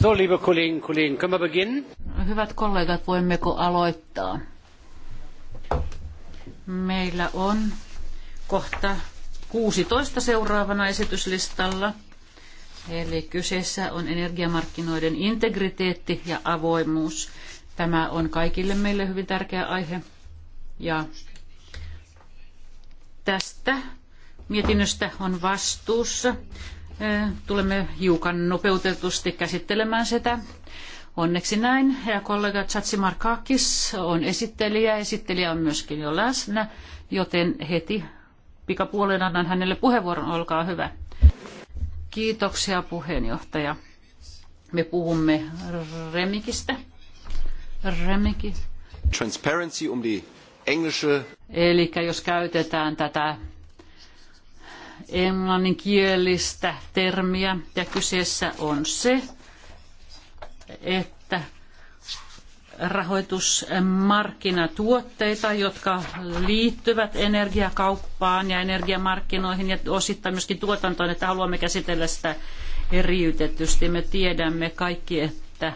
So, liebe Kollegen, können wir beginnen? Hyvät kollegat, voimmeko aloittaa? Meillä on kohta 16 seuraavana esityslistalla. Eli kyseessä on energiamarkkinoiden integriteetti ja avoimuus. Tämä on kaikille meille hyvin tärkeä aihe. Ja tästä mietinnöstä on vastuussa Äh, tulemme hiukan nopeutetusti käsittelemään sitä. Onneksi näin. Ja kollega Chatsimarkakis on esittelijä. Esittelijä on myöskin jo läsnä, joten heti pikapuolen annan hänelle puheenvuoron. Olkaa hyvä. Kiitoksia puheenjohtaja. Me puhumme Remikistä. Remiki. Transparency um die englische... Eli jos käytetään tätä englanninkielistä termiä ja kyseessä on se, että rahoitusmarkkinatuotteita, jotka liittyvät energiakauppaan ja energiamarkkinoihin ja osittain myöskin tuotantoon, että haluamme käsitellä sitä eriytetysti. Me tiedämme kaikki, että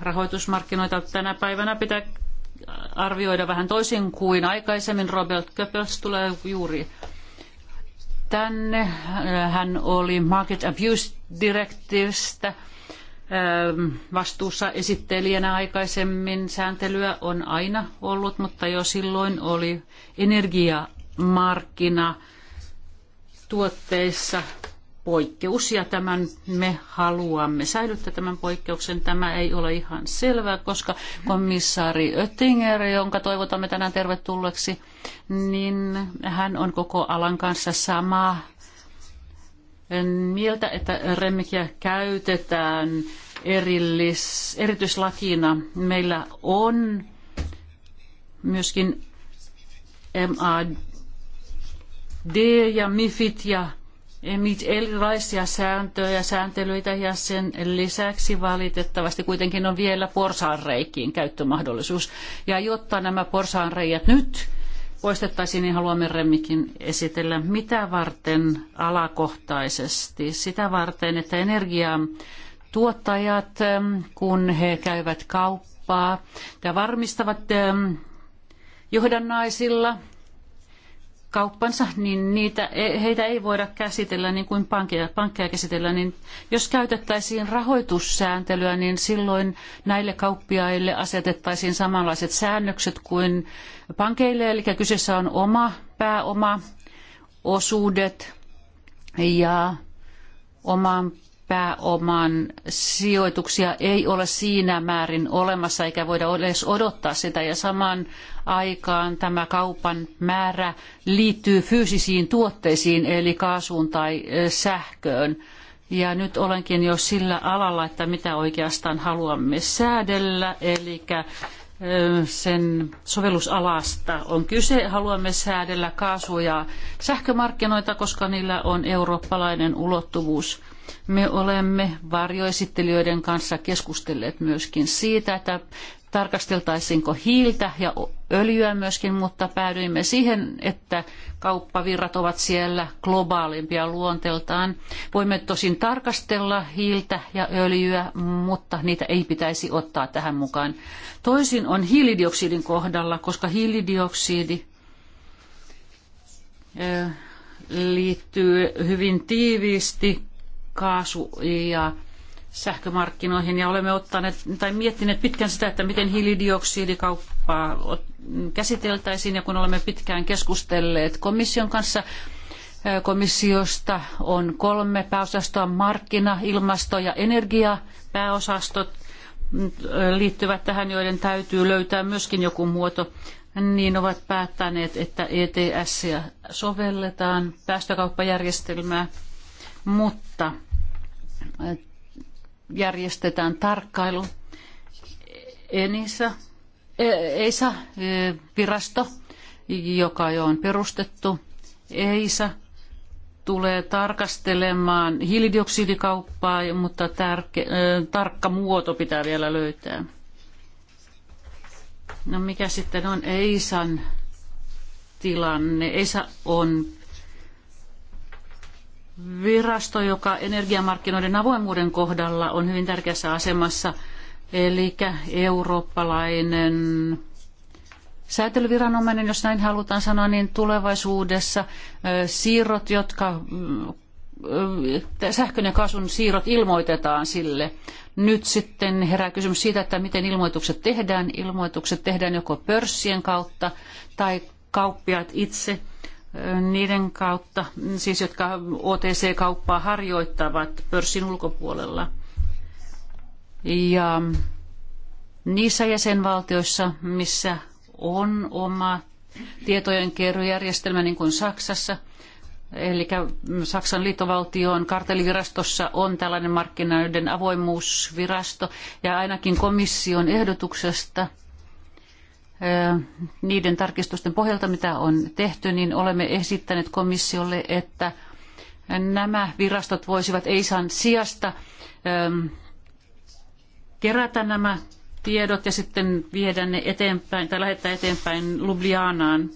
rahoitusmarkkinoita tänä päivänä pitää arvioida vähän toisin kuin aikaisemmin. Robert Köppels tulee juuri tänne. Hän oli Market Abuse Directivestä ähm, vastuussa esittelijänä aikaisemmin. Sääntelyä on aina ollut, mutta jo silloin oli energiamarkkina tuotteissa poikkeus ja tämän me haluamme säilyttää tämän poikkeuksen. Tämä ei ole ihan selvää, koska komissaari Oettinger, jonka toivotamme tänään tervetulleeksi, niin hän on koko alan kanssa samaa mieltä, että remmikiä käytetään erillis, erityislakina. Meillä on myöskin MAD ja MIFIT ja erilaisia sääntöjä, sääntelyitä ja sen lisäksi valitettavasti kuitenkin on vielä porsaanreikiin käyttömahdollisuus. Ja jotta nämä porsaanreijät nyt poistettaisiin, niin haluamme Remmikin esitellä, mitä varten alakohtaisesti, sitä varten, että energiaa tuottajat, ähm, kun he käyvät kauppaa ja varmistavat ähm, johdannaisilla – kauppansa, niin niitä, e, heitä ei voida käsitellä niin kuin pankkeja, pankkeja käsitellä. Niin jos käytettäisiin rahoitussääntelyä, niin silloin näille kauppiaille asetettaisiin samanlaiset säännökset kuin pankeille, eli kyseessä on oma pääoma, osuudet ja oman pääoman sijoituksia ei ole siinä määrin olemassa eikä voida edes odottaa sitä. Ja samaan aikaan tämä kaupan määrä liittyy fyysisiin tuotteisiin eli kaasuun tai sähköön. Ja nyt olenkin jo sillä alalla, että mitä oikeastaan haluamme säädellä, eli sen sovellusalasta on kyse. Haluamme säädellä kaasu- ja sähkömarkkinoita, koska niillä on eurooppalainen ulottuvuus me olemme varjoesittelijöiden kanssa keskustelleet myöskin siitä, että tarkasteltaisiinko hiiltä ja öljyä myöskin, mutta päädyimme siihen, että kauppavirrat ovat siellä globaalimpia luonteeltaan. Voimme tosin tarkastella hiiltä ja öljyä, mutta niitä ei pitäisi ottaa tähän mukaan. Toisin on hiilidioksidin kohdalla, koska hiilidioksidi liittyy hyvin tiiviisti kaasu- ja sähkömarkkinoihin ja olemme ottaneet tai miettineet pitkän sitä, että miten hiilidioksidikauppaa käsiteltäisiin ja kun olemme pitkään keskustelleet komission kanssa, komissiosta on kolme pääosastoa, markkina, ilmasto ja energia pääosastot mm, liittyvät tähän, joiden täytyy löytää myöskin joku muoto, niin ovat päättäneet, että ETS sovelletaan päästökauppajärjestelmää mutta äh, järjestetään tarkkailu. Enisa, äh, EISA, äh, virasto, joka jo on perustettu, EISA, tulee tarkastelemaan hiilidioksidikauppaa, mutta tärke, tarkka muoto pitää vielä löytää. No mikä sitten on EISAn tilanne? EISA on virasto, joka energiamarkkinoiden avoimuuden kohdalla on hyvin tärkeässä asemassa, eli eurooppalainen säätelyviranomainen, jos näin halutaan sanoa, niin tulevaisuudessa siirrot, jotka sähkön ja kaasun siirrot ilmoitetaan sille. Nyt sitten herää kysymys siitä, että miten ilmoitukset tehdään. Ilmoitukset tehdään joko pörssien kautta tai kauppiaat itse – niiden kautta, siis jotka OTC-kauppaa harjoittavat pörssin ulkopuolella. Ja niissä jäsenvaltioissa, missä on oma tietojenkeruujärjestelmä, niin kuin Saksassa, eli Saksan liittovaltion kartelivirastossa on tällainen markkinoiden avoimuusvirasto, ja ainakin komission ehdotuksesta – niiden tarkistusten pohjalta, mitä on tehty, niin olemme esittäneet komissiolle, että nämä virastot voisivat EISAN sijasta kerätä nämä tiedot ja sitten viedä ne eteenpäin tai lähettää eteenpäin Ljubljanaan,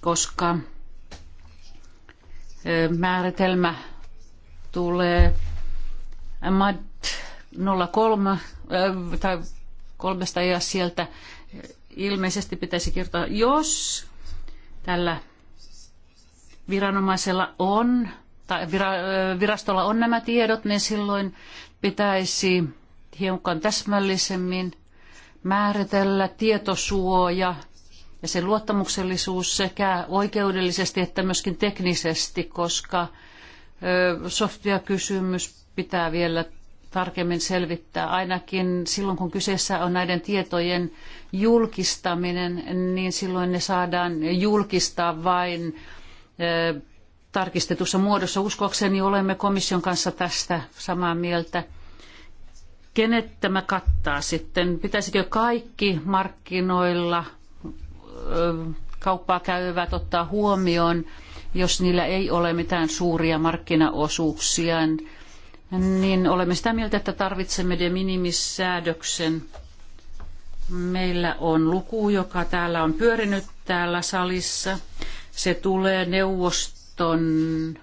koska määritelmä tulee MAD 03 tai kolmesta ja sieltä ilmeisesti pitäisi kirjoittaa, jos tällä viranomaisella on tai virastolla on nämä tiedot, niin silloin pitäisi hiukan täsmällisemmin määritellä tietosuoja ja sen luottamuksellisuus sekä oikeudellisesti että myöskin teknisesti, koska softwarekysymys pitää vielä tarkemmin selvittää. Ainakin silloin, kun kyseessä on näiden tietojen julkistaminen, niin silloin ne saadaan julkistaa vain tarkistetussa muodossa. Uskokseni olemme komission kanssa tästä samaa mieltä. Kenet tämä kattaa sitten? Pitäisikö kaikki markkinoilla kauppaa käyvät ottaa huomioon, jos niillä ei ole mitään suuria markkinaosuuksia? niin olemme sitä mieltä, että tarvitsemme de minimis-säädöksen. Meillä on luku, joka täällä on pyörinyt täällä salissa. Se tulee neuvoston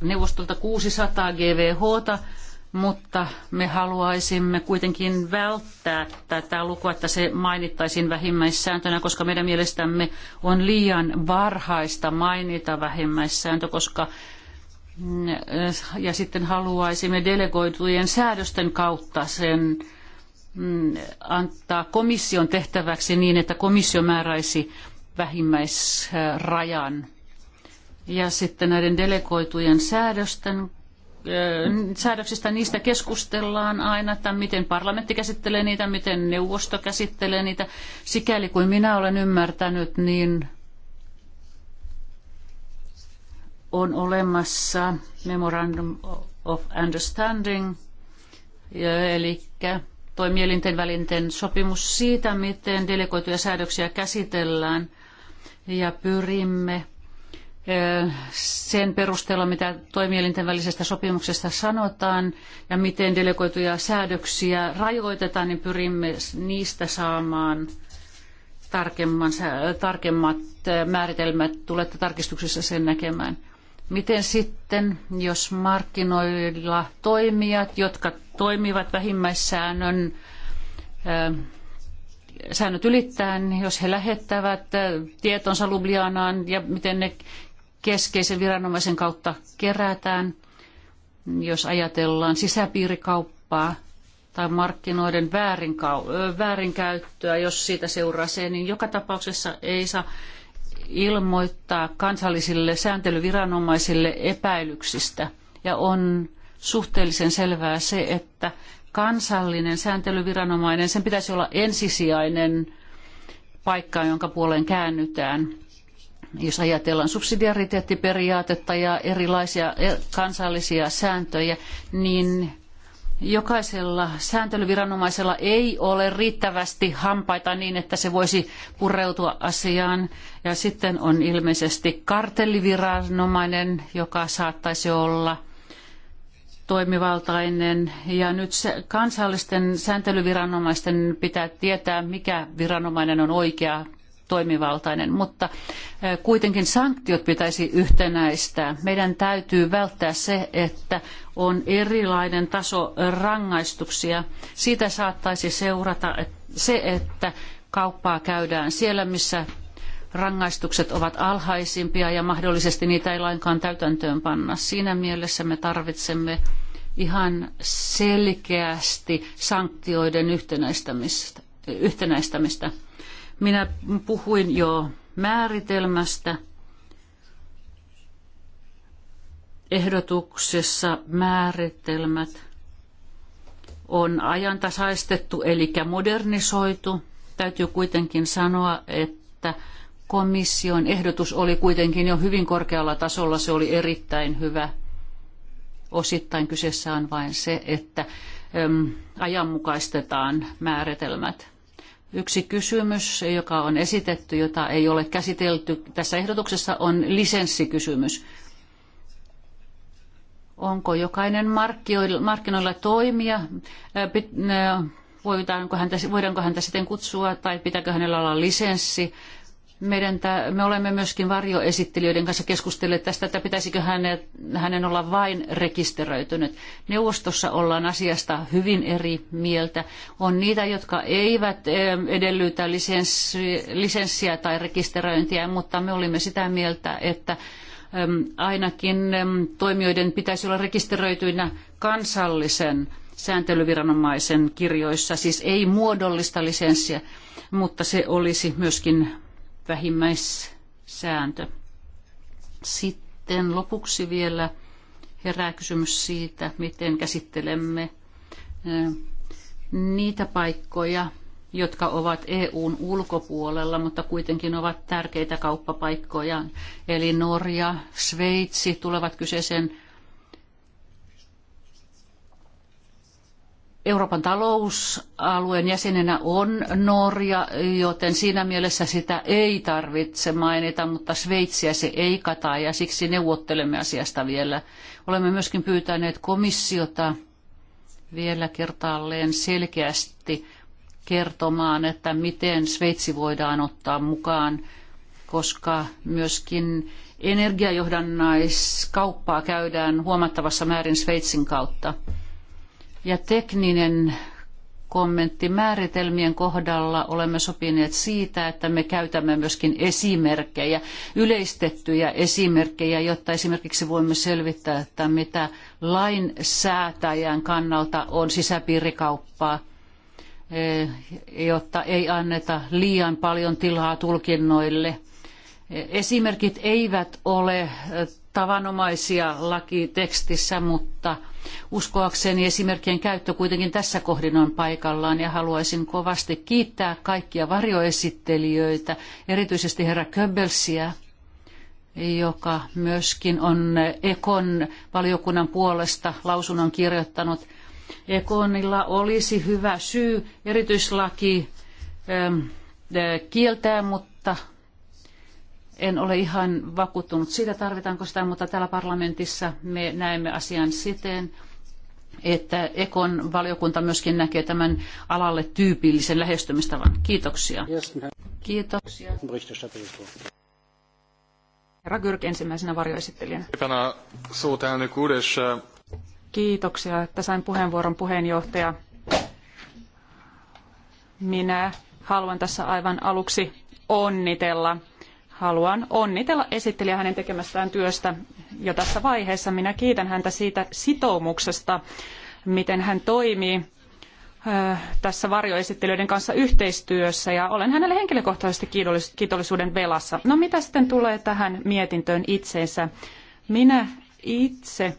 neuvostolta 600 GVH mutta me haluaisimme kuitenkin välttää tätä lukua, että se mainittaisiin vähimmäissääntönä, koska meidän mielestämme on liian varhaista mainita vähimmäissääntö, koska mm, ja sitten haluaisimme delegoitujen säädösten kautta sen mm, antaa komission tehtäväksi niin, että komissio määräisi vähimmäisrajan. Ja sitten näiden delegoitujen säädösten säädöksistä niistä keskustellaan aina, että miten parlamentti käsittelee niitä, miten neuvosto käsittelee niitä. Sikäli kuin minä olen ymmärtänyt, niin on olemassa Memorandum of Understanding, eli toimielinten välinten sopimus siitä, miten delegoituja säädöksiä käsitellään, ja pyrimme sen perusteella, mitä toimielinten välisestä sopimuksesta sanotaan ja miten delegoituja säädöksiä rajoitetaan, niin pyrimme niistä saamaan tarkemman, tarkemmat määritelmät. Tulette tarkistuksessa sen näkemään. Miten sitten, jos markkinoilla toimijat, jotka toimivat vähimmäissäännön säännöt ylittäen, jos he lähettävät tietonsa Ljubljanaan ja miten ne keskeisen viranomaisen kautta kerätään, jos ajatellaan sisäpiirikauppaa tai markkinoiden väärinkäyttöä, jos siitä seuraa se, niin joka tapauksessa ei saa ilmoittaa kansallisille sääntelyviranomaisille epäilyksistä. Ja on suhteellisen selvää se, että kansallinen sääntelyviranomainen, sen pitäisi olla ensisijainen paikka, jonka puoleen käännytään – jos ajatellaan subsidiariteettiperiaatetta ja erilaisia e, kansallisia sääntöjä, niin jokaisella sääntelyviranomaisella ei ole riittävästi hampaita niin, että se voisi pureutua asiaan. Ja sitten on ilmeisesti kartelliviranomainen, joka saattaisi olla toimivaltainen. Ja nyt kansallisten sääntelyviranomaisten pitää tietää, mikä viranomainen on oikea toimivaltainen, mutta eh, kuitenkin sanktiot pitäisi yhtenäistää. Meidän täytyy välttää se, että on erilainen taso rangaistuksia. Siitä saattaisi seurata se, että kauppaa käydään siellä, missä rangaistukset ovat alhaisimpia ja mahdollisesti niitä ei lainkaan täytäntöön panna. Siinä mielessä me tarvitsemme ihan selkeästi sanktioiden yhtenäistämistä. yhtenäistämistä. Minä puhuin jo määritelmästä. Ehdotuksessa määritelmät on ajantasaistettu eli modernisoitu. Täytyy kuitenkin sanoa, että komission ehdotus oli kuitenkin jo hyvin korkealla tasolla. Se oli erittäin hyvä. Osittain kyseessä on vain se, että äm, ajanmukaistetaan määritelmät. Yksi kysymys, joka on esitetty, jota ei ole käsitelty tässä ehdotuksessa, on lisenssikysymys. Onko jokainen markkinoilla toimija, äh, äh, voidaanko häntä, voidaanko häntä sitten kutsua tai pitääkö hänellä olla lisenssi meidän me olemme myöskin varjoesittelijöiden kanssa keskustelleet tästä, että pitäisikö hänet, hänen olla vain rekisteröitynyt. Neuvostossa ollaan asiasta hyvin eri mieltä. On niitä, jotka eivät eh, edellytä lisenssiä tai rekisteröintiä, mutta me olimme sitä mieltä, että ainakin toimijoiden pitäisi olla rekisteröityinä kansallisen sääntelyviranomaisen kirjoissa, siis ei muodollista lisenssiä, mutta se olisi myöskin vähimmäissääntö. Sitten lopuksi vielä herää kysymys siitä, miten käsittelemme niitä paikkoja, jotka ovat EUn ulkopuolella, mutta kuitenkin ovat tärkeitä kauppapaikkoja. Eli Norja, Sveitsi tulevat kyseisen Euroopan talousalueen jäsenenä on Norja, joten siinä mielessä sitä ei tarvitse mainita, mutta Sveitsiä se ei kata ja siksi neuvottelemme asiasta vielä. Olemme myöskin pyytäneet komissiota vielä kertaalleen selkeästi kertomaan, että miten Sveitsi voidaan ottaa mukaan, koska myöskin energiajohdannaiskauppaa käydään huomattavassa määrin Sveitsin kautta. Ja tekninen kommentti määritelmien kohdalla olemme sopineet siitä, että me käytämme myöskin esimerkkejä, yleistettyjä esimerkkejä, jotta esimerkiksi voimme selvittää, että mitä lainsäätäjän kannalta on sisäpiirikauppaa, eh, jotta ei anneta liian paljon tilaa tulkinnoille. Esimerkit eivät ole tavanomaisia lakitekstissä, mutta – Uskoakseni esimerkkien käyttö kuitenkin tässä kohdin on paikallaan ja haluaisin kovasti kiittää kaikkia varjoesittelijöitä, erityisesti herra Köbbelsiä, joka myöskin on Ekon valiokunnan puolesta lausunnon kirjoittanut. Ekonilla olisi hyvä syy erityislaki kieltää, mutta en ole ihan vakuuttunut siitä, tarvitaanko sitä, mutta täällä parlamentissa me näemme asian siten, että Ekon valiokunta myöskin näkee tämän alalle tyypillisen lähestymistavan. Kiitoksia. Kiitoksia. Herra Gyrk ensimmäisenä varjoesittelijänä. Kiitoksia, että sain puheenvuoron puheenjohtaja. Minä haluan tässä aivan aluksi onnitella haluan onnitella esittelijä hänen tekemästään työstä jo tässä vaiheessa. Minä kiitän häntä siitä sitoumuksesta, miten hän toimii tässä varjoesittelyiden kanssa yhteistyössä ja olen hänelle henkilökohtaisesti kiitollisuuden velassa. No mitä sitten tulee tähän mietintöön itseensä? Minä itse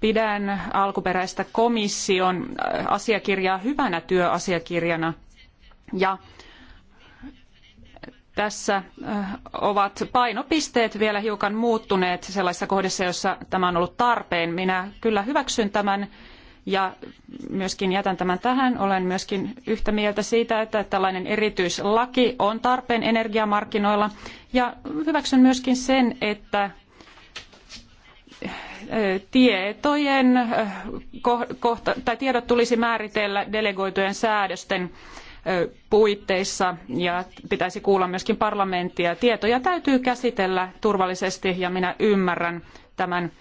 pidän alkuperäistä komission asiakirjaa hyvänä työasiakirjana ja tässä ovat painopisteet vielä hiukan muuttuneet sellaisissa kohdissa, joissa tämä on ollut tarpeen. Minä kyllä hyväksyn tämän ja myöskin jätän tämän tähän. Olen myöskin yhtä mieltä siitä, että tällainen erityislaki on tarpeen energiamarkkinoilla. Ja hyväksyn myöskin sen, että tietojen kohta, tai tiedot tulisi määritellä delegoitujen säädösten puitteissa ja pitäisi kuulla myöskin parlamenttia. Tietoja täytyy käsitellä turvallisesti ja minä ymmärrän tämän.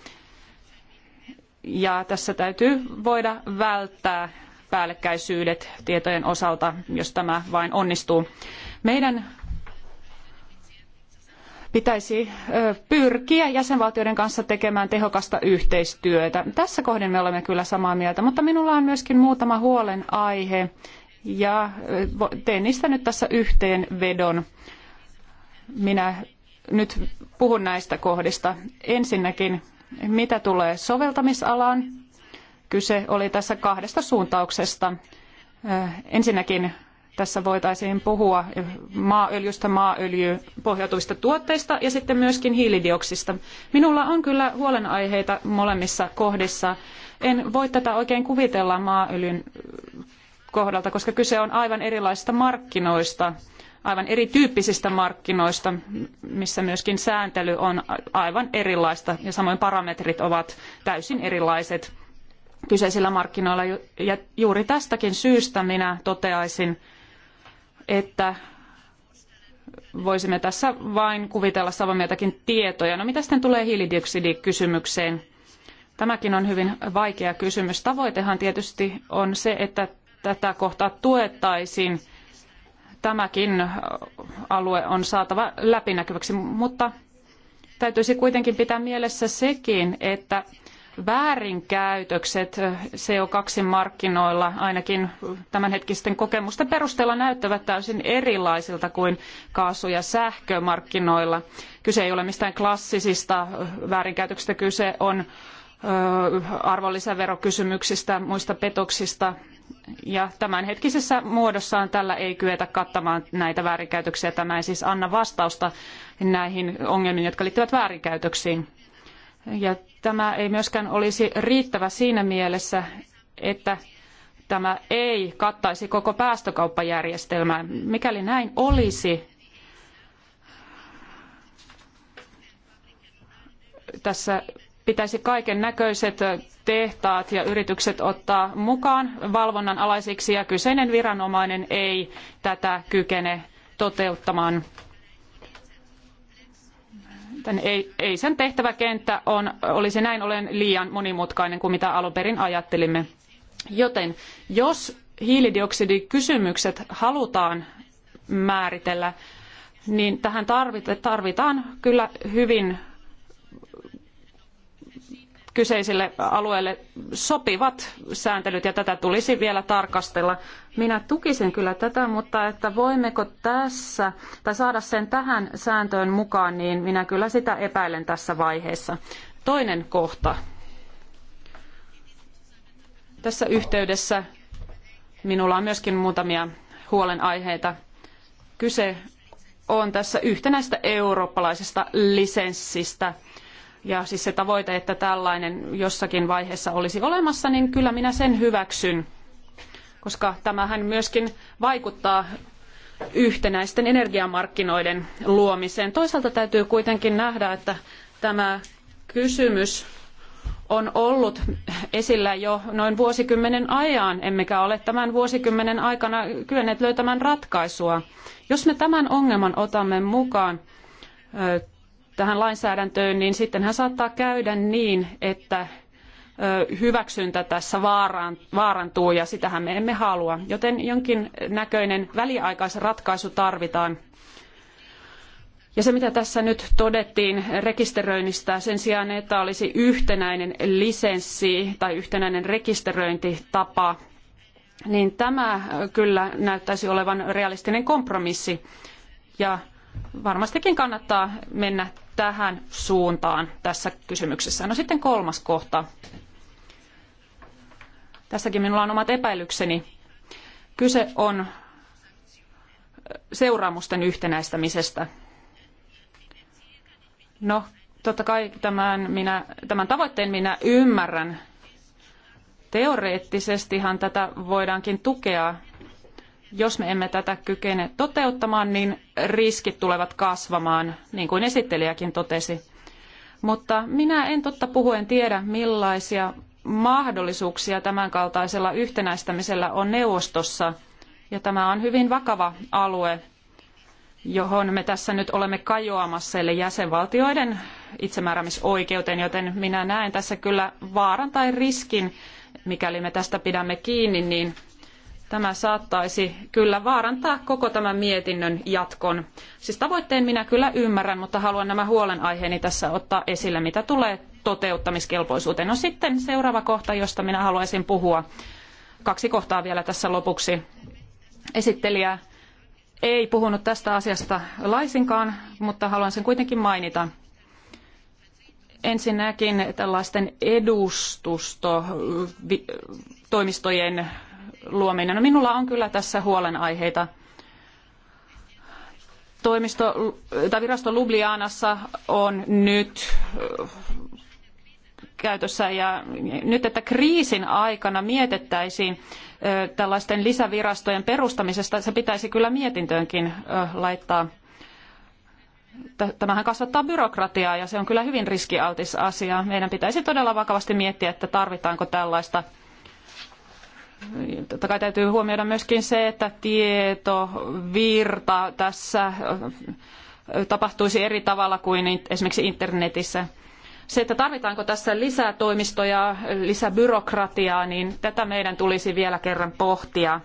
Ja tässä täytyy voida välttää päällekkäisyydet tietojen osalta, jos tämä vain onnistuu. Meidän pitäisi pyrkiä jäsenvaltioiden kanssa tekemään tehokasta yhteistyötä. Tässä kohdin me olemme kyllä samaa mieltä, mutta minulla on myöskin muutama huolenaihe aihe ja teen niistä nyt tässä yhteenvedon. Minä nyt puhun näistä kohdista. Ensinnäkin, mitä tulee soveltamisalaan, kyse oli tässä kahdesta suuntauksesta. Ensinnäkin tässä voitaisiin puhua maaöljystä, maaöljy pohjautuvista tuotteista ja sitten myöskin hiilidioksista. Minulla on kyllä huolenaiheita molemmissa kohdissa. En voi tätä oikein kuvitella maaöljyn kohdalta, koska kyse on aivan erilaisista markkinoista, aivan erityyppisistä markkinoista, missä myöskin sääntely on aivan erilaista ja samoin parametrit ovat täysin erilaiset kyseisillä markkinoilla. Ja juuri tästäkin syystä minä toteaisin, että voisimme tässä vain kuvitella savomieltäkin tietoja. No mitä sitten tulee hiilidioksidikysymykseen? Tämäkin on hyvin vaikea kysymys. Tavoitehan tietysti on se, että tätä kohtaa tuettaisiin. Tämäkin alue on saatava läpinäkyväksi, mutta täytyisi kuitenkin pitää mielessä sekin, että väärinkäytökset CO2-markkinoilla ainakin tämänhetkisten kokemusten perusteella näyttävät täysin erilaisilta kuin kaasu- ja sähkömarkkinoilla. Kyse ei ole mistään klassisista väärinkäytöksistä, kyse on arvonlisäverokysymyksistä, muista petoksista ja tämänhetkisessä muodossaan tällä ei kyetä kattamaan näitä väärinkäytöksiä. Tämä ei siis anna vastausta näihin ongelmiin, jotka liittyvät väärinkäytöksiin. Ja tämä ei myöskään olisi riittävä siinä mielessä, että tämä ei kattaisi koko päästökauppajärjestelmää. Mikäli näin olisi, tässä pitäisi kaiken näköiset tehtaat ja yritykset ottaa mukaan valvonnan alaisiksi ja kyseinen viranomainen ei tätä kykene toteuttamaan. Ei, ei sen tehtäväkenttä on, olisi näin ollen liian monimutkainen kuin mitä alun perin ajattelimme. Joten jos hiilidioksidikysymykset halutaan määritellä, niin tähän tarvitaan kyllä hyvin kyseisille alueille sopivat sääntelyt ja tätä tulisi vielä tarkastella. Minä tukisin kyllä tätä, mutta että voimmeko tässä tai saada sen tähän sääntöön mukaan, niin minä kyllä sitä epäilen tässä vaiheessa. Toinen kohta. Tässä yhteydessä minulla on myöskin muutamia huolenaiheita. Kyse on tässä yhtenäistä eurooppalaisesta lisenssistä – ja siis se tavoite, että tällainen jossakin vaiheessa olisi olemassa, niin kyllä minä sen hyväksyn, koska tämähän myöskin vaikuttaa yhtenäisten energiamarkkinoiden luomiseen. Toisaalta täytyy kuitenkin nähdä, että tämä kysymys on ollut esillä jo noin vuosikymmenen ajan, emmekä ole tämän vuosikymmenen aikana kyenneet löytämään ratkaisua. Jos me tämän ongelman otamme mukaan tähän lainsäädäntöön, niin sittenhän saattaa käydä niin, että hyväksyntä tässä vaarantuu ja sitähän me emme halua. Joten jonkin näköinen väliaikaisratkaisu tarvitaan. Ja se, mitä tässä nyt todettiin rekisteröinnistä, sen sijaan, että olisi yhtenäinen lisenssi tai yhtenäinen rekisteröintitapa, niin tämä kyllä näyttäisi olevan realistinen kompromissi. Ja varmastikin kannattaa mennä tähän suuntaan tässä kysymyksessä. No sitten kolmas kohta. Tässäkin minulla on omat epäilykseni. Kyse on seuraamusten yhtenäistämisestä. No, totta kai tämän, minä, tämän tavoitteen minä ymmärrän. Teoreettisestihan tätä voidaankin tukea jos me emme tätä kykene toteuttamaan, niin riskit tulevat kasvamaan, niin kuin esittelijäkin totesi. Mutta minä en totta puhuen tiedä, millaisia mahdollisuuksia tämänkaltaisella yhtenäistämisellä on neuvostossa. Ja tämä on hyvin vakava alue, johon me tässä nyt olemme kajoamassa, eli jäsenvaltioiden itsemääräämisoikeuteen, joten minä näen tässä kyllä vaaran tai riskin, mikäli me tästä pidämme kiinni, niin Tämä saattaisi kyllä vaarantaa koko tämän mietinnön jatkon. Siis tavoitteen minä kyllä ymmärrän, mutta haluan nämä huolenaiheeni tässä ottaa esille, mitä tulee toteuttamiskelpoisuuteen. No sitten seuraava kohta, josta minä haluaisin puhua. Kaksi kohtaa vielä tässä lopuksi. Esittelijä ei puhunut tästä asiasta laisinkaan, mutta haluan sen kuitenkin mainita. Ensinnäkin tällaisten edustustoimistojen luominen. No minulla on kyllä tässä huolenaiheita. Toimisto, tai virasto Ljubljanassa on nyt äh, käytössä ja nyt, että kriisin aikana mietettäisiin äh, tällaisten lisävirastojen perustamisesta, se pitäisi kyllä mietintöönkin äh, laittaa. Tämähän kasvattaa byrokratiaa ja se on kyllä hyvin riskialtis asia. Meidän pitäisi todella vakavasti miettiä, että tarvitaanko tällaista Totta kai täytyy huomioida myöskin se, että tietovirta tässä tapahtuisi eri tavalla kuin esimerkiksi internetissä. Se, että tarvitaanko tässä lisää toimistoja, lisää byrokratiaa, niin tätä meidän tulisi vielä kerran pohtia.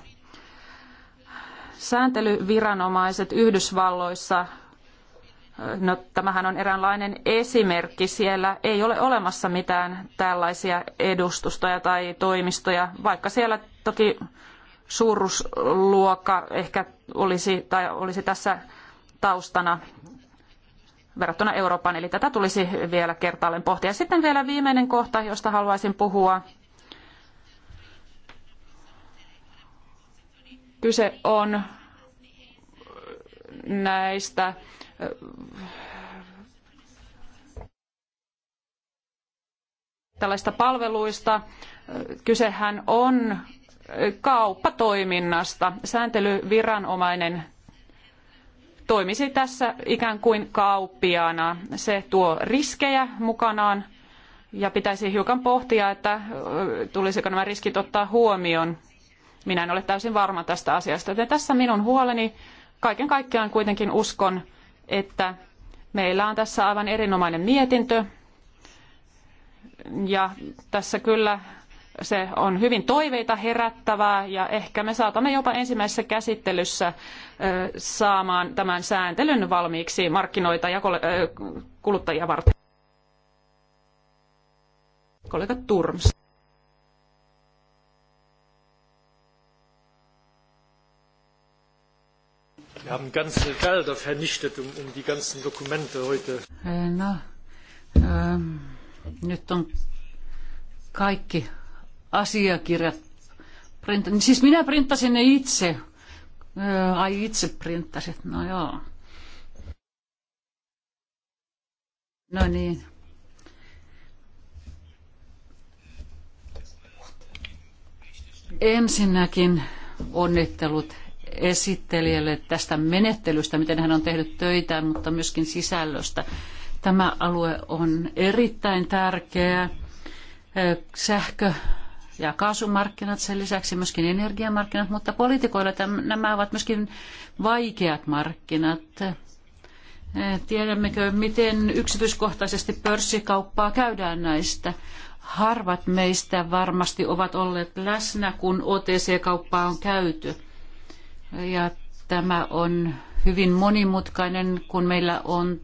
Sääntelyviranomaiset Yhdysvalloissa No, tämähän on eräänlainen esimerkki. Siellä ei ole olemassa mitään tällaisia edustustoja tai toimistoja, vaikka siellä toki suuruusluokka ehkä olisi, tai olisi tässä taustana verrattuna Eurooppaan. Eli tätä tulisi vielä kertaalleen pohtia. Sitten vielä viimeinen kohta, josta haluaisin puhua. Kyse on näistä tällaista palveluista. Kysehän on kauppatoiminnasta. Sääntelyviranomainen toimisi tässä ikään kuin kauppiaana. Se tuo riskejä mukanaan ja pitäisi hiukan pohtia, että tulisiko nämä riskit ottaa huomioon. Minä en ole täysin varma tästä asiasta, joten tässä minun huoleni. Kaiken kaikkiaan kuitenkin uskon, että meillä on tässä aivan erinomainen mietintö ja tässä kyllä se on hyvin toiveita herättävää ja ehkä me saatamme jopa ensimmäisessä käsittelyssä saamaan tämän sääntelyn valmiiksi markkinoita ja kuluttajia varten. Kollega Turms. Wir haben ganze Gelder vernichtet um, um die ganzen Dokumente heute. Eh, no, ähm, nyt on kaikki asiakirjat. Print, siis minä printtasin ne itse. Äh, ai itse printtasit, no joo. No niin. Ensinnäkin onnittelut esittelijälle tästä menettelystä, miten hän on tehnyt töitä, mutta myöskin sisällöstä. Tämä alue on erittäin tärkeä. Sähkö ja kaasumarkkinat, sen lisäksi myöskin energiamarkkinat, mutta poliitikoilla nämä ovat myöskin vaikeat markkinat. Tiedämmekö, miten yksityiskohtaisesti pörssikauppaa käydään näistä? Harvat meistä varmasti ovat olleet läsnä, kun OTC-kauppaa on käyty ja tämä on hyvin monimutkainen, kun meillä on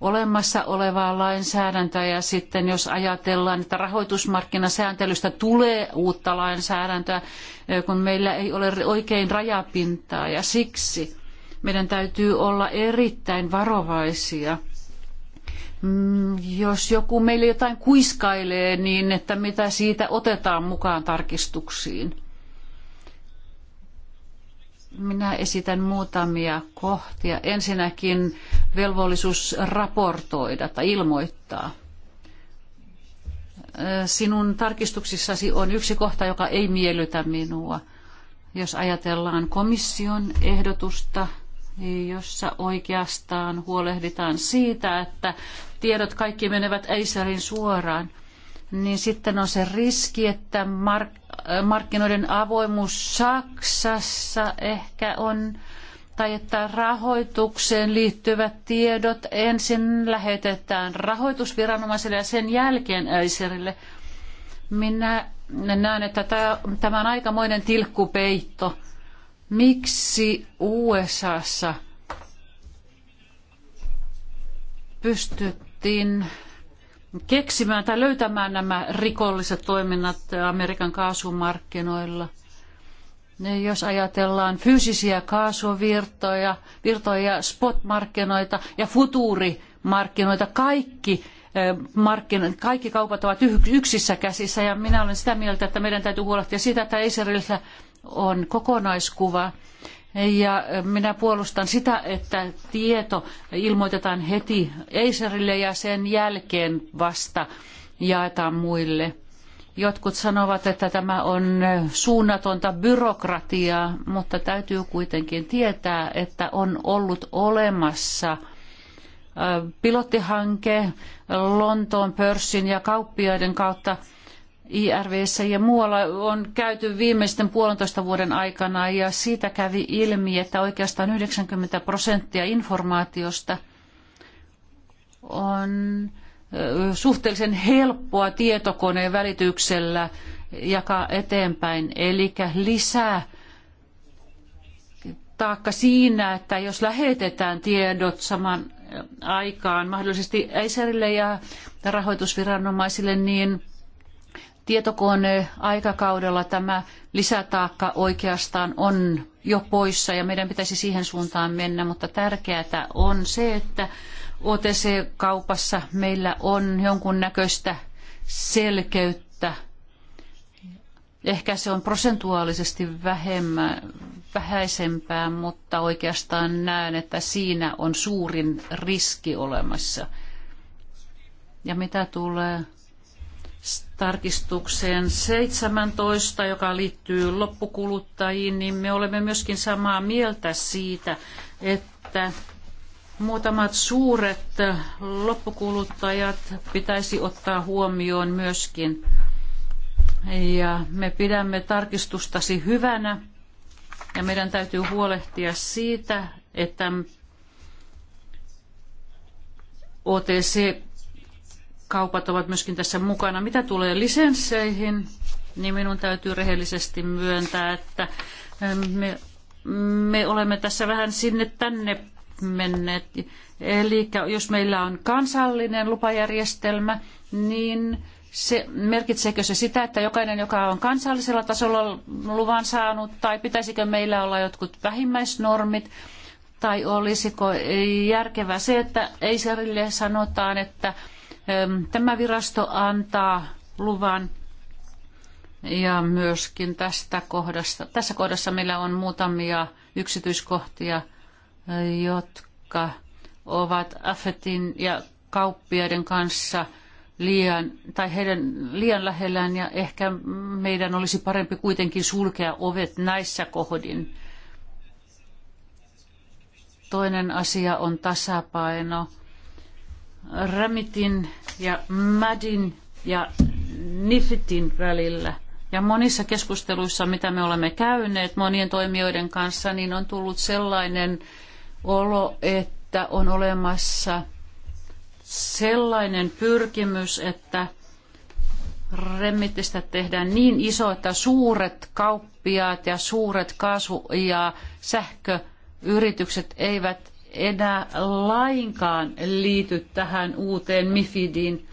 olemassa olevaa lainsäädäntöä ja sitten jos ajatellaan, että rahoitusmarkkinasääntelystä tulee uutta lainsäädäntöä, kun meillä ei ole oikein rajapintaa ja siksi meidän täytyy olla erittäin varovaisia. Mm, jos joku meille jotain kuiskailee, niin että mitä siitä otetaan mukaan tarkistuksiin. Minä esitän muutamia kohtia. Ensinnäkin velvollisuus raportoida tai ilmoittaa. Sinun tarkistuksissasi on yksi kohta, joka ei miellytä minua. Jos ajatellaan komission ehdotusta, jossa oikeastaan huolehditaan siitä, että tiedot kaikki menevät Eiserin suoraan, niin sitten on se riski, että mark- markkinoiden avoimuus Saksassa ehkä on, tai että rahoitukseen liittyvät tiedot ensin lähetetään rahoitusviranomaiselle ja sen jälkeen Öiserille. Minä näen, että tämä on aikamoinen tilkkupeitto. Miksi USAssa pystyttiin keksimään tai löytämään nämä rikolliset toiminnat Amerikan kaasumarkkinoilla. Jos ajatellaan fyysisiä kaasuvirtoja, virtoja, spot-markkinoita ja futuurimarkkinoita, kaikki eh, markkinat, kaikki kaupat ovat yksissä käsissä ja minä olen sitä mieltä, että meidän täytyy huolehtia siitä, että Israelissa on kokonaiskuva ja minä puolustan sitä, että tieto ilmoitetaan heti Eiserille ja sen jälkeen vasta jaetaan muille. Jotkut sanovat, että tämä on suunnatonta byrokratiaa, mutta täytyy kuitenkin tietää, että on ollut olemassa pilottihanke Lontoon pörssin ja kauppiaiden kautta – IRVssä ja muualla on käyty viimeisten puolentoista vuoden aikana ja siitä kävi ilmi, että oikeastaan 90 prosenttia informaatiosta on suhteellisen helppoa tietokoneen välityksellä jakaa eteenpäin, eli lisää taakka siinä, että jos lähetetään tiedot saman aikaan mahdollisesti Eiserille ja rahoitusviranomaisille, niin – tietokoneaikakaudella tämä lisätaakka oikeastaan on jo poissa ja meidän pitäisi siihen suuntaan mennä, mutta tärkeää on se, että OTC-kaupassa meillä on jonkunnäköistä selkeyttä. Ehkä se on prosentuaalisesti vähemmän, vähäisempää, mutta oikeastaan näen, että siinä on suurin riski olemassa. Ja mitä tulee tarkistukseen 17, joka liittyy loppukuluttajiin, niin me olemme myöskin samaa mieltä siitä, että muutamat suuret loppukuluttajat pitäisi ottaa huomioon myöskin. Ja me pidämme tarkistustasi hyvänä ja meidän täytyy huolehtia siitä, että OTC kaupat ovat myöskin tässä mukana. Mitä tulee lisensseihin, niin minun täytyy rehellisesti myöntää, että ähm, me, me olemme tässä vähän sinne tänne menneet. Eli jos meillä on kansallinen lupajärjestelmä, niin se, merkitseekö se sitä, että jokainen, joka on kansallisella tasolla luvan saanut, tai pitäisikö meillä olla jotkut vähimmäisnormit, tai olisiko järkevää se, että ei sanotaan, että Tämä virasto antaa luvan ja myöskin tästä kohdasta, tässä kohdassa meillä on muutamia yksityiskohtia, jotka ovat Affetin ja kauppiaiden kanssa liian, tai heidän liian lähellään ja ehkä meidän olisi parempi kuitenkin sulkea ovet näissä kohdin. Toinen asia on tasapaino Ramitin ja Madin ja Nifitin välillä. Ja monissa keskusteluissa, mitä me olemme käyneet monien toimijoiden kanssa, niin on tullut sellainen olo, että on olemassa sellainen pyrkimys, että remmitistä tehdään niin iso, että suuret kauppiaat ja suuret kaasu- ja sähköyritykset eivät enää lainkaan liity tähän uuteen Mifidiin.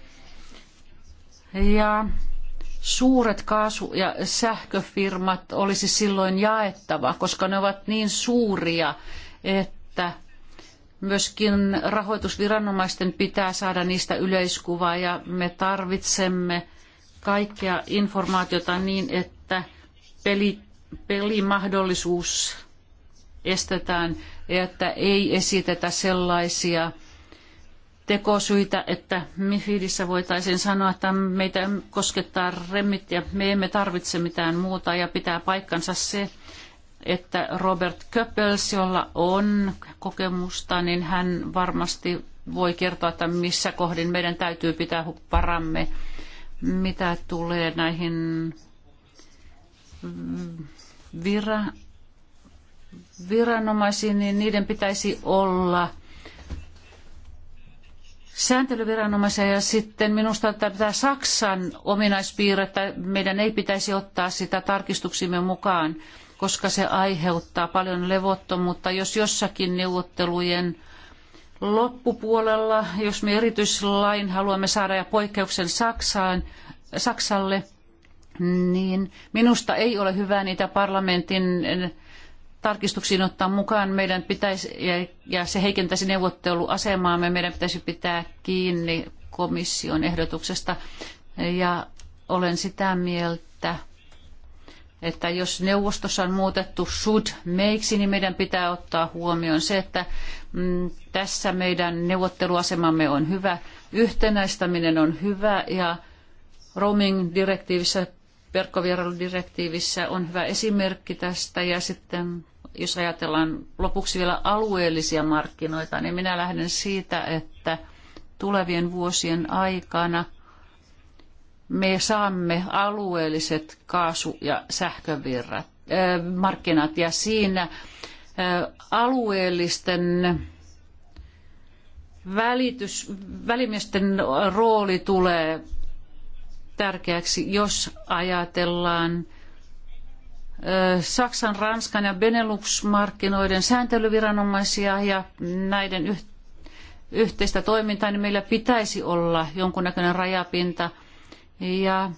Ja suuret kaasu- ja sähköfirmat olisi silloin jaettava, koska ne ovat niin suuria, että myöskin rahoitusviranomaisten pitää saada niistä yleiskuvaa ja me tarvitsemme kaikkea informaatiota niin, että peli, pelimahdollisuus estetään että ei esitetä sellaisia tekosyitä, että Mifidissä voitaisiin sanoa, että meitä koskettaa remmit ja me emme tarvitse mitään muuta ja pitää paikkansa se, että Robert Köppels, jolla on kokemusta, niin hän varmasti voi kertoa, että missä kohdin meidän täytyy pitää paramme, mitä tulee näihin vira, viranomaisiin, niin niiden pitäisi olla sääntelyviranomaisia ja sitten minusta tätä Saksan ominaispiirrettä meidän ei pitäisi ottaa sitä tarkistuksimme mukaan, koska se aiheuttaa paljon levottomuutta, jos jossakin neuvottelujen loppupuolella, jos me erityislain haluamme saada ja poikkeuksen Saksaan, Saksalle, niin minusta ei ole hyvä niitä parlamentin tarkistuksiin ottaa mukaan. Meidän pitäisi, ja se heikentäisi neuvotteluasemaamme, meidän pitäisi pitää kiinni komission ehdotuksesta. Ja olen sitä mieltä, että jos neuvostossa on muutettu should makesi, niin meidän pitää ottaa huomioon se, että mm, tässä meidän neuvotteluasemamme on hyvä, yhtenäistäminen on hyvä ja roaming-direktiivissä, verkkovierailudirektiivissä on hyvä esimerkki tästä ja sitten jos ajatellaan lopuksi vielä alueellisia markkinoita, niin minä lähden siitä, että tulevien vuosien aikana me saamme alueelliset kaasu- ja sähkövirrat, äh, markkinat ja siinä äh, alueellisten välitys, välimiesten rooli tulee tärkeäksi, jos ajatellaan Saksan, Ranskan ja Benelux-markkinoiden sääntelyviranomaisia ja näiden yh- yhteistä toimintaa, niin meillä pitäisi olla jonkunnäköinen rajapinta. Ja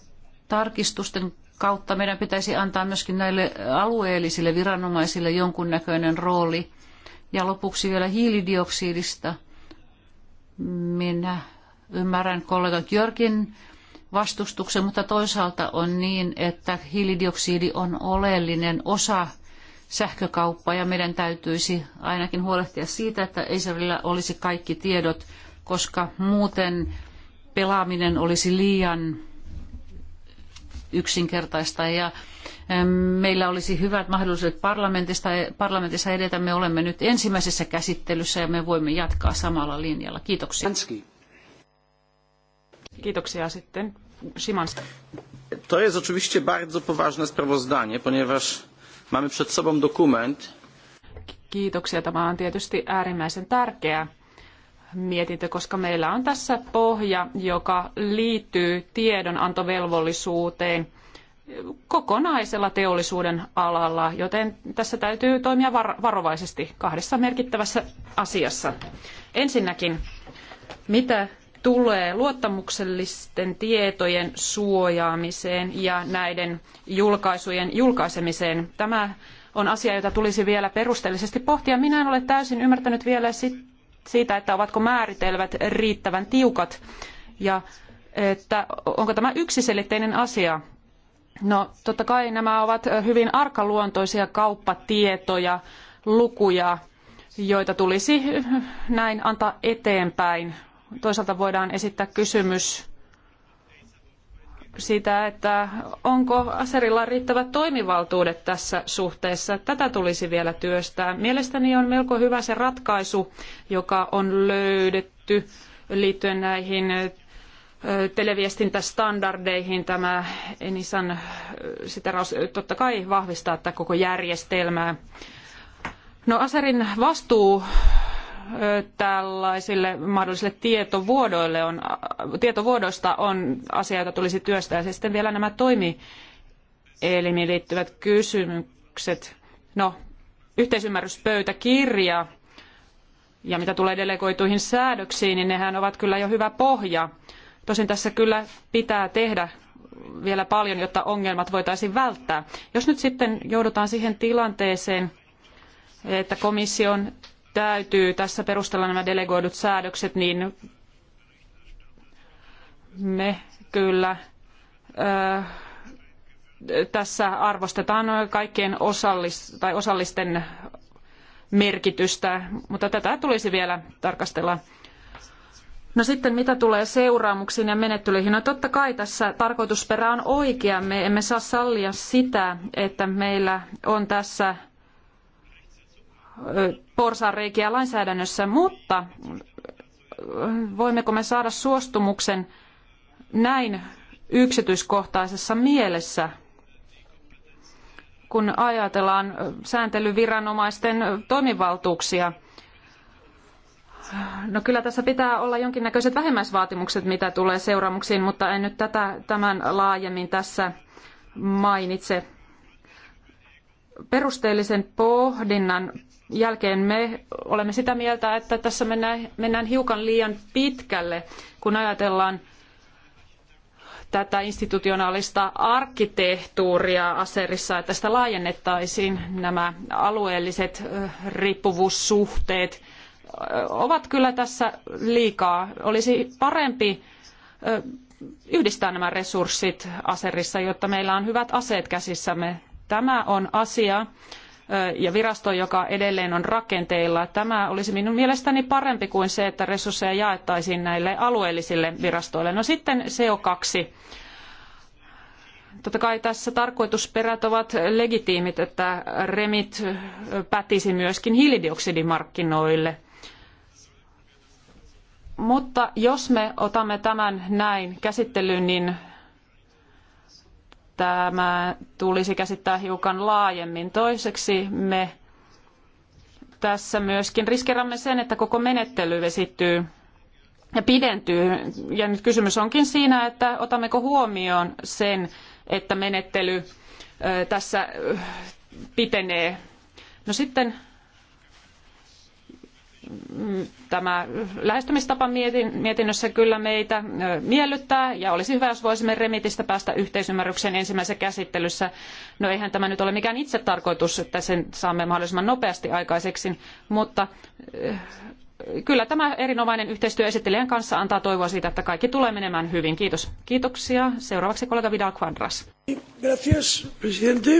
tarkistusten kautta meidän pitäisi antaa myöskin näille alueellisille viranomaisille jonkunnäköinen rooli. Ja lopuksi vielä hiilidioksidista. Minä ymmärrän kollega Jörgin vastustuksen, mutta toisaalta on niin, että hiilidioksidi on oleellinen osa sähkökauppaa ja meidän täytyisi ainakin huolehtia siitä, että Acerilla olisi kaikki tiedot, koska muuten pelaaminen olisi liian yksinkertaista ja meillä olisi hyvät mahdollisuudet parlamentista, parlamentissa edetä. Me olemme nyt ensimmäisessä käsittelyssä ja me voimme jatkaa samalla linjalla. Kiitoksia. Kiitoksia sitten. Simans. To jest oczywiście bardzo poważne sprawozdanie, ponieważ mamy przed sobą dokument. Kiitoksia. Tämä on tietysti äärimmäisen tärkeä mietintö, koska meillä on tässä pohja, joka liittyy tiedonantovelvollisuuteen kokonaisella teollisuuden alalla, joten tässä täytyy toimia varovaisesti kahdessa merkittävässä asiassa. Ensinnäkin, mitä tulee luottamuksellisten tietojen suojaamiseen ja näiden julkaisujen julkaisemiseen. Tämä on asia, jota tulisi vielä perusteellisesti pohtia. Minä en ole täysin ymmärtänyt vielä siitä, että ovatko määritelmät riittävän tiukat ja että onko tämä yksiselitteinen asia. No totta kai nämä ovat hyvin arkaluontoisia kauppatietoja, lukuja, joita tulisi näin antaa eteenpäin toisaalta voidaan esittää kysymys siitä, että onko aserilla riittävät toimivaltuudet tässä suhteessa. Tätä tulisi vielä työstää. Mielestäni on melko hyvä se ratkaisu, joka on löydetty liittyen näihin televiestintästandardeihin tämä Enisan siteraus totta kai vahvistaa tätä koko järjestelmää. No Aserin vastuu tällaisille mahdollisille tietovuodoille on, tietovuodosta on asia, jota tulisi työstää. Ja sitten vielä nämä toimielimiin liittyvät kysymykset. No, yhteisymmärryspöytäkirja ja mitä tulee delegoituihin säädöksiin, niin nehän ovat kyllä jo hyvä pohja. Tosin tässä kyllä pitää tehdä vielä paljon, jotta ongelmat voitaisiin välttää. Jos nyt sitten joudutaan siihen tilanteeseen, että komission täytyy tässä perustella nämä delegoidut säädökset, niin me kyllä ö, tässä arvostetaan kaikkien osallis- tai osallisten merkitystä, mutta tätä tulisi vielä tarkastella. No sitten mitä tulee seuraamuksiin ja menettelyihin? No totta kai tässä tarkoitusperä on oikea. Me emme saa sallia sitä, että meillä on tässä porsaanreikiä lainsäädännössä, mutta voimmeko me saada suostumuksen näin yksityiskohtaisessa mielessä, kun ajatellaan sääntelyviranomaisten toimivaltuuksia. No kyllä tässä pitää olla jonkinnäköiset vähimmäisvaatimukset, mitä tulee seuraamuksiin, mutta en nyt tätä, tämän laajemmin tässä mainitse. Perusteellisen pohdinnan jälkeen me olemme sitä mieltä, että tässä mennään, mennään hiukan liian pitkälle, kun ajatellaan tätä institutionaalista arkkitehtuuria Aserissa, että sitä laajennettaisiin nämä alueelliset riippuvuussuhteet ovat kyllä tässä liikaa. Olisi parempi yhdistää nämä resurssit Aserissa, jotta meillä on hyvät aseet käsissämme. Tämä on asia, ja virasto, joka edelleen on rakenteilla. Tämä olisi minun mielestäni parempi kuin se, että resursseja jaettaisiin näille alueellisille virastoille. No sitten CO2. Totta kai tässä tarkoitusperät ovat legitiimit, että remit pätisi myöskin hiilidioksidimarkkinoille. Mutta jos me otamme tämän näin käsittelyyn, niin tämä tulisi käsittää hiukan laajemmin. Toiseksi me tässä myöskin riskerämme sen, että koko menettely vesittyy ja pidentyy. Ja nyt kysymys onkin siinä, että otammeko huomioon sen, että menettely tässä pitenee. No sitten Mm, tämä lähestymistapa mietinnössä kyllä meitä miellyttää ja olisi hyvä, jos voisimme remitistä päästä yhteisymmärrykseen ensimmäisessä käsittelyssä. No eihän tämä nyt ole mikään itse tarkoitus, että sen saamme mahdollisimman nopeasti aikaiseksi, mutta kyllä tämä erinomainen yhteistyö esittelijän kanssa antaa toivoa siitä, että kaikki tulee menemään hyvin. Kiitos. Kiitoksia. Seuraavaksi kollega Vidal Quadras. Gracias, presidente.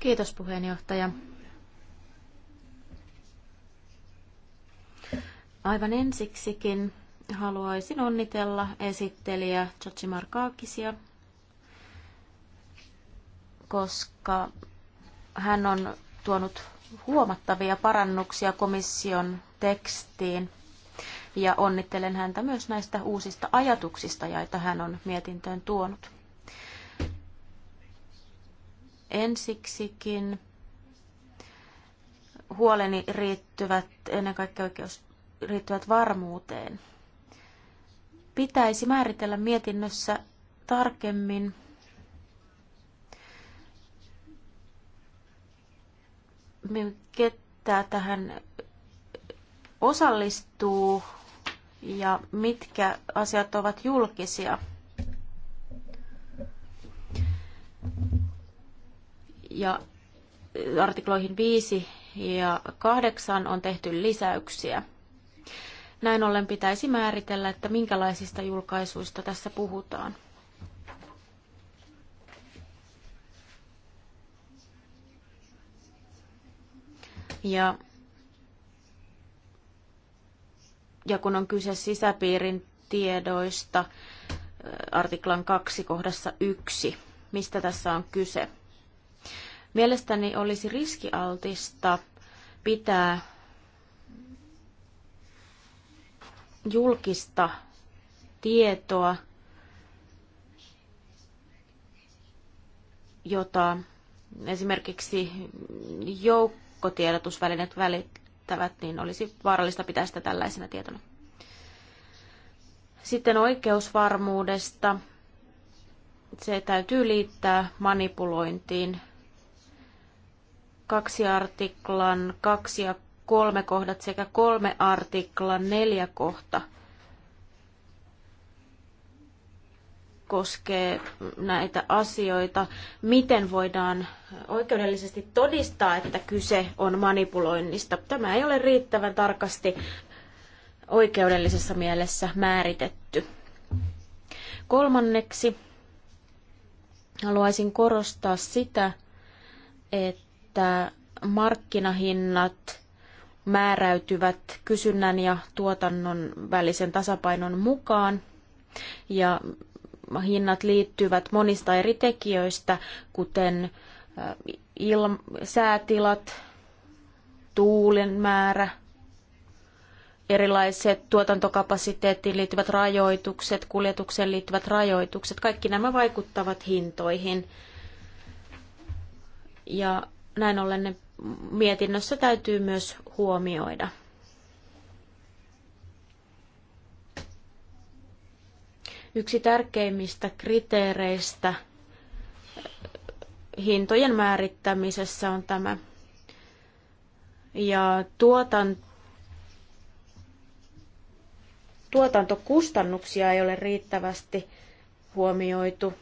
Kiitos puheenjohtaja. Aivan ensiksikin haluaisin onnitella esittelijä Chachi Markaakisia, koska hän on tuonut huomattavia parannuksia komission tekstiin. Ja onnittelen häntä myös näistä uusista ajatuksista, joita hän on mietintöön tuonut. Ensiksikin huoleni riittyvät ennen kaikkea oikeus liittyvät varmuuteen. Pitäisi määritellä mietinnössä tarkemmin ketä tähän osallistuu ja mitkä asiat ovat julkisia. Ja artikloihin 5 ja 8 on tehty lisäyksiä. Näin ollen pitäisi määritellä, että minkälaisista julkaisuista tässä puhutaan. Ja, ja kun on kyse sisäpiirin tiedoista, artiklan 2 kohdassa 1, mistä tässä on kyse. Mielestäni olisi riskialtista pitää julkista tietoa, jota esimerkiksi joukkotiedotusvälineet välittävät, niin olisi vaarallista pitää sitä tällaisena tietona. Sitten oikeusvarmuudesta. Se täytyy liittää manipulointiin. Kaksi artiklan, kaksi ja kolme kohdat sekä kolme artikla neljä kohta koskee näitä asioita, miten voidaan oikeudellisesti todistaa, että kyse on manipuloinnista. Tämä ei ole riittävän tarkasti oikeudellisessa mielessä määritetty. Kolmanneksi haluaisin korostaa sitä, että markkinahinnat määräytyvät kysynnän ja tuotannon välisen tasapainon mukaan. Ja hinnat liittyvät monista eri tekijöistä, kuten il- säätilat, tuulen määrä, erilaiset tuotantokapasiteettiin liittyvät rajoitukset, kuljetukseen liittyvät rajoitukset, kaikki nämä vaikuttavat hintoihin. Ja näin ollen ne mietinnössä täytyy myös huomioida. Yksi tärkeimmistä kriteereistä hintojen määrittämisessä on tämä. Ja tuotan, tuotantokustannuksia ei ole riittävästi huomioitu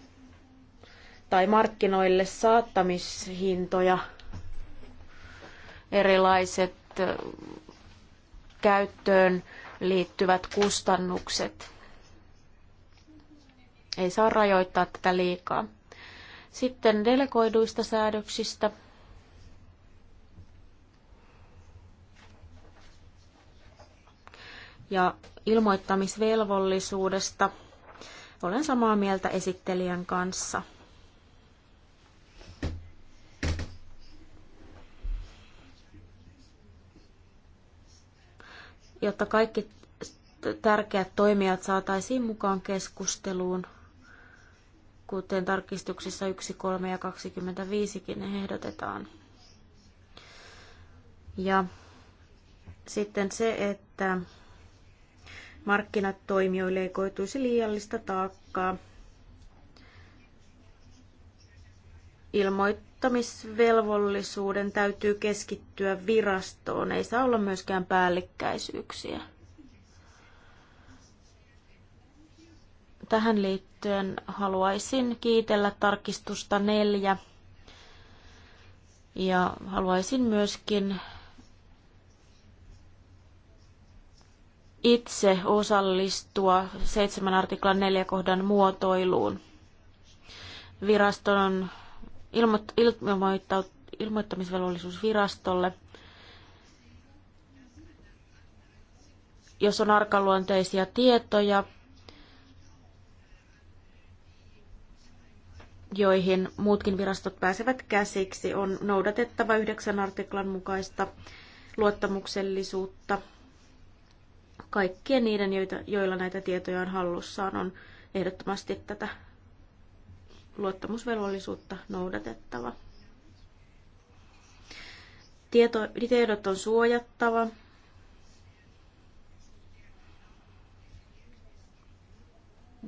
tai markkinoille saattamishintoja – erilaiset käyttöön liittyvät kustannukset. Ei saa rajoittaa tätä liikaa. Sitten delegoiduista säädöksistä. Ja ilmoittamisvelvollisuudesta olen samaa mieltä esittelijän kanssa. jotta kaikki tärkeät toimijat saataisiin mukaan keskusteluun, kuten tarkistuksissa 1, 3 ja 25kin ehdotetaan. Ja sitten se, että toimijoille ei koituisi liiallista taakkaa ilmoittamisvelvollisuuden täytyy keskittyä virastoon, ei saa olla myöskään päällekkäisyyksiä. Tähän liittyen haluaisin kiitellä tarkistusta neljä ja haluaisin myöskin itse osallistua seitsemän artiklan neljä kohdan muotoiluun. Viraston ilmoittamisvelvollisuus virastolle, jos on arkaluonteisia tietoja, joihin muutkin virastot pääsevät käsiksi, on noudatettava yhdeksän artiklan mukaista luottamuksellisuutta. Kaikkien niiden, joita, joilla näitä tietoja on hallussaan, on ehdottomasti tätä luottamusvelvollisuutta noudatettava. Tieto, tiedot on suojattava.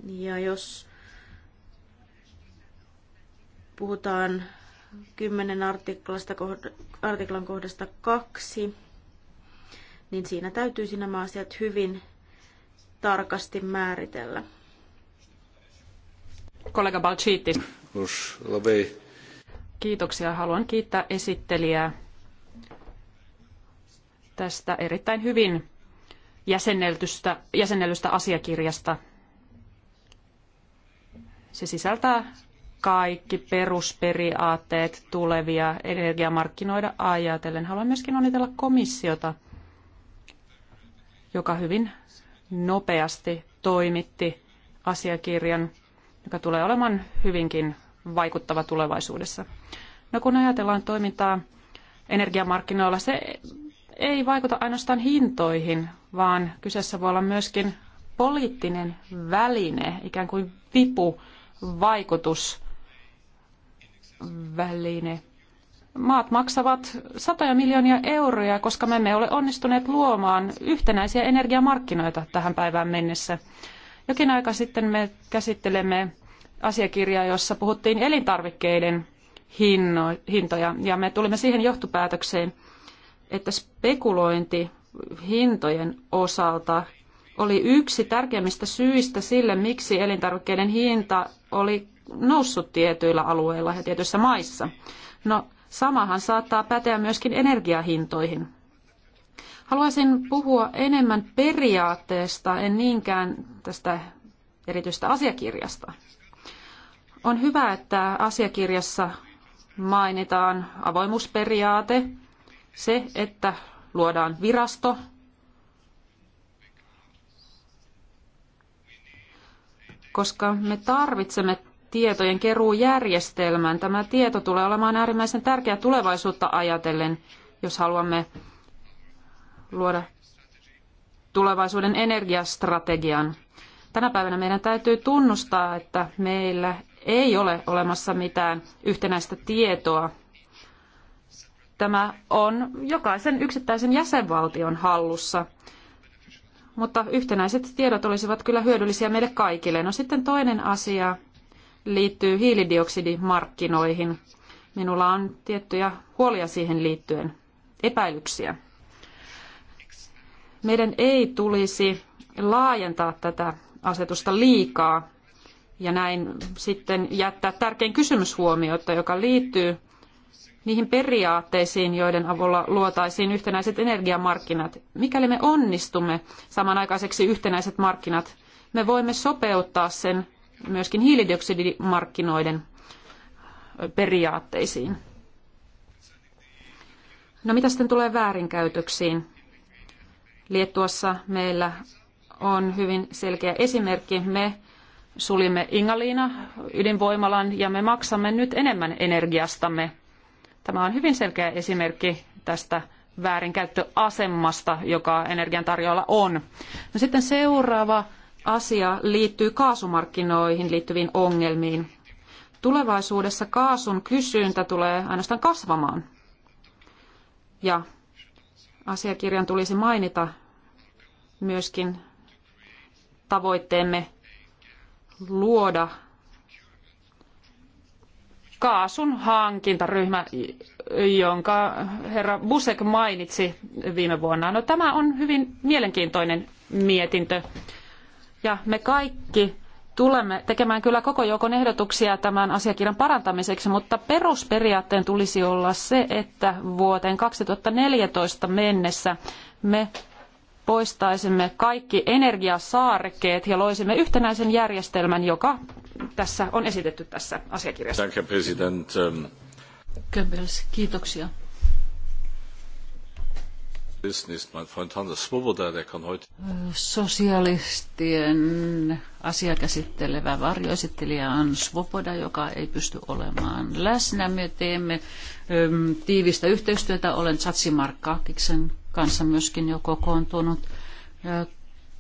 Ja jos puhutaan 10 artiklasta, artiklan kohdasta 2, niin siinä täytyy nämä asiat hyvin tarkasti määritellä. Kollega Kiitoksia. Haluan kiittää esittelijää tästä erittäin hyvin jäsennellystä, jäsennellystä asiakirjasta. Se sisältää kaikki perusperiaatteet tulevia energiamarkkinoida ajatellen. Haluan myöskin onnitella komissiota, joka hyvin nopeasti toimitti asiakirjan joka tulee olemaan hyvinkin vaikuttava tulevaisuudessa. No kun ajatellaan toimintaa energiamarkkinoilla, se ei vaikuta ainoastaan hintoihin, vaan kyseessä voi olla myöskin poliittinen väline, ikään kuin vipu, vaikutusväline. Maat maksavat satoja miljoonia euroja, koska me emme ole onnistuneet luomaan yhtenäisiä energiamarkkinoita tähän päivään mennessä. Jokin aika sitten me käsittelemme asiakirjaa, jossa puhuttiin elintarvikkeiden hinno, hintoja, ja me tulimme siihen johtopäätökseen, että spekulointi hintojen osalta oli yksi tärkeimmistä syistä sille, miksi elintarvikkeiden hinta oli noussut tietyillä alueilla ja tietyissä maissa. No, samahan saattaa päteä myöskin energiahintoihin. Haluaisin puhua enemmän periaatteesta, en niinkään tästä erityistä asiakirjasta. On hyvä, että asiakirjassa mainitaan avoimuusperiaate, se, että luodaan virasto, koska me tarvitsemme tietojen keruujärjestelmän. Tämä tieto tulee olemaan äärimmäisen tärkeä tulevaisuutta ajatellen, jos haluamme luoda tulevaisuuden energiastrategian. Tänä päivänä meidän täytyy tunnustaa, että meillä ei ole olemassa mitään yhtenäistä tietoa. Tämä on jokaisen yksittäisen jäsenvaltion hallussa. Mutta yhtenäiset tiedot olisivat kyllä hyödyllisiä meille kaikille. No sitten toinen asia liittyy hiilidioksidimarkkinoihin. Minulla on tiettyjä huolia siihen liittyen, epäilyksiä. Meidän ei tulisi laajentaa tätä asetusta liikaa ja näin sitten jättää tärkein kysymys huomiota, joka liittyy niihin periaatteisiin, joiden avulla luotaisiin yhtenäiset energiamarkkinat. Mikäli me onnistumme samanaikaiseksi yhtenäiset markkinat, me voimme sopeuttaa sen myöskin hiilidioksidimarkkinoiden periaatteisiin. No mitä sitten tulee väärinkäytöksiin? Liettuassa meillä on hyvin selkeä esimerkki. Me sulimme Ingaliina ydinvoimalan ja me maksamme nyt enemmän energiastamme. Tämä on hyvin selkeä esimerkki tästä väärinkäyttöasemasta, joka energiantarjoajalla on. No sitten seuraava asia liittyy kaasumarkkinoihin liittyviin ongelmiin. Tulevaisuudessa kaasun kysyntä tulee ainoastaan kasvamaan. Ja asiakirjan tulisi mainita myöskin tavoitteemme luoda kaasun hankintaryhmä, jonka herra Busek mainitsi viime vuonna. No, tämä on hyvin mielenkiintoinen mietintö. Ja me kaikki tulemme tekemään kyllä koko joukon ehdotuksia tämän asiakirjan parantamiseksi, mutta perusperiaatteen tulisi olla se, että vuoteen 2014 mennessä me poistaisimme kaikki energiasaarekkeet ja loisimme yhtenäisen järjestelmän, joka tässä on esitetty tässä asiakirjassa. Kömpels, um, kiitoksia. Er sosialistien asia käsittelevä varjoesittelijä on Svoboda, joka ei pysty olemaan läsnä. Me teemme äm, tiivistä yhteistyötä. Olen Tsatsi Markkaakiksen kanssa myöskin jo kokoontunut,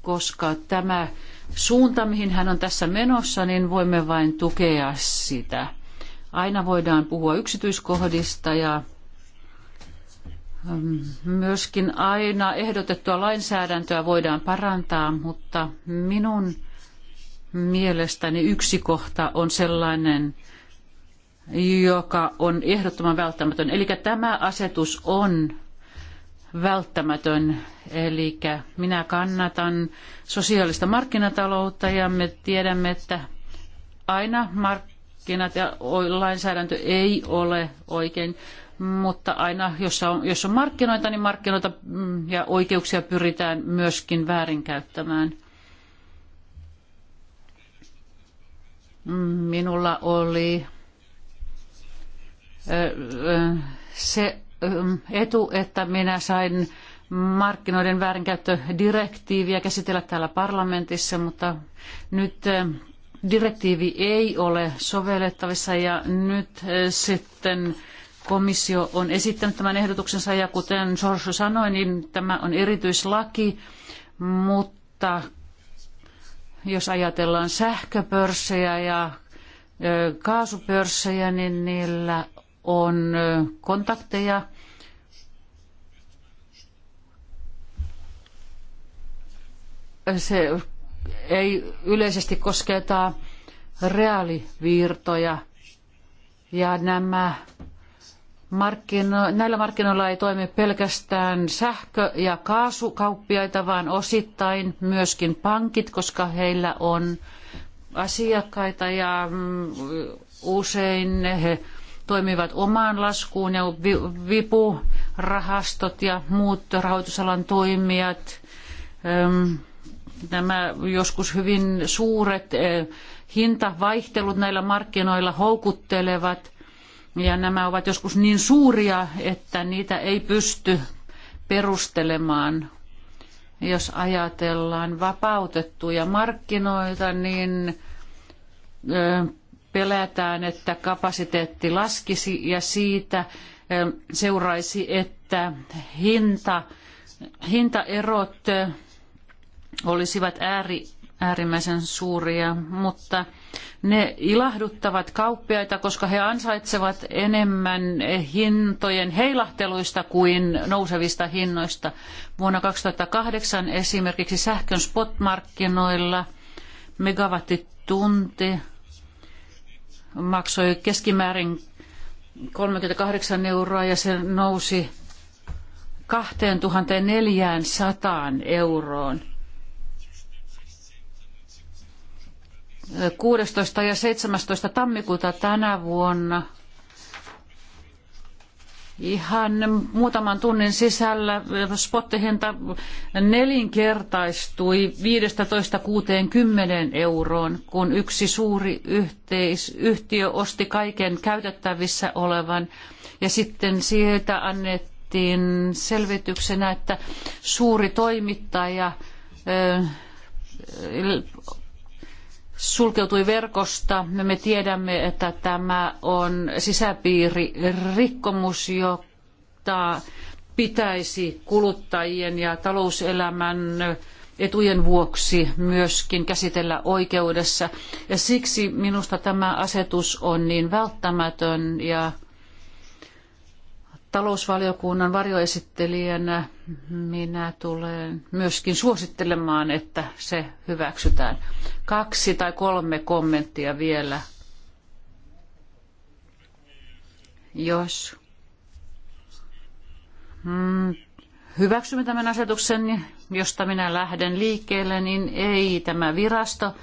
koska tämä suunta, mihin hän on tässä menossa, niin voimme vain tukea sitä. Aina voidaan puhua yksityiskohdista ja Ähm, myöskin aina ehdotettua lainsäädäntöä voidaan parantaa, mutta minun mielestäni yksi kohta on sellainen, joka on ehdottoman välttämätön. Eli tämä asetus on välttämätön. Eli minä kannatan sosiaalista markkinataloutta ja me tiedämme, että aina markkinat ja lainsäädäntö ei ole oikein mutta aina jos on, jos on markkinoita, niin markkinoita mm, ja oikeuksia pyritään myöskin väärinkäyttämään. Mm, minulla oli se etu, että minä sain markkinoiden väärinkäyttödirektiiviä käsitellä täällä parlamentissa, mutta nyt direktiivi ei ole sovellettavissa ja nyt sitten komissio on esittänyt tämän ehdotuksensa ja kuten George sanoi, niin tämä on erityislaki, mutta jos ajatellaan sähköpörssejä ja kaasupörssejä, niin niillä on kontakteja se ei yleisesti kosketa reaalivirtoja ja nämä Markkino, näillä markkinoilla ei toimi pelkästään sähkö- ja kaasukauppiaita, vaan osittain myöskin pankit, koska heillä on asiakkaita ja mm, usein he toimivat omaan laskuun ja vipurahastot ja muut rahoitusalan toimijat. Nämä joskus hyvin suuret eh, hintavaihtelut näillä markkinoilla houkuttelevat – ja nämä ovat joskus niin suuria, että niitä ei pysty perustelemaan. Jos ajatellaan vapautettuja markkinoita, niin pelätään, että kapasiteetti laskisi ja siitä seuraisi, että hinta, hintaerot olisivat ääri, äärimmäisen suuria, mutta – ne ilahduttavat kauppiaita, koska he ansaitsevat enemmän hintojen heilahteluista kuin nousevista hinnoista. Vuonna 2008 esimerkiksi sähkön spotmarkkinoilla megawattitunti maksoi keskimäärin 38 euroa ja se nousi 2400 euroon. 16. ja 17. tammikuuta tänä vuonna ihan muutaman tunnin sisällä spottihinta nelinkertaistui 15-60 euroon, kun yksi suuri yhteis, yhtiö osti kaiken käytettävissä olevan ja sitten siitä annettiin selvityksenä, että suuri toimittaja sulkeutui verkosta. Me tiedämme, että tämä on sisäpiiririkkomus, jota pitäisi kuluttajien ja talouselämän etujen vuoksi myöskin käsitellä oikeudessa. Ja siksi minusta tämä asetus on niin välttämätön ja talousvaliokunnan varjoesittelijänä minä tulen myöskin suosittelemaan, että se hyväksytään. Kaksi tai kolme kommenttia vielä. Jos mm, hyväksymme tämän asetuksen, josta minä lähden liikkeelle, niin ei tämä virasto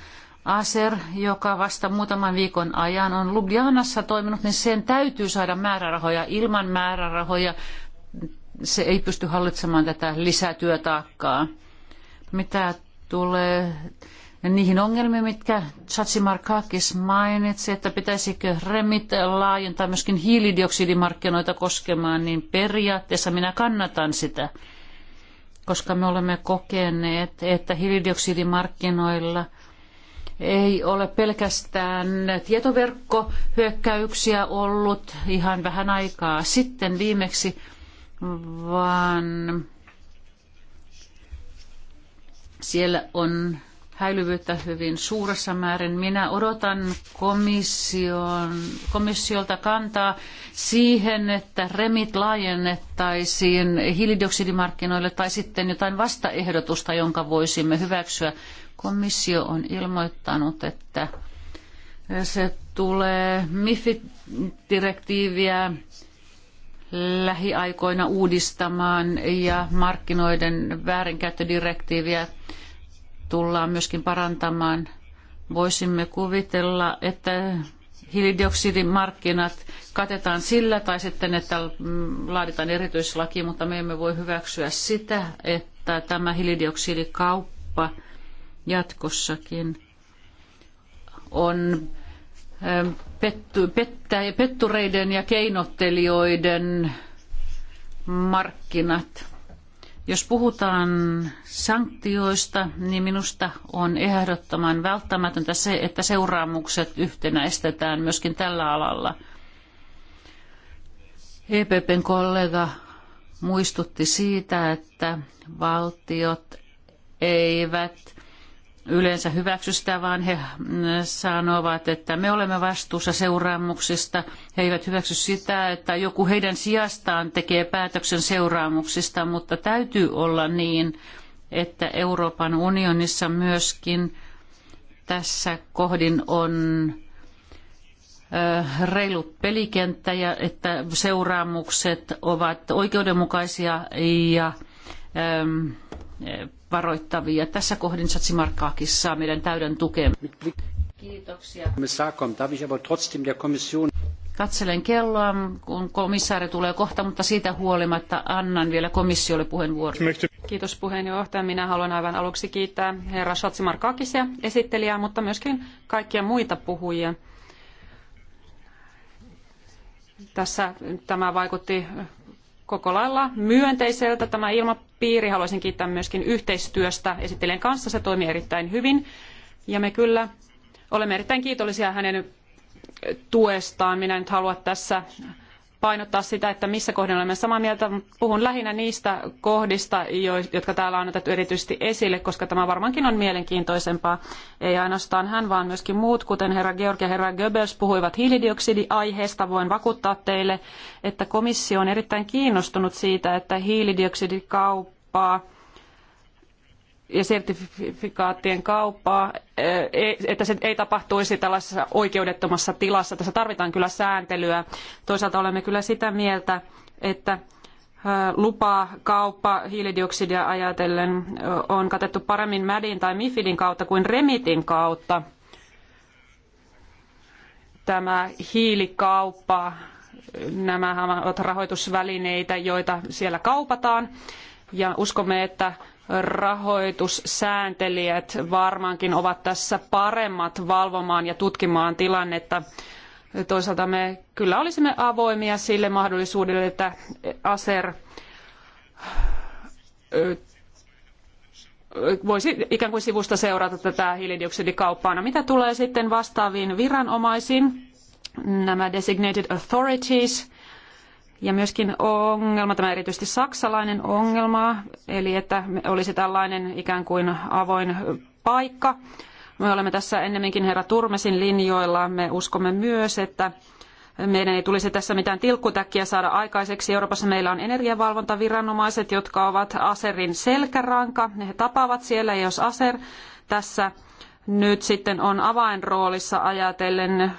Aser, joka vasta muutaman viikon ajan on Ljubljanassa toiminut, niin sen täytyy saada määrärahoja. Ilman määrärahoja se ei pysty hallitsemaan tätä lisätyötaakkaa. Mitä tulee niihin ongelmiin, mitkä Markakis mainitsi, että pitäisikö remit laajentaa myöskin hiilidioksidimarkkinoita koskemaan, niin periaatteessa minä kannatan sitä, koska me olemme kokeneet, että hiilidioksidimarkkinoilla – ei ole pelkästään tietoverkkohyökkäyksiä ollut ihan vähän aikaa sitten viimeksi, vaan siellä on häilyvyyttä hyvin suuressa määrin. Minä odotan komission, komissiolta kantaa siihen, että remit laajennettaisiin hiilidioksidimarkkinoille tai sitten jotain vastaehdotusta, jonka voisimme hyväksyä. Komissio on ilmoittanut, että se tulee MIFID-direktiiviä lähiaikoina uudistamaan ja markkinoiden väärinkäyttödirektiiviä tullaan myöskin parantamaan. Voisimme kuvitella, että hiilidioksidimarkkinat katetaan sillä tai sitten, että laaditaan erityislaki, mutta me emme voi hyväksyä sitä, että tämä hiilidioksidikauppa jatkossakin on ähm, pettu, pettä, pettureiden ja keinottelijoiden markkinat. Jos puhutaan sanktioista, niin minusta on ehdottoman välttämätöntä se, että seuraamukset yhtenäistetään myöskin tällä alalla. EPPn kollega muistutti siitä, että valtiot eivät yleensä hyväksy sitä, vaan he mm, sanovat, että me olemme vastuussa seuraamuksista. He eivät hyväksy sitä, että joku heidän sijastaan tekee päätöksen seuraamuksista, mutta täytyy olla niin, että Euroopan unionissa myöskin tässä kohdin on reilu pelikenttä ja että seuraamukset ovat oikeudenmukaisia ja varoittavia. Tässä kohdin Satsimarkkaakis saa meidän täyden tukemme. Kiitoksia. Katselen kelloa, kun komissaari tulee kohta, mutta siitä huolimatta annan vielä komissiolle puheenvuoron. Kiitos puheenjohtaja. Minä haluan aivan aluksi kiittää herra Satsimarkkaakisia esittelijää, mutta myöskin kaikkia muita puhujia. Tässä tämä vaikutti koko lailla myönteiseltä tämä ilmapiiri. Haluaisin kiittää myöskin yhteistyöstä esittelijän kanssa. Se toimi erittäin hyvin. Ja me kyllä olemme erittäin kiitollisia hänen tuestaan. Minä nyt halua tässä painottaa sitä, että missä kohdin olemme samaa mieltä. Puhun lähinnä niistä kohdista, jotka täällä on otettu erityisesti esille, koska tämä varmaankin on mielenkiintoisempaa. Ei ainoastaan hän, vaan myöskin muut, kuten herra Georg ja herra Goebbels puhuivat hiilidioksidiaiheesta. Voin vakuuttaa teille, että komissio on erittäin kiinnostunut siitä, että hiilidioksidikauppaa – ja sertifikaattien kauppaa, e, että se ei tapahtuisi tällaisessa oikeudettomassa tilassa. Tässä tarvitaan kyllä sääntelyä. Toisaalta olemme kyllä sitä mieltä, että lupa, kauppa hiilidioksidia ajatellen on katettu paremmin MADin tai MIFIDin kautta kuin REMITin kautta. Tämä hiilikauppa, nämä ovat rahoitusvälineitä, joita siellä kaupataan. Ja uskomme, että rahoitussääntelijät varmaankin ovat tässä paremmat valvomaan ja tutkimaan tilannetta. Toisaalta me kyllä olisimme avoimia sille mahdollisuudelle, että ASER voisi ikään kuin sivusta seurata tätä hiilidioksidikauppaa. No, mitä tulee sitten vastaaviin viranomaisiin, nämä designated authorities – ja myöskin ongelma, tämä erityisesti saksalainen ongelma, eli että olisi tällainen ikään kuin avoin paikka. Me olemme tässä ennemminkin herra Turmesin linjoilla. Me uskomme myös, että meidän ei tulisi tässä mitään tilkkutäkkiä saada aikaiseksi. Euroopassa meillä on energiavalvontaviranomaiset, jotka ovat Aserin selkäranka. He tapaavat siellä, ja jos Aser tässä nyt sitten on avainroolissa ajatellen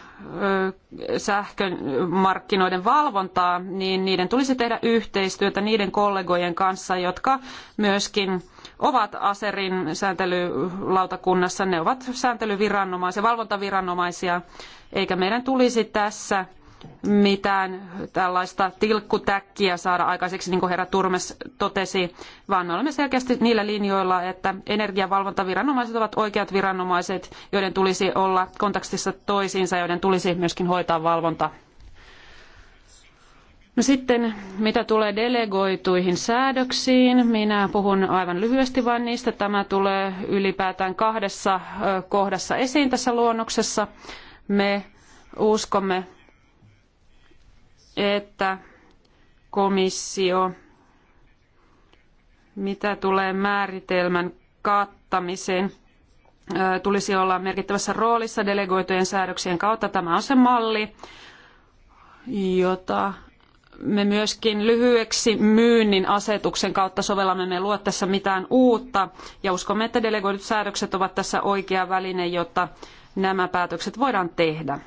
sähkön markkinoiden valvontaa, niin niiden tulisi tehdä yhteistyötä niiden kollegojen kanssa, jotka myöskin ovat ASERin sääntelylautakunnassa. Ne ovat sääntelyviranomaisia, valvontaviranomaisia, eikä meidän tulisi tässä mitään tällaista tilkkutäkkiä saada aikaiseksi, niin kuin herra Turmes totesi, vaan me olemme selkeästi niillä linjoilla, että energiavalvontaviranomaiset ovat oikeat viranomaiset, joiden tulisi olla kontaktissa toisiinsa, joiden tulisi myöskin hoitaa valvonta. No sitten, mitä tulee delegoituihin säädöksiin, minä puhun aivan lyhyesti vain niistä. Tämä tulee ylipäätään kahdessa kohdassa esiin tässä luonnoksessa. Me uskomme että komissio, mitä tulee määritelmän kattamiseen, tulisi olla merkittävässä roolissa delegoitujen säädöksien kautta. Tämä on se malli, jota me myöskin lyhyeksi myynnin asetuksen kautta sovellamme. Me luo tässä mitään uutta ja uskomme, että delegoidut säädökset ovat tässä oikea väline, jotta nämä päätökset voidaan tehdä.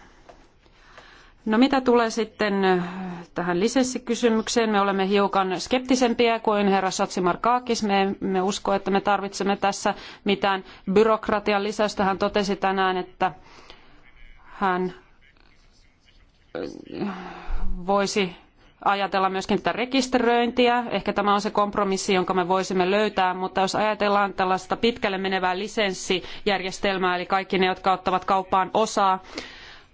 No mitä tulee sitten äh, tähän lisenssikysymykseen, me olemme hiukan skeptisempiä kuin herra Kaakis. Me emme usko, että me tarvitsemme tässä mitään byrokratian lisäystä. Hän totesi tänään, että hän äh, voisi ajatella myöskin tätä rekisteröintiä. Ehkä tämä on se kompromissi, jonka me voisimme löytää, mutta jos ajatellaan tällaista pitkälle menevää lisenssijärjestelmää, eli kaikki ne, jotka ottavat kauppaan osaa,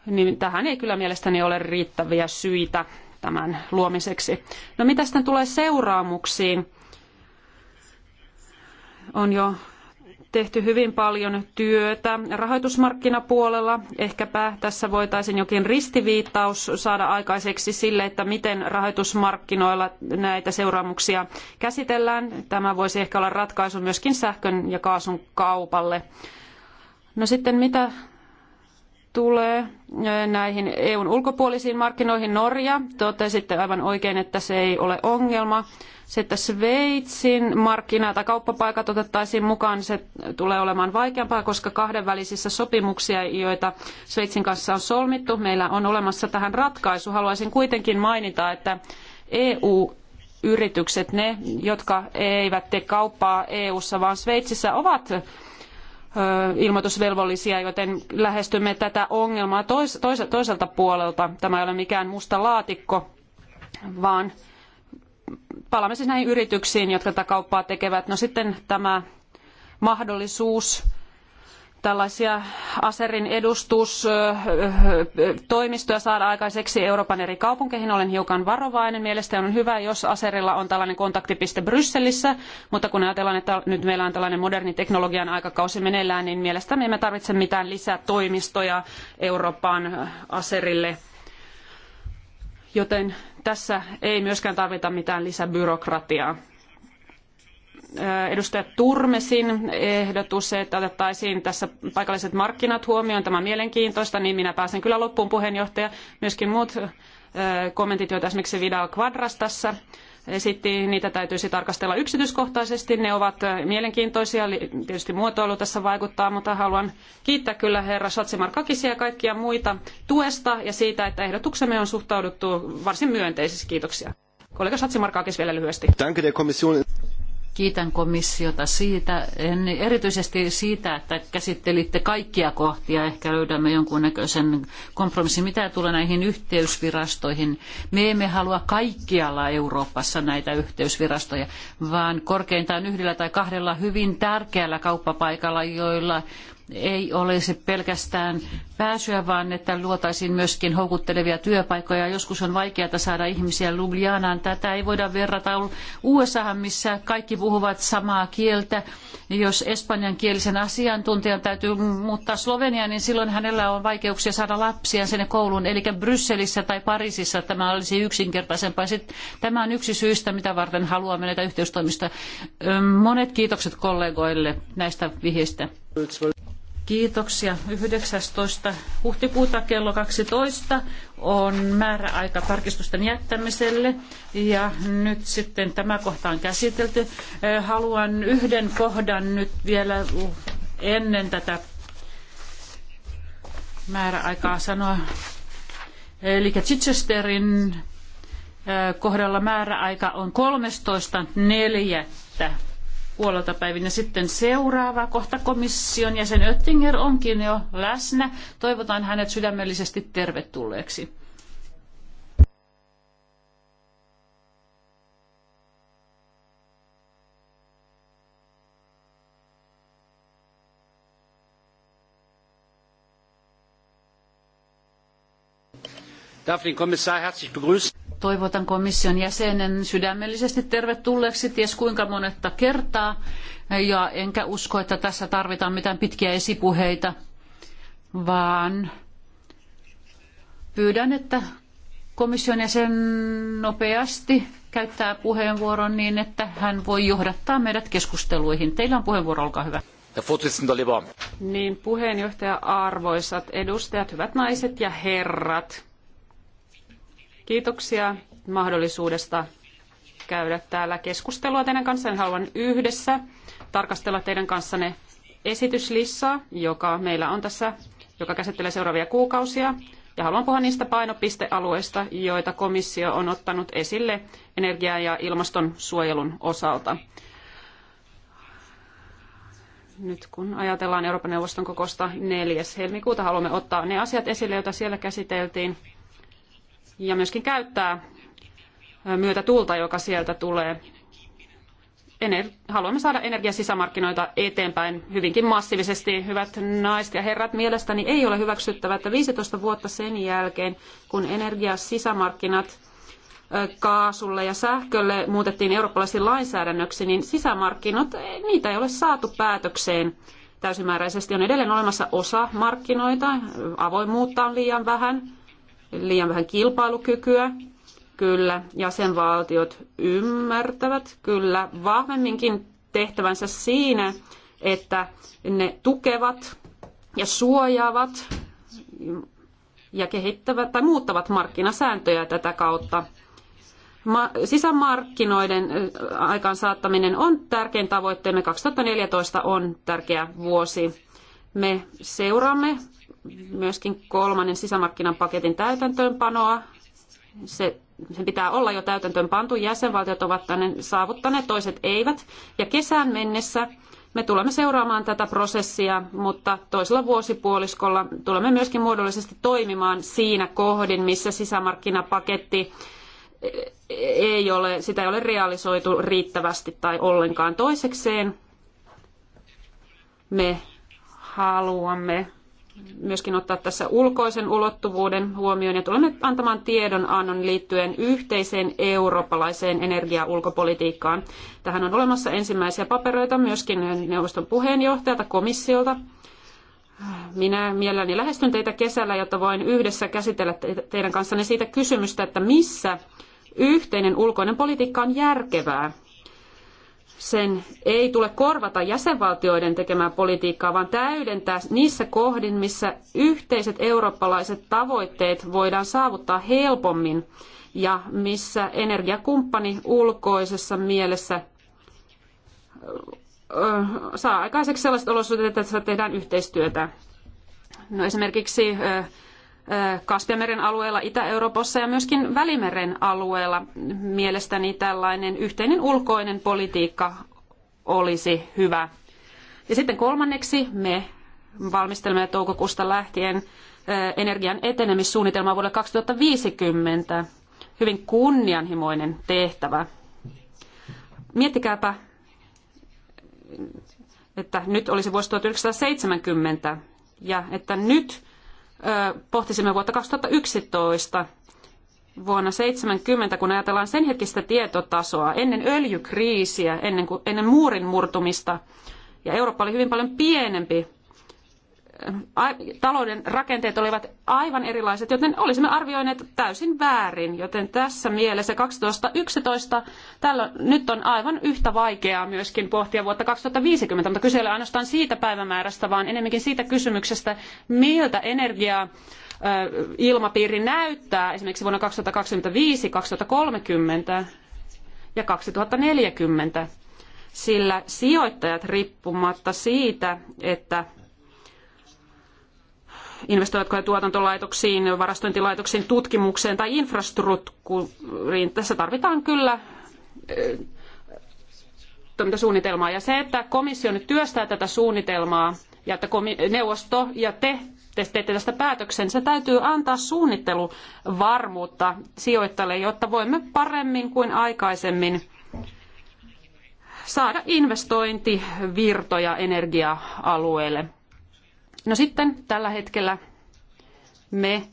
niin tähän ei kyllä mielestäni ole riittäviä syitä tämän luomiseksi. No mitä sitten tulee seuraamuksiin? On jo tehty hyvin paljon työtä rahoitusmarkkinapuolella. Ehkäpä tässä voitaisiin jokin ristiviittaus saada aikaiseksi sille, että miten rahoitusmarkkinoilla näitä seuraamuksia käsitellään. Tämä voisi ehkä olla ratkaisu myöskin sähkön ja kaasun kaupalle. No sitten mitä tulee äh, näihin EUn ulkopuolisiin markkinoihin, Norja, totesitte aivan oikein, että se ei ole ongelma. Se, että Sveitsin markkina- tai kauppapaikat otettaisiin mukaan, se tulee olemaan vaikeampaa, koska kahdenvälisissä sopimuksia, joita Sveitsin kanssa on solmittu, meillä on olemassa tähän ratkaisu. Haluaisin kuitenkin mainita, että EU yritykset, ne, jotka eivät tee kauppaa EU-ssa, vaan Sveitsissä, ovat ilmoitusvelvollisia, joten lähestymme tätä ongelmaa tois, tois, toiselta puolelta. Tämä ei ole mikään musta laatikko, vaan palaamme siis näihin yrityksiin, jotka tätä kauppaa tekevät. No sitten tämä mahdollisuus tällaisia Aserin edustustoimistoja saada aikaiseksi Euroopan eri kaupunkeihin. Olen hiukan varovainen. Mielestäni on hyvä, jos Aserilla on tällainen kontaktipiste Brysselissä, mutta kun ajatellaan, että nyt meillä on tällainen moderni teknologian aikakausi meneillään, niin mielestäni emme tarvitse mitään lisätoimistoja Euroopan Aserille. Joten tässä ei myöskään tarvita mitään lisäbyrokratiaa. Äh, edustaja Turmesin ehdotus, että otettaisiin tässä paikalliset markkinat huomioon. Tämä on mielenkiintoista, niin minä pääsen kyllä loppuun puheenjohtaja. Myöskin muut äh, kommentit, joita esimerkiksi Vidal Quadras tässä esitti, niitä täytyisi tarkastella yksityiskohtaisesti. Ne ovat äh, mielenkiintoisia, tietysti muotoilu tässä vaikuttaa, mutta haluan kiittää kyllä herra Satsimarkakisia ja kaikkia muita tuesta ja siitä, että ehdotuksemme on suhtauduttu varsin myönteisesti. Kiitoksia. Kollega Satsimarkakis vielä lyhyesti. Kiitän komissiota siitä, en, erityisesti siitä, että käsittelitte kaikkia kohtia. Ehkä löydämme jonkunnäköisen kompromissin, mitä tulee näihin yhteysvirastoihin. Me emme halua kaikkialla Euroopassa näitä yhteysvirastoja, vaan korkeintaan yhdellä tai kahdella hyvin tärkeällä kauppapaikalla, joilla ei olisi pelkästään pääsyä, vaan että luotaisiin myöskin houkuttelevia työpaikkoja. Joskus on vaikeaa saada ihmisiä Ljubljanaan. Tätä ei voida verrata USAhan, missä kaikki puhuvat samaa kieltä. Jos espanjankielisen asiantuntijan täytyy muuttaa Sloveniaan, niin silloin hänellä on vaikeuksia saada lapsia sinne kouluun. Eli Brysselissä tai Pariisissa tämä olisi yksinkertaisempaa. Sitten tämä on yksi syystä, mitä varten haluamme näitä yhteystoimistoja. Monet kiitokset kollegoille näistä vihjeistä. Kiitoksia. 19. huhtikuuta kello 12 on määräaika tarkistusten jättämiselle ja nyt sitten tämä kohta on käsitelty. Haluan yhden kohdan nyt vielä ennen tätä määräaikaa sanoa. Eli Chichesterin kohdalla määräaika on 13.4 puolelta päivin. Ja sitten seuraava kohta komission jäsen Oettinger onkin jo läsnä. Toivotan hänet sydämellisesti tervetulleeksi. darf den kommissar herzlich begrüßen toivotan komission jäsenen sydämellisesti tervetulleeksi ties kuinka monetta kertaa. Ja enkä usko, että tässä tarvitaan mitään pitkiä esipuheita, vaan pyydän, että komission jäsen nopeasti käyttää puheenvuoron niin, että hän voi johdattaa meidät keskusteluihin. Teillä on puheenvuoro, olkaa hyvä. Niin, puheenjohtaja, arvoisat edustajat, hyvät naiset ja herrat. Kiitoksia mahdollisuudesta käydä täällä keskustelua teidän kanssa. Haluan yhdessä tarkastella teidän kanssanne esityslistaa, joka meillä on tässä, joka käsittelee seuraavia kuukausia. Ja haluan puhua niistä painopistealueista, joita komissio on ottanut esille energia- ja ilmastonsuojelun osalta. Nyt kun ajatellaan Euroopan neuvoston kokosta 4. helmikuuta, haluamme ottaa ne asiat esille, joita siellä käsiteltiin ja myöskin käyttää myötä tuulta, joka sieltä tulee. Ener- haluamme saada energiasisämarkkinoita eteenpäin hyvinkin massiivisesti. Hyvät naiset ja herrat, mielestäni ei ole hyväksyttävää, että 15 vuotta sen jälkeen, kun energiasisämarkkinat kaasulle ja sähkölle muutettiin eurooppalaisiin lainsäädännöksi, niin sisämarkkinat, niitä ei ole saatu päätökseen täysimääräisesti. On edelleen olemassa osa markkinoita, avoimuutta on liian vähän, liian vähän kilpailukykyä, kyllä jäsenvaltiot ymmärtävät kyllä vahvemminkin tehtävänsä siinä, että ne tukevat ja suojaavat ja kehittävät tai muuttavat markkinasääntöjä tätä kautta. Sisämarkkinoiden äh, aikaansaattaminen on tärkein tavoitteemme. 2014 on tärkeä vuosi. Me seuraamme myöskin kolmannen sisämarkkinan paketin täytäntöönpanoa. Se, sen pitää olla jo täytäntöönpantu. Jäsenvaltiot ovat tänne saavuttaneet, toiset eivät. Ja kesään mennessä me tulemme seuraamaan tätä prosessia, mutta toisella vuosipuoliskolla tulemme myöskin muodollisesti toimimaan siinä kohdin, missä sisämarkkinapaketti ei ole, sitä ei ole realisoitu riittävästi tai ollenkaan. Toisekseen me haluamme myöskin ottaa tässä ulkoisen ulottuvuuden huomioon ja tulemme antamaan tiedonannon liittyen yhteiseen eurooppalaiseen energiaulkopolitiikkaan. Tähän on olemassa ensimmäisiä papereita myöskin neuvoston puheenjohtajalta, komissiolta. Minä mielelläni lähestyn teitä kesällä, jotta voin yhdessä käsitellä teidän kanssanne siitä kysymystä, että missä yhteinen ulkoinen politiikka on järkevää sen ei tule korvata jäsenvaltioiden tekemää politiikkaa, vaan täydentää niissä kohdin, missä yhteiset eurooppalaiset tavoitteet voidaan saavuttaa helpommin ja missä energiakumppani ulkoisessa mielessä saa aikaiseksi sellaiset olosuhteet, että tehdään yhteistyötä. No esimerkiksi Kaspiameren alueella, Itä-Euroopassa ja myöskin Välimeren alueella. Mielestäni tällainen yhteinen ulkoinen politiikka olisi hyvä. Ja sitten kolmanneksi me valmistelemme toukokuusta lähtien eh, energian etenemissuunnitelmaa vuodelle 2050. Hyvin kunnianhimoinen tehtävä. Miettikääpä, että nyt olisi vuosi 1970 ja että nyt pohtisimme vuotta 2011 vuonna 70, kun ajatellaan sen hetkistä tietotasoa ennen öljykriisiä, ennen, ennen muurin murtumista, ja Eurooppa oli hyvin paljon pienempi talouden rakenteet olivat aivan erilaiset, joten olisimme arvioineet täysin väärin. Joten tässä mielessä 2011, tällä, nyt on aivan yhtä vaikeaa myöskin pohtia vuotta 2050, mutta kyse ei ole ainoastaan siitä päivämäärästä, vaan enemmänkin siitä kysymyksestä, miltä energiaa ilmapiiri näyttää esimerkiksi vuonna 2025, 2030 ja 2040, sillä sijoittajat riippumatta siitä, että investoivatko he tuotantolaitoksiin, varastointilaitoksiin, tutkimukseen tai infrastruktuuriin. Tässä tarvitaan kyllä toimintasuunnitelmaa. Ja se, että komissio nyt työstää tätä suunnitelmaa ja että neuvosto ja te, te teette tästä päätöksen, se täytyy antaa suunnitteluvarmuutta sijoittajille, jotta voimme paremmin kuin aikaisemmin saada investointivirtoja energia-alueelle. No sitten tällä hetkellä me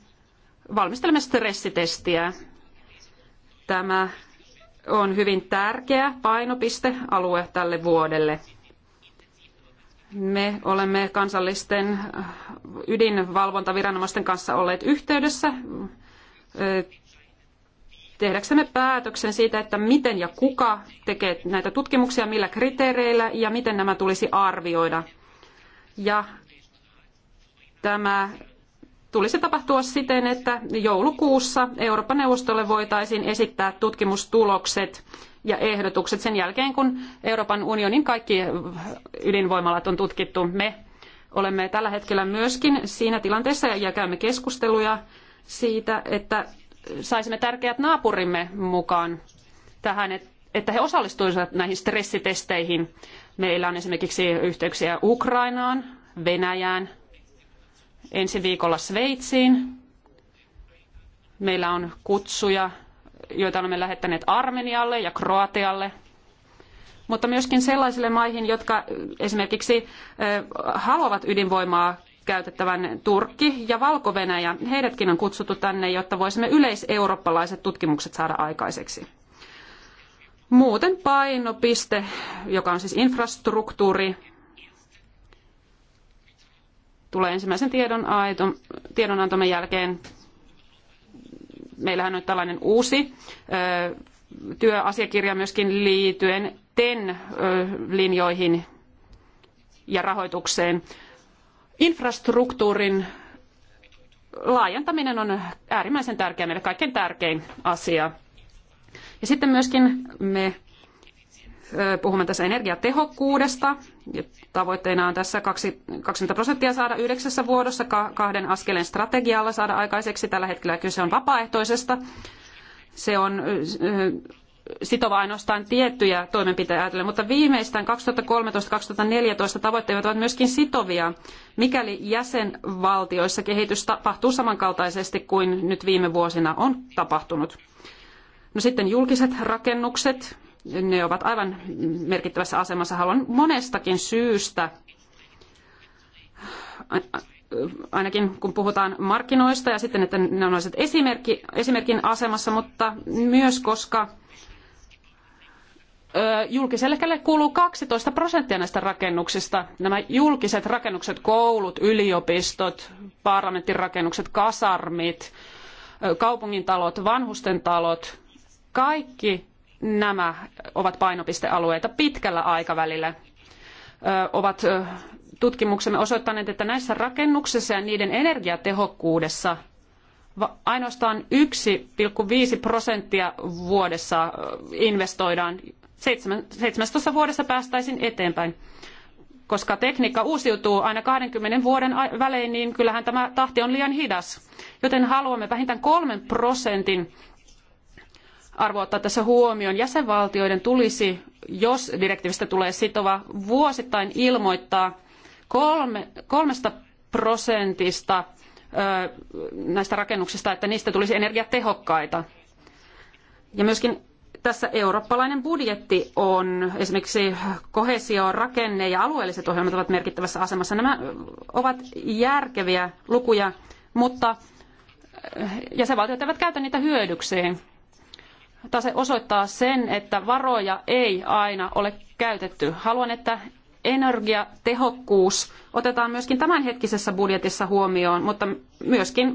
valmistelemme stressitestiä. Tämä on hyvin tärkeä painopistealue tälle vuodelle. Me olemme kansallisten ydinvalvontaviranomaisten kanssa olleet yhteydessä tehdäksemme päätöksen siitä, että miten ja kuka tekee näitä tutkimuksia, millä kriteereillä ja miten nämä tulisi arvioida. Ja Tämä tulisi tapahtua siten, että joulukuussa Euroopan neuvostolle voitaisiin esittää tutkimustulokset ja ehdotukset sen jälkeen, kun Euroopan unionin kaikki ydinvoimalat on tutkittu. Me olemme tällä hetkellä myöskin siinä tilanteessa ja käymme keskusteluja siitä, että saisimme tärkeät naapurimme mukaan tähän, että he osallistuisivat näihin stressitesteihin. Meillä on esimerkiksi yhteyksiä Ukrainaan, Venäjään, ensi viikolla Sveitsiin. Meillä on kutsuja, joita olemme lähettäneet Armenialle ja Kroatialle, mutta myöskin sellaisille maihin, jotka esimerkiksi haluavat ydinvoimaa käytettävän Turkki ja valko -Venäjä. Heidätkin on kutsuttu tänne, jotta voisimme yleiseurooppalaiset tutkimukset saada aikaiseksi. Muuten painopiste, joka on siis infrastruktuuri, tulee ensimmäisen tiedon tiedonantomme jälkeen. Meillähän on nyt tällainen uusi työasiakirja myöskin liittyen TEN-linjoihin ja rahoitukseen. Infrastruktuurin laajentaminen on äärimmäisen tärkeä meille kaikkein tärkein asia. Ja sitten myöskin me puhumme tässä energiatehokkuudesta. Tavoitteena on tässä 20 prosenttia saada yhdeksässä vuodossa kahden askeleen strategialla saada aikaiseksi. Tällä hetkellä kyse on vapaaehtoisesta. Se on sitova ainoastaan tiettyjä toimenpiteitä ajatellen, mutta viimeistään 2013-2014 tavoitteet ovat myöskin sitovia, mikäli jäsenvaltioissa kehitys tapahtuu samankaltaisesti kuin nyt viime vuosina on tapahtunut. No sitten julkiset rakennukset, ne ovat aivan merkittävässä asemassa. Haluan monestakin syystä, ainakin kun puhutaan markkinoista ja sitten, että ne on esimerkki, esimerkin asemassa, mutta myös koska julkiselle kuuluu 12 prosenttia näistä rakennuksista. Nämä julkiset rakennukset, koulut, yliopistot, parlamenttirakennukset, kasarmit, kaupungintalot, vanhusten talot, kaikki nämä ovat painopistealueita pitkällä aikavälillä. Ovat tutkimuksemme osoittaneet, että näissä rakennuksissa ja niiden energiatehokkuudessa ainoastaan yksi viisi prosenttia vuodessa investoidaan. 17 vuodessa päästäisiin eteenpäin. Koska tekniikka uusiutuu aina 20 vuoden välein, niin kyllähän tämä tahti on liian hidas. Joten haluamme vähintään kolmen prosentin arvo ottaa tässä huomioon. Jäsenvaltioiden tulisi, jos direktiivistä tulee sitova, vuosittain ilmoittaa kolme, kolmesta prosentista näistä rakennuksista, että niistä tulisi energiatehokkaita. Ja myöskin tässä eurooppalainen budjetti on, esimerkiksi kohesio, rakenne ja alueelliset ohjelmat ovat merkittävässä asemassa. Nämä ovat järkeviä lukuja, mutta jäsenvaltiot eivät käytä niitä hyödykseen tase osoittaa sen, että varoja ei aina ole käytetty. Haluan, että energiatehokkuus otetaan myöskin tämänhetkisessä budjetissa huomioon, mutta myöskin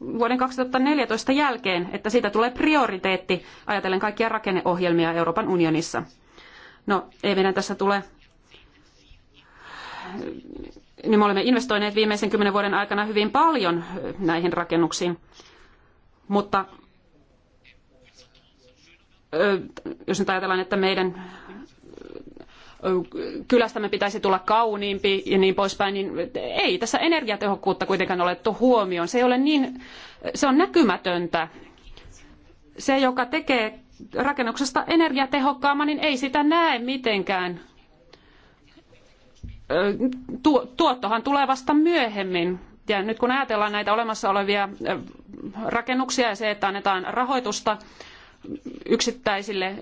vuoden 2014 jälkeen, että siitä tulee prioriteetti ajatellen kaikkia rakenneohjelmia Euroopan unionissa. No, ei meidän tässä tule niin me olemme investoineet viimeisen kymmenen vuoden aikana hyvin paljon näihin rakennuksiin. Mutta jos nyt ajatellaan, että meidän kylästämme pitäisi tulla kauniimpi ja niin poispäin, niin ei tässä energiatehokkuutta kuitenkaan ole otettu huomioon. Se, ei ole niin, se on näkymätöntä. Se, joka tekee rakennuksesta energiatehokkaamman, niin ei sitä näe mitenkään. Tuottohan tulee vasta myöhemmin. Ja nyt kun ajatellaan näitä olemassa olevia rakennuksia ja se, että annetaan rahoitusta, yksittäisille,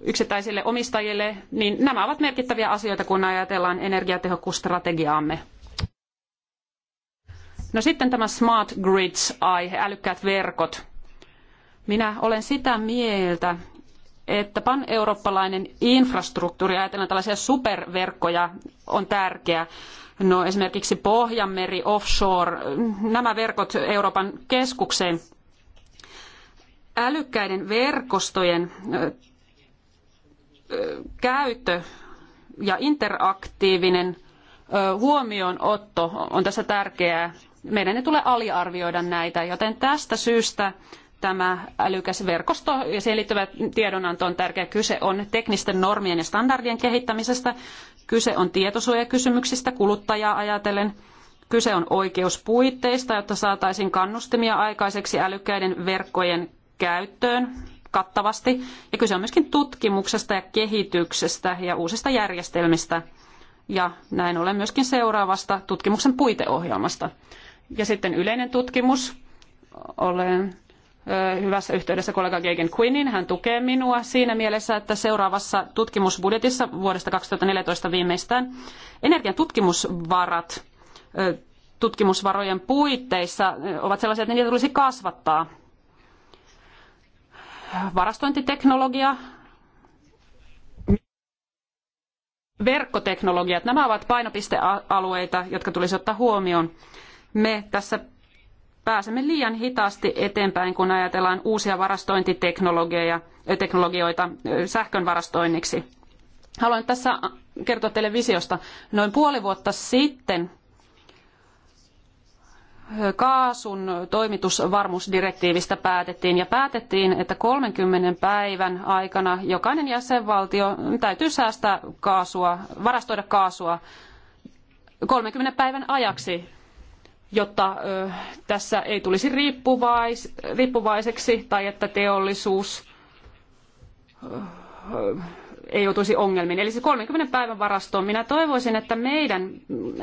yksittäisille omistajille, niin nämä ovat merkittäviä asioita, kun ajatellaan energiatehokkuusstrategiaamme. No sitten tämä smart grids-aihe, älykkäät verkot. Minä olen sitä mieltä, että pan-eurooppalainen infrastruktuuri, ajatellaan tällaisia superverkkoja, on tärkeä. No esimerkiksi Pohjanmeri, offshore, nämä verkot Euroopan keskukseen älykkäiden verkostojen käyttö ja interaktiivinen huomioonotto on tässä tärkeää. Meidän ei tule aliarvioida näitä, joten tästä syystä tämä älykäs verkosto ja siihen liittyvä tiedonanto on tärkeä. Kyse on teknisten normien ja standardien kehittämisestä, kyse on tietosuojakysymyksistä kuluttajaa ajatellen, kyse on oikeuspuitteista, jotta saataisiin kannustimia aikaiseksi älykkäiden verkkojen käyttöön kattavasti. Ja kyse on myöskin tutkimuksesta ja kehityksestä ja uusista järjestelmistä. Ja näin ollen myöskin seuraavasta tutkimuksen puiteohjelmasta. Ja sitten yleinen tutkimus. Olen hyvässä yhteydessä kollega Gegen Quinnin. Hän tukee minua siinä mielessä, että seuraavassa tutkimusbudjetissa vuodesta 2014 viimeistään energian tutkimusvarat tutkimusvarojen puitteissa ovat sellaisia, että niitä tulisi kasvattaa varastointiteknologia, verkkoteknologiat, nämä ovat painopistealueita, jotka tulisi ottaa huomioon. Me tässä pääsemme liian hitaasti eteenpäin, kun ajatellaan uusia varastointiteknologioita sähkön varastoinniksi. Haluan tässä kertoa teille visiosta. Noin puoli vuotta sitten kaasun toimitusvarmuusdirektiivistä päätettiin ja päätettiin, että 30 päivän aikana jokainen jäsenvaltio täytyy säästää kaasua, varastoida kaasua 30 päivän ajaksi, jotta tässä ei tulisi riippuvais, riippuvaiseksi tai että teollisuus ei joutuisi ongelmiin. Eli se 30 päivän varastoon minä toivoisin, että meidän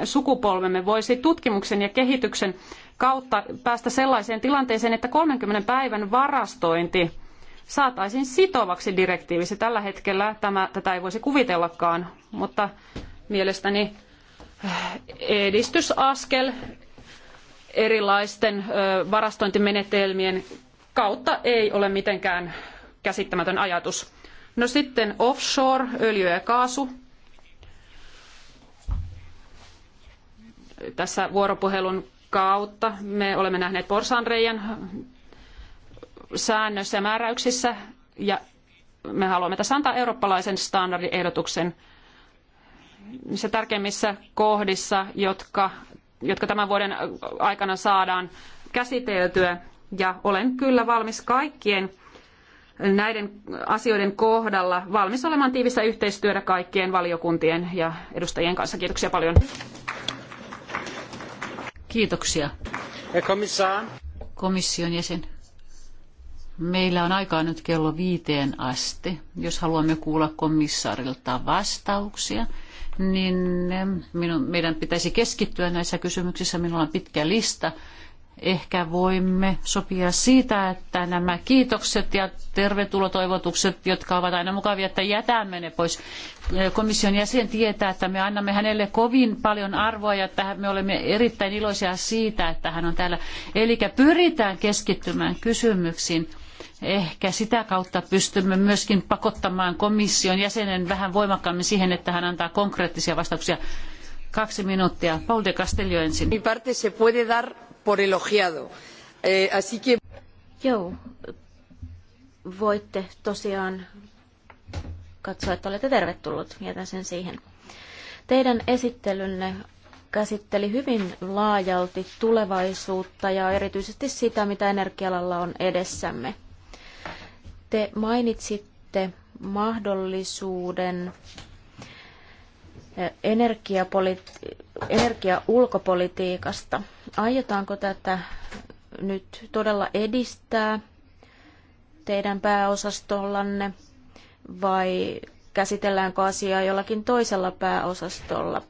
sukupolvemme voisi tutkimuksen ja kehityksen kautta päästä sellaiseen tilanteeseen, että 30 päivän varastointi saataisiin sitovaksi direktiivissä. Tällä hetkellä tämä, tätä ei voisi kuvitellakaan, mutta mielestäni eh, edistysaskel erilaisten varastointimenetelmien kautta ei ole mitenkään käsittämätön ajatus. No sitten offshore, öljy ja kaasu. Tässä vuoropuhelun kautta me olemme nähneet porsaanreiän säännöissä ja määräyksissä ja me haluamme tässä antaa eurooppalaisen standardiehdotuksen niissä tärkeimmissä kohdissa, jotka, jotka tämän vuoden aikana saadaan käsiteltyä. Ja olen kyllä valmis kaikkien näiden asioiden kohdalla valmis olemaan tiivistä yhteistyötä kaikkien valiokuntien ja edustajien kanssa. Kiitoksia paljon. Kiitoksia. Komission jäsen. Meillä on aikaa nyt kello viiteen asti. Jos haluamme kuulla komissaarilta vastauksia, niin eh, minun, meidän pitäisi keskittyä näissä kysymyksissä. Minulla on pitkä lista Ehkä voimme sopia siitä, että nämä kiitokset ja tervetulotoivotukset, jotka ovat aina mukavia, että jätämme ne pois. Komission jäsen tietää, että me annamme hänelle kovin paljon arvoa ja että me olemme erittäin iloisia siitä, että hän on täällä. Eli pyritään keskittymään kysymyksiin ehkä sitä kautta pystymme myöskin pakottamaan komission jäsenen vähän voimakkaammin siihen, että hän antaa konkreettisia vastauksia. Kaksi minuuttia. Paul de Castillo ensin por elogiado. Eh, así que... Joo, voitte tosiaan katsoa, että olette tervetullut. Jätän sen siihen. Teidän esittelynne käsitteli hyvin laajalti tulevaisuutta ja erityisesti sitä, mitä energialalla on edessämme. Te mainitsitte mahdollisuuden eh, energiapoliti- energiaulkopolitiikasta. Aiotaanko tätä nyt todella edistää teidän pääosastollanne vai käsitelläänkö asiaa jollakin toisella pääosastolla?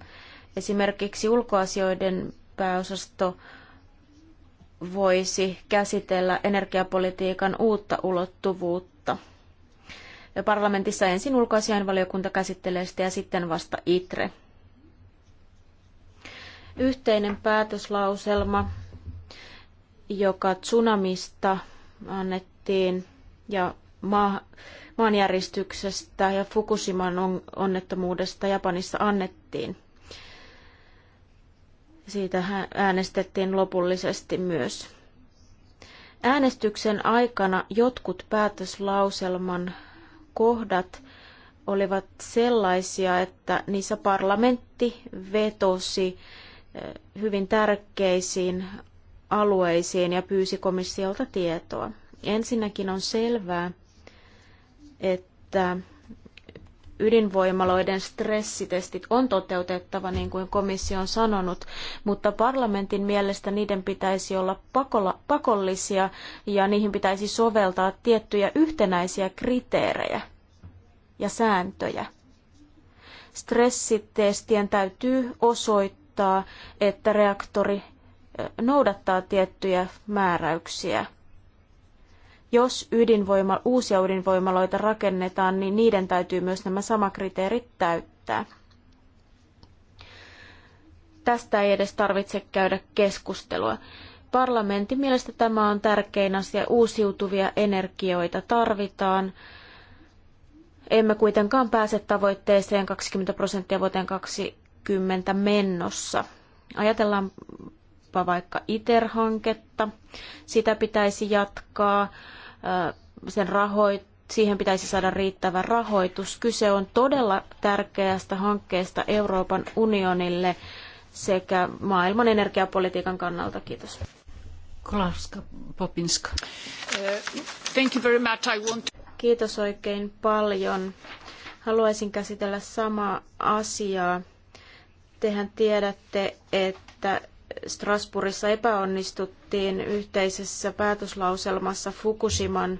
Esimerkiksi ulkoasioiden pääosasto voisi käsitellä energiapolitiikan uutta ulottuvuutta. Ja parlamentissa ensin ulkoasiainvaliokunta käsittelee sitä ja sitten vasta ITRE yhteinen päätöslauselma, joka tsunamista annettiin ja maanjäristyksestä ja Fukushiman onnettomuudesta Japanissa annettiin. Siitä äänestettiin lopullisesti myös. Äänestyksen aikana jotkut päätöslauselman kohdat olivat sellaisia, että niissä parlamentti vetosi hyvin tärkeisiin alueisiin ja pyysi komissiolta tietoa. Ensinnäkin on selvää, että ydinvoimaloiden stressitestit on toteutettava niin kuin komissio on sanonut, mutta parlamentin mielestä niiden pitäisi olla pakolla, pakollisia ja niihin pitäisi soveltaa tiettyjä yhtenäisiä kriteerejä ja sääntöjä. Stressitestien täytyy osoittaa, osoittaa, että reaktori noudattaa tiettyjä määräyksiä. Jos ydinvoima, uusia ydinvoimaloita rakennetaan, niin niiden täytyy myös nämä samat kriteerit täyttää. Tästä ei edes tarvitse käydä keskustelua. Parlamentin mielestä tämä on tärkein asia. Uusiutuvia energioita tarvitaan. Emme kuitenkaan pääse tavoitteeseen 20 prosenttia vuoteen 20 2030 mennossa. Ajatellaanpa vaikka ITER-hanketta. Sitä pitäisi jatkaa, sen rahoit, siihen pitäisi saada riittävä rahoitus. Kyse on todella tärkeästä hankkeesta Euroopan unionille sekä maailman energiapolitiikan kannalta. Kiitos. Kolarska Popinska. thank you very much. I want... Kiitos oikein paljon. Haluaisin käsitellä samaa asiaa Tehän tiedätte, että Strasbourgissa epäonnistuttiin yhteisessä päätöslauselmassa Fukushiman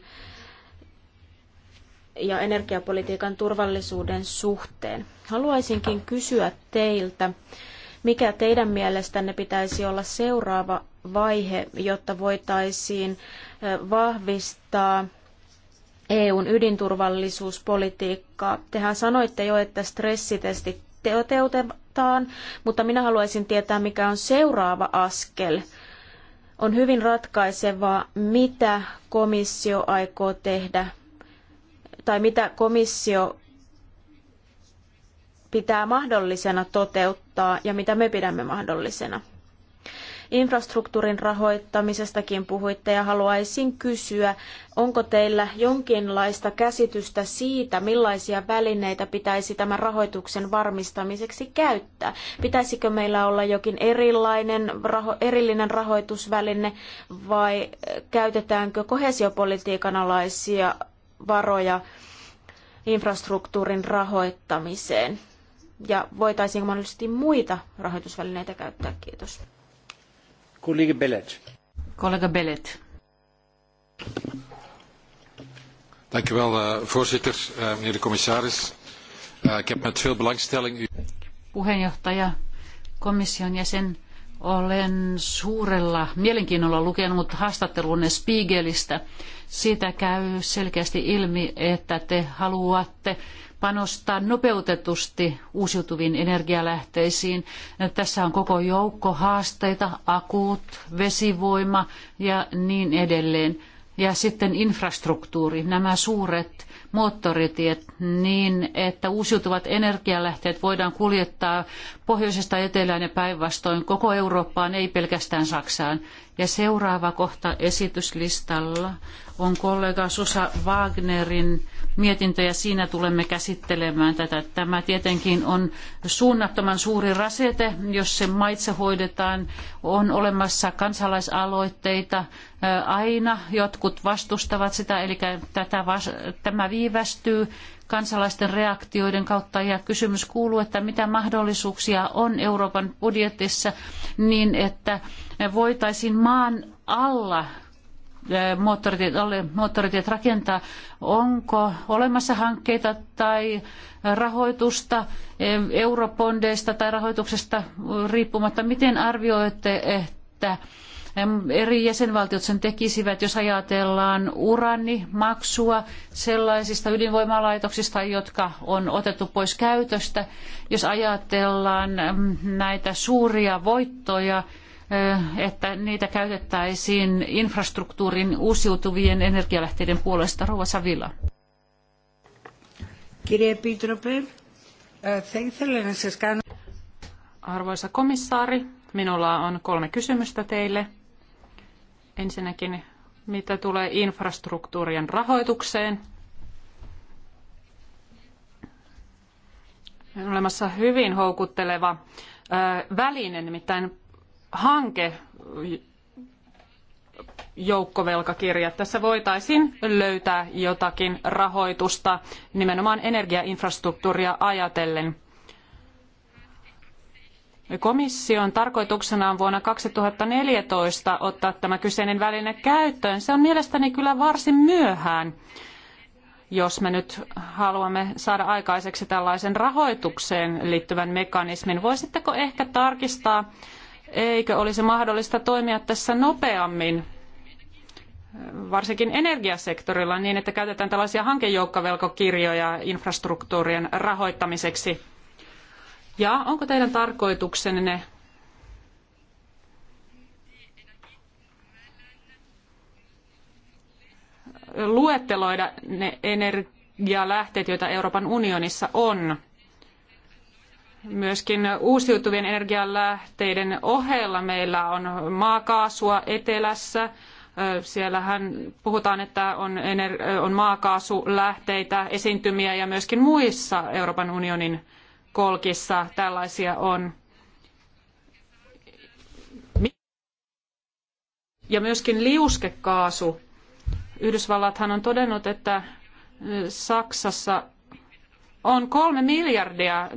ja energiapolitiikan turvallisuuden suhteen. Haluaisinkin kysyä teiltä, mikä teidän mielestänne pitäisi olla seuraava vaihe, jotta voitaisiin vahvistaa EUn ydinturvallisuuspolitiikkaa. Tehän sanoitte jo, että stressitestit toteutetaan, mutta minä haluaisin tietää, mikä on seuraava askel. On hyvin ratkaisevaa, mitä komissio aikoo tehdä tai mitä komissio pitää mahdollisena toteuttaa ja mitä me pidämme mahdollisena. Infrastruktuurin rahoittamisestakin puhuitte ja haluaisin kysyä, onko teillä jonkinlaista käsitystä siitä, millaisia välineitä pitäisi tämän rahoituksen varmistamiseksi käyttää? Pitäisikö meillä olla jokin erilainen, raho, erillinen rahoitusväline vai käytetäänkö kohesiopolitiikan alaisia varoja infrastruktuurin rahoittamiseen? ja voitaisiinko mahdollisesti muita rahoitusvälineitä käyttää? Kiitos. Kollega Bellet. Kollega Bellet. Dank u wel, eh, voorzitter, eh, meneer de commissaris. Eh, ik heb met veel belangstelling... Puheenjohtaja, komission jäsen, olen suurella mielenkiinnolla lukenut haastattelunne Spiegelistä. Siitä käy selkeästi ilmi, että te haluatte panostaa nopeutetusti uusiutuviin energialähteisiin. Tässä on koko joukko haasteita, akut, vesivoima ja niin edelleen. Ja sitten infrastruktuuri, nämä suuret moottoritiet niin, että uusiutuvat energialähteet voidaan kuljettaa pohjoisesta etelään ja päinvastoin koko Eurooppaan, ei pelkästään Saksaan. Ja seuraava kohta esityslistalla on kollega Susa Wagnerin mietintö ja siinä tulemme käsittelemään tätä. Tämä tietenkin on suunnattoman suuri rasite, jos se maitse hoidetaan. On olemassa kansalaisaloitteita aina, jotkut vastustavat sitä, eli tätä tämä viivästyy kansalaisten reaktioiden kautta ja kysymys kuuluu, että mitä mahdollisuuksia on Euroopan budjetissa niin, että voitaisiin maan alla moottoritiet, rakentaa. Onko olemassa hankkeita tai rahoitusta eurobondeista tai rahoituksesta riippumatta? Miten arvioitte, että eri jäsenvaltiot sen tekisivät, jos ajatellaan uranimaksua sellaisista ydinvoimalaitoksista, jotka on otettu pois käytöstä, jos ajatellaan näitä suuria voittoja, että niitä käytettäisiin infrastruktuurin uusiutuvien energialähteiden puolesta. Rouva Savila. Arvoisa komissaari, minulla on kolme kysymystä teille. Ensinnäkin, mitä tulee infrastruktuurien rahoitukseen? On olemassa hyvin houkutteleva väline, nimittäin hanke joukkovelkakirja. Tässä voitaisiin löytää jotakin rahoitusta nimenomaan energiainfrastruktuuria ajatellen. Komission tarkoituksena on vuonna 2014 ottaa tämä kyseinen väline käyttöön. Se on mielestäni kyllä varsin myöhään, jos me nyt haluamme saada aikaiseksi tällaisen rahoitukseen liittyvän mekanismin. Voisitteko ehkä tarkistaa, Eikö olisi mahdollista toimia tässä nopeammin, varsinkin energiasektorilla, niin että käytetään tällaisia hankejoukkovelkokirjoja infrastruktuurien rahoittamiseksi? Ja onko teidän tarkoituksenne luetteloida ne energialähteet, joita Euroopan unionissa on? myöskin uusiutuvien energianlähteiden ohella meillä on maakaasua etelässä. Siellähän puhutaan, että on, ener- on maakaasulähteitä, esiintymiä ja myöskin muissa Euroopan unionin kolkissa tällaisia on. Ja myöskin liuskekaasu. Yhdysvallathan on todennut, että Saksassa on kolme miljardia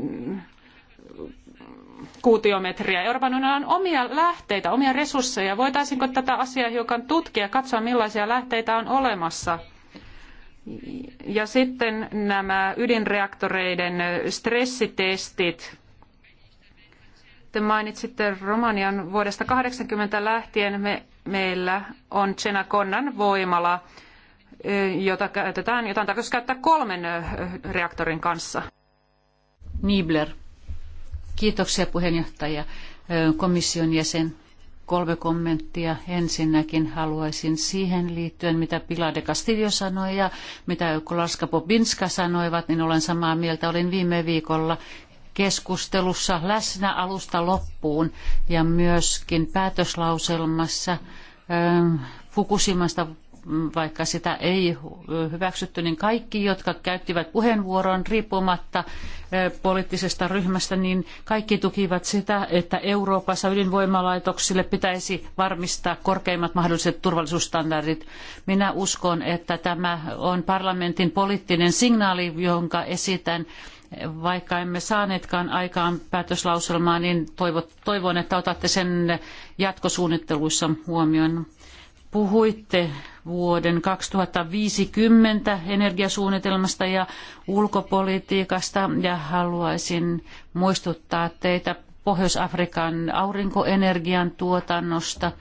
kuutiometriä. Euroopan unionilla on omia lähteitä, omia resursseja. Voitaisiinko tätä asiaa hiukan tutkia ja katsoa, millaisia lähteitä on olemassa? Ja sitten nämä ydinreaktoreiden stressitestit. Te mainitsitte Romanian vuodesta 80 lähtien me, meillä on Tsenakonnan voimala, jota käytetään, jota on tarkoitus käyttää kolmen reaktorin kanssa. Nibler. Kiitoksia puheenjohtaja, komission jäsen. Kolme kommenttia. Ensinnäkin haluaisin siihen liittyen, mitä Pilar Castillo sanoi ja mitä Kolarska Popinska sanoivat, niin olen samaa mieltä. Olin viime viikolla keskustelussa läsnä alusta loppuun ja myöskin päätöslauselmassa Fukushimasta vaikka sitä ei hyväksytty, niin kaikki, jotka käyttivät puheenvuoron riippumatta poliittisesta ryhmästä, niin kaikki tukivat sitä, että Euroopassa ydinvoimalaitoksille pitäisi varmistaa korkeimmat mahdolliset turvallisuusstandardit. Minä uskon, että tämä on parlamentin poliittinen signaali, jonka esitän vaikka emme saaneetkaan aikaan päätöslauselmaa, niin toivon, että otatte sen jatkosuunnitteluissa huomioon. Puhuitte vuoden 2050 energiasuunnitelmasta ja ulkopolitiikasta ja haluaisin muistuttaa teitä Pohjois-Afrikan aurinkoenergian tuotannosta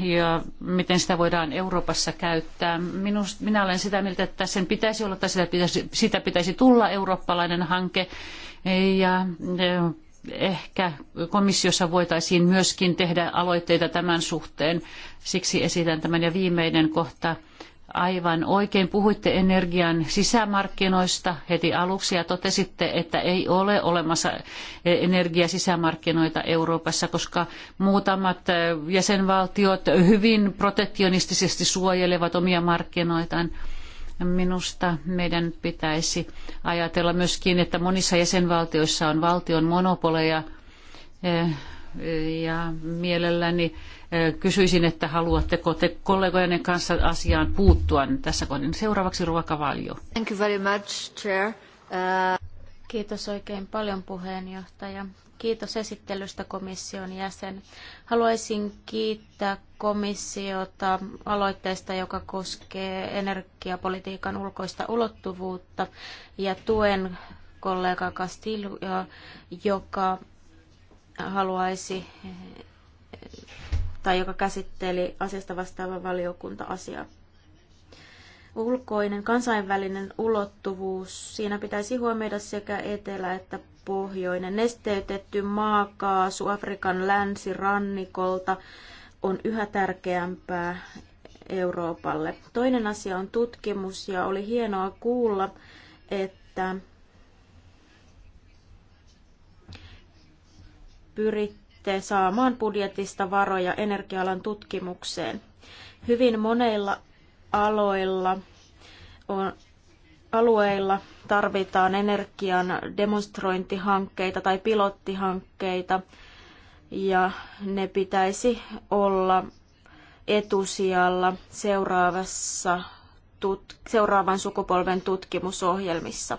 ja miten sitä voidaan Euroopassa käyttää. minä olen sitä mieltä, että sen pitäisi olla tai sitä pitäisi, sitä pitäisi tulla eurooppalainen hanke ja ehkä komissiossa voitaisiin myöskin tehdä aloitteita tämän suhteen. Siksi esitän tämän ja viimeinen kohta. Aivan oikein puhuitte energian sisämarkkinoista heti aluksi ja totesitte, että ei ole olemassa energiasisämarkkinoita Euroopassa, koska muutamat jäsenvaltiot hyvin protektionistisesti suojelevat omia markkinoitaan. Minusta meidän pitäisi ajatella myöskin, että monissa jäsenvaltioissa on valtion monopoleja eh, ja mielelläni eh, kysyisin, että haluatteko te kollegojenne kanssa asiaan puuttua tässä kohdassa. Seuraavaksi ruokavalio. Thank you very much, Chair. Kiitos oikein paljon puheenjohtaja. Kiitos esittelystä komission jäsen. Haluaisin kiittää komissiota aloitteesta, joka koskee energiapolitiikan ulkoista ulottuvuutta ja tuen kollega Castillo, joka haluaisi tai joka käsitteli asiasta vastaava valiokunta asiaa. Ulkoinen kansainvälinen ulottuvuus. Siinä pitäisi huomioida sekä Etelä- että pohjoinen nesteytetty maakaasu Afrikan länsirannikolta on yhä tärkeämpää Euroopalle. Toinen asia on tutkimus ja oli hienoa kuulla, että pyritte saamaan budjetista varoja energialan tutkimukseen. Hyvin monilla aloilla on alueilla tarvitaan energian demonstrointihankkeita tai pilottihankkeita ja ne pitäisi olla etusijalla seuraavassa tut- seuraavan sukupolven tutkimusohjelmissa.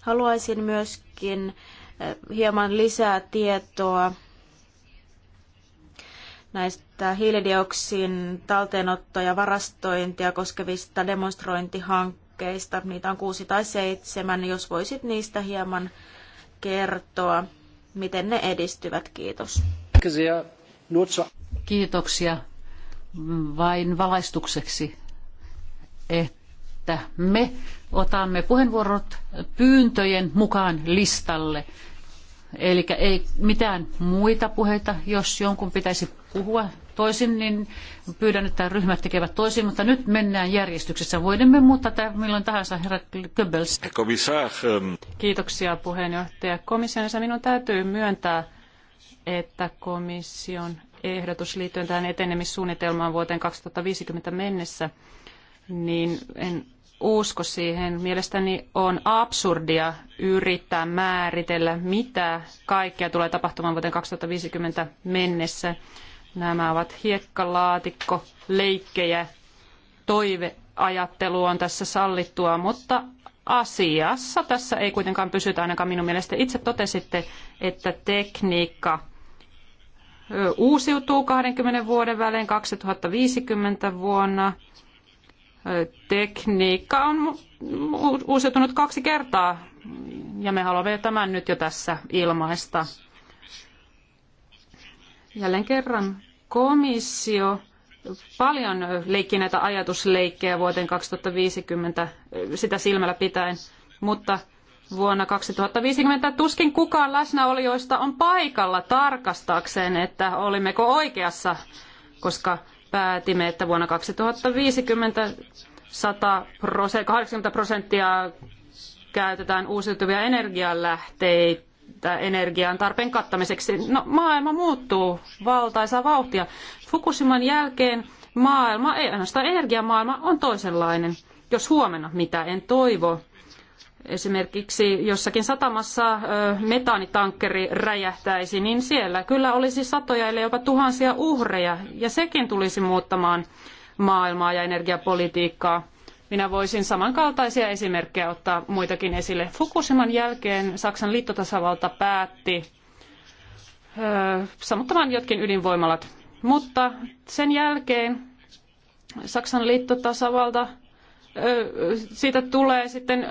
Haluaisin myöskin eh, hieman lisää tietoa näistä hiilidioksin talteenotto ja varastointia koskevista demonstrointihankkeista. Niitä on kuusi tai seitsemän. Jos voisit niistä hieman kertoa, miten ne edistyvät. Kiitos. Kiitoksia. Vain valaistukseksi, että me otamme puheenvuorot pyyntöjen mukaan listalle. Eli ei mitään muita puheita. Jos jonkun pitäisi puhua toisin, niin pyydän, että ryhmät tekevät toisin, mutta nyt mennään järjestyksessä. Voimme muuttaa tämä milloin tahansa, herra Goebbels. Ähm, Kiitoksia puheenjohtaja. Komissionissa minun täytyy myöntää, että komission ehdotus liittyen tähän etenemissuunnitelmaan vuoteen 2050 mennessä, niin en usko siihen. Mielestäni on absurdia yrittää määritellä, mitä kaikkea tulee tapahtumaan vuoteen 2050 mennessä. Nämä ovat hiekkalaatikko, leikkejä, toiveajattelu on tässä sallittua, mutta asiassa tässä ei kuitenkaan pysytä ainakaan minun mielestä. Itse totesitte, että tekniikka uusiutuu 20 vuoden välein 2050 vuonna tekniikka on uusiutunut kaksi kertaa ja me haluamme tämän nyt jo tässä ilmaista. Jälleen kerran komissio paljon leikkii näitä ajatusleikkejä vuoteen 2050 sitä silmällä pitäen, mutta vuonna 2050 tuskin kukaan läsnäolijoista on paikalla tarkastaakseen, että olimmeko oikeassa, koska päätimme, että vuonna 2050 100, 80 prosenttia käytetään uusiutuvia energialähteitä energian tarpeen kattamiseksi. No, maailma muuttuu valtaisaa vauhtia. Fukushiman jälkeen maailma, ei ainoastaan energiamaailma, on toisenlainen. Jos huomenna, mitä en toivo, esimerkiksi jossakin satamassa metaanitankkeri räjähtäisi, niin siellä kyllä olisi satoja, ellei jopa tuhansia uhreja, ja sekin tulisi muuttamaan maailmaa ja energiapolitiikkaa. Minä voisin samankaltaisia esimerkkejä ottaa muitakin esille. Fukushiman jälkeen Saksan liittotasavalta päätti öö, sammuttamaan jotkin ydinvoimalat, mutta sen jälkeen Saksan liittotasavalta siitä tulee sitten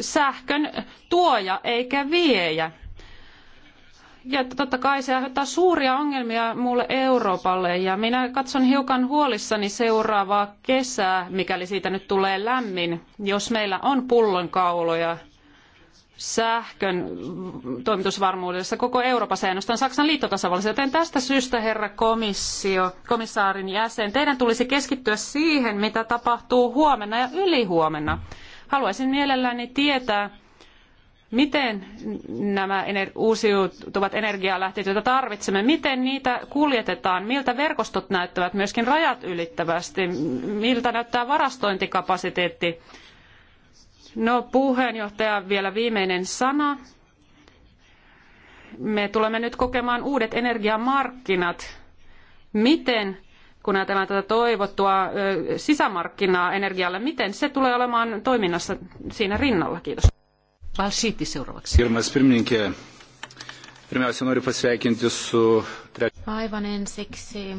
sähkön tuoja eikä viejä. Ja totta kai se aiheuttaa suuria ongelmia muulle Euroopalle ja minä katson hiukan huolissani seuraavaa kesää, mikäli siitä nyt tulee lämmin, jos meillä on pullonkauloja sähkön toimitusvarmuudessa koko Euroopassa ja ainoastaan Saksan liittotasavallassa. Joten tästä syystä, herra komissio, komissaarin jäsen, teidän tulisi keskittyä siihen, mitä tapahtuu huomenna ja ylihuomenna. Haluaisin mielelläni tietää, miten nämä ener- uusiutuvat energialähteet, joita tarvitsemme, miten niitä kuljetetaan, miltä verkostot näyttävät myöskin rajat ylittävästi, miltä näyttää varastointikapasiteetti No puheenjohtaja, vielä viimeinen sana. Me tulemme nyt kokemaan uudet energiamarkkinat. Miten, kun ajatellaan tätä toivottua sisämarkkinaa energialle, miten se tulee olemaan toiminnassa siinä rinnalla? Kiitos. Valsiitti seuraavaksi. Aivan ensiksi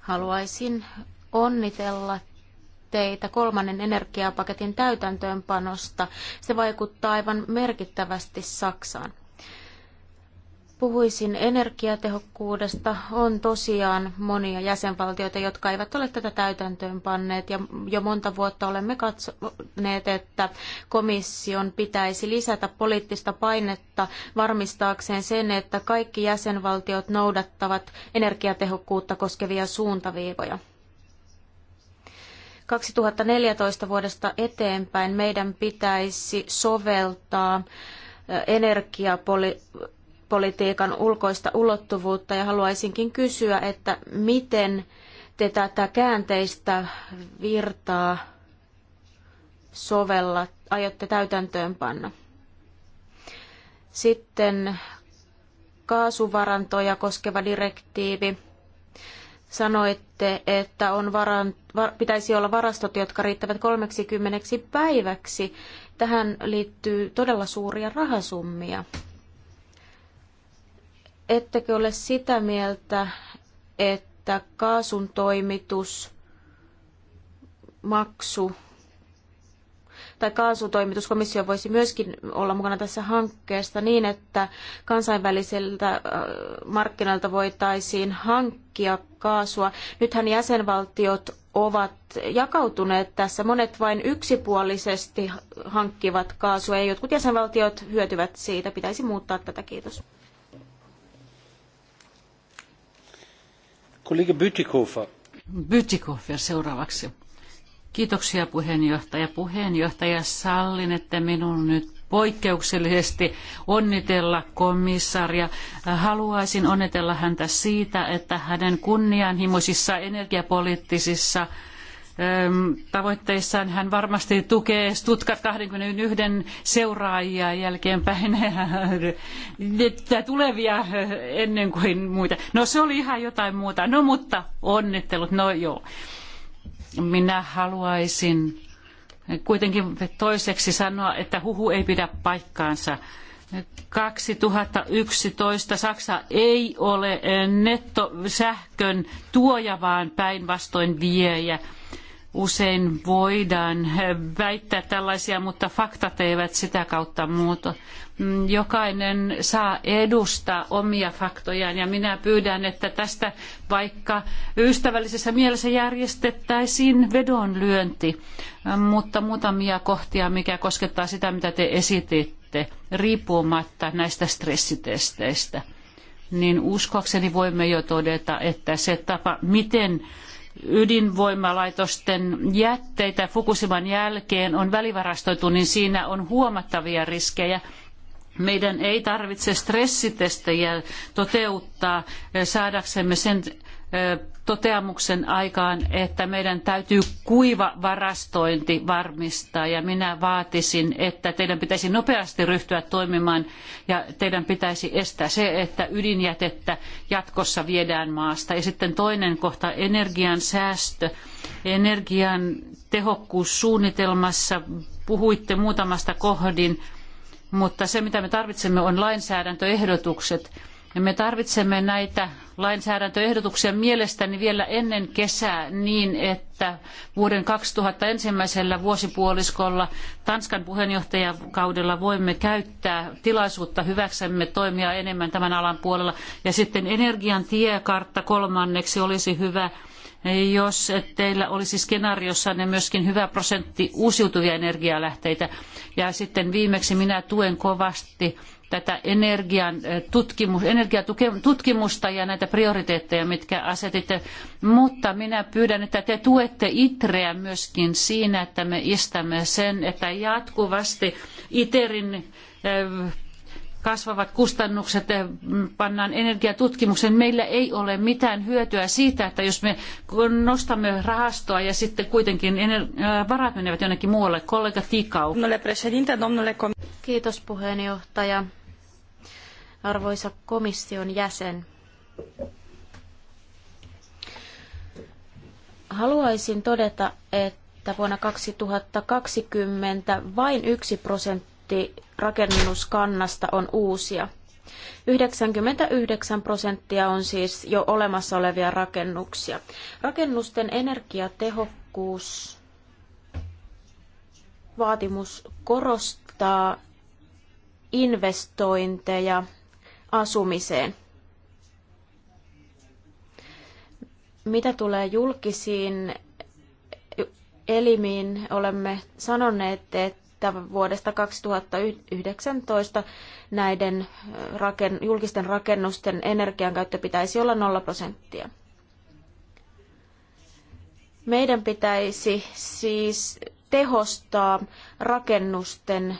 haluaisin onnitella aloitteita kolmannen energiapaketin täytäntöönpanosta. Se vaikuttaa aivan merkittävästi Saksaan. Puhuisin energiatehokkuudesta. On tosiaan monia jäsenvaltioita, jotka eivät ole tätä täytäntöönpanneet ja jo monta vuotta olemme katsoneet, että komission pitäisi lisätä poliittista painetta varmistaakseen sen, että kaikki jäsenvaltiot noudattavat energiatehokkuutta koskevia suuntaviivoja. 2014 vuodesta eteenpäin meidän pitäisi soveltaa energiapolitiikan ulkoista ulottuvuutta ja haluaisinkin kysyä, että miten te tätä käänteistä virtaa sovella, aiotte täytäntöön panna. Sitten kaasuvarantoja koskeva direktiivi sanoitte, että on varan, var, pitäisi olla varastot, jotka riittävät 30 päiväksi. Tähän liittyy todella suuria rahasummia. Ettekö ole sitä mieltä, että kaasun toimitus, maksu tai kaasutoimituskomissio voisi myöskin olla mukana tässä hankkeessa niin, että kansainvälisiltä markkinoilta voitaisiin hankkia kaasua. Nythän jäsenvaltiot ovat jakautuneet tässä. Monet vain yksipuolisesti hankkivat kaasua ja jotkut jäsenvaltiot hyötyvät siitä. Pitäisi muuttaa tätä. Kiitos. Kollega Bütikofer. Bütikofer seuraavaksi. Kiitoksia puheenjohtaja. Puheenjohtaja, sallin, että minun nyt poikkeuksellisesti onnitella komissaria. Haluaisin onnitella häntä siitä, että hänen kunnianhimoisissa energiapoliittisissa ähm, tavoitteissaan hän varmasti tukee Stuttgart 21 seuraajia jälkeenpäin tulevia äh, ennen kuin muita. No se oli ihan jotain muuta. No mutta onnittelut, no joo. Minä haluaisin kuitenkin toiseksi sanoa, että huhu ei pidä paikkaansa. 2011 Saksa ei ole nettosähkön tuoja, vaan päinvastoin viejä. Usein voidaan väittää tällaisia, mutta faktat eivät sitä kautta muuta. Mm, jokainen saa edustaa omia faktojaan ja minä pyydän, että tästä vaikka ystävällisessä mielessä järjestettäisiin vedonlyönti, mm, mutta muutamia kohtia, mikä koskettaa sitä, mitä te esititte, riippumatta näistä stressitesteistä, niin uskoakseni voimme jo todeta, että se tapa, miten ydinvoimalaitosten jätteitä Fukushiman jälkeen on välivarastoitu, niin siinä on huomattavia riskejä meidän ei tarvitse stressitestejä toteuttaa eh, saadaksemme sen eh, toteamuksen aikaan, että meidän täytyy kuiva varastointi varmistaa ja minä vaatisin, että teidän pitäisi nopeasti ryhtyä toimimaan ja teidän pitäisi estää se, että ydinjätettä jatkossa viedään maasta. Ja sitten toinen kohta, energian säästö. Energian tehokkuussuunnitelmassa puhuitte muutamasta kohdin mutta se mitä me tarvitsemme on lainsäädäntöehdotukset. Ja me tarvitsemme näitä lainsäädäntöehdotuksia mielestäni vielä ennen kesää niin, että vuoden 2001 ensimmäisellä vuosipuoliskolla Tanskan puheenjohtajakaudella voimme käyttää tilaisuutta hyväksemme toimia enemmän tämän alan puolella. Ja sitten energian tiekartta kolmanneksi olisi hyvä jos teillä olisi skenaariossanne myöskin hyvä prosentti uusiutuvia energialähteitä. Ja sitten viimeksi minä tuen kovasti tätä energian eh, tutkimus, energiatutkimusta ja näitä prioriteetteja, mitkä asetitte. Mutta minä pyydän, että te tuette ITREä myöskin siinä, että me istämme sen, että jatkuvasti ITERin eh, kasvavat kustannukset eh, pannaan energiatutkimukseen. Meillä ei ole mitään hyötyä siitä, että jos me nostamme rahastoa ja sitten kuitenkin eh, varat menevät jonnekin muualle. Kollega Tikau. Kiitos puheenjohtaja. Arvoisa komission jäsen. Haluaisin todeta, että vuonna 2020 vain yksi prosentti prosentti rakennuskannasta on uusia. 99 prosenttia on siis jo olemassa olevia rakennuksia. Rakennusten energiatehokkuus vaatimus korostaa investointeja asumiseen. Mitä tulee julkisiin elimiin, olemme sanoneet, että vuodesta 2019 näiden äh, raken, julkisten rakennusten energiankäyttö pitäisi olla 0 prosenttia. Meidän pitäisi siis tehostaa rakennusten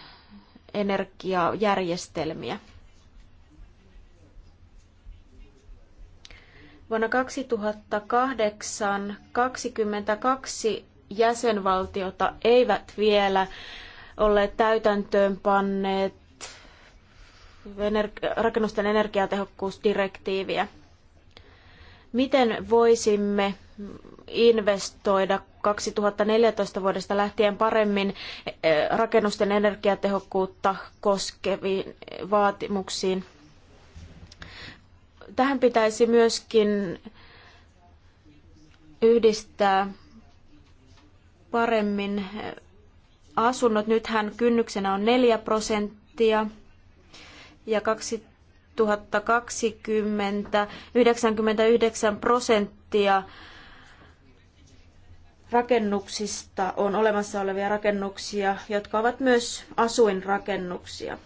energiajärjestelmiä. Vuonna 2008 22 jäsenvaltiota eivät vielä olleet täytäntöönpanneet energi- rakennusten energiatehokkuusdirektiiviä. Miten voisimme investoida 2014 vuodesta lähtien paremmin eh, rakennusten energiatehokkuutta koskeviin vaatimuksiin? Tähän pitäisi myöskin yhdistää paremmin asunnot. Nythän kynnyksenä on 4 prosenttia ja 2020 99 prosenttia rakennuksista on olemassa olevia rakennuksia, jotka ovat myös asuinrakennuksia.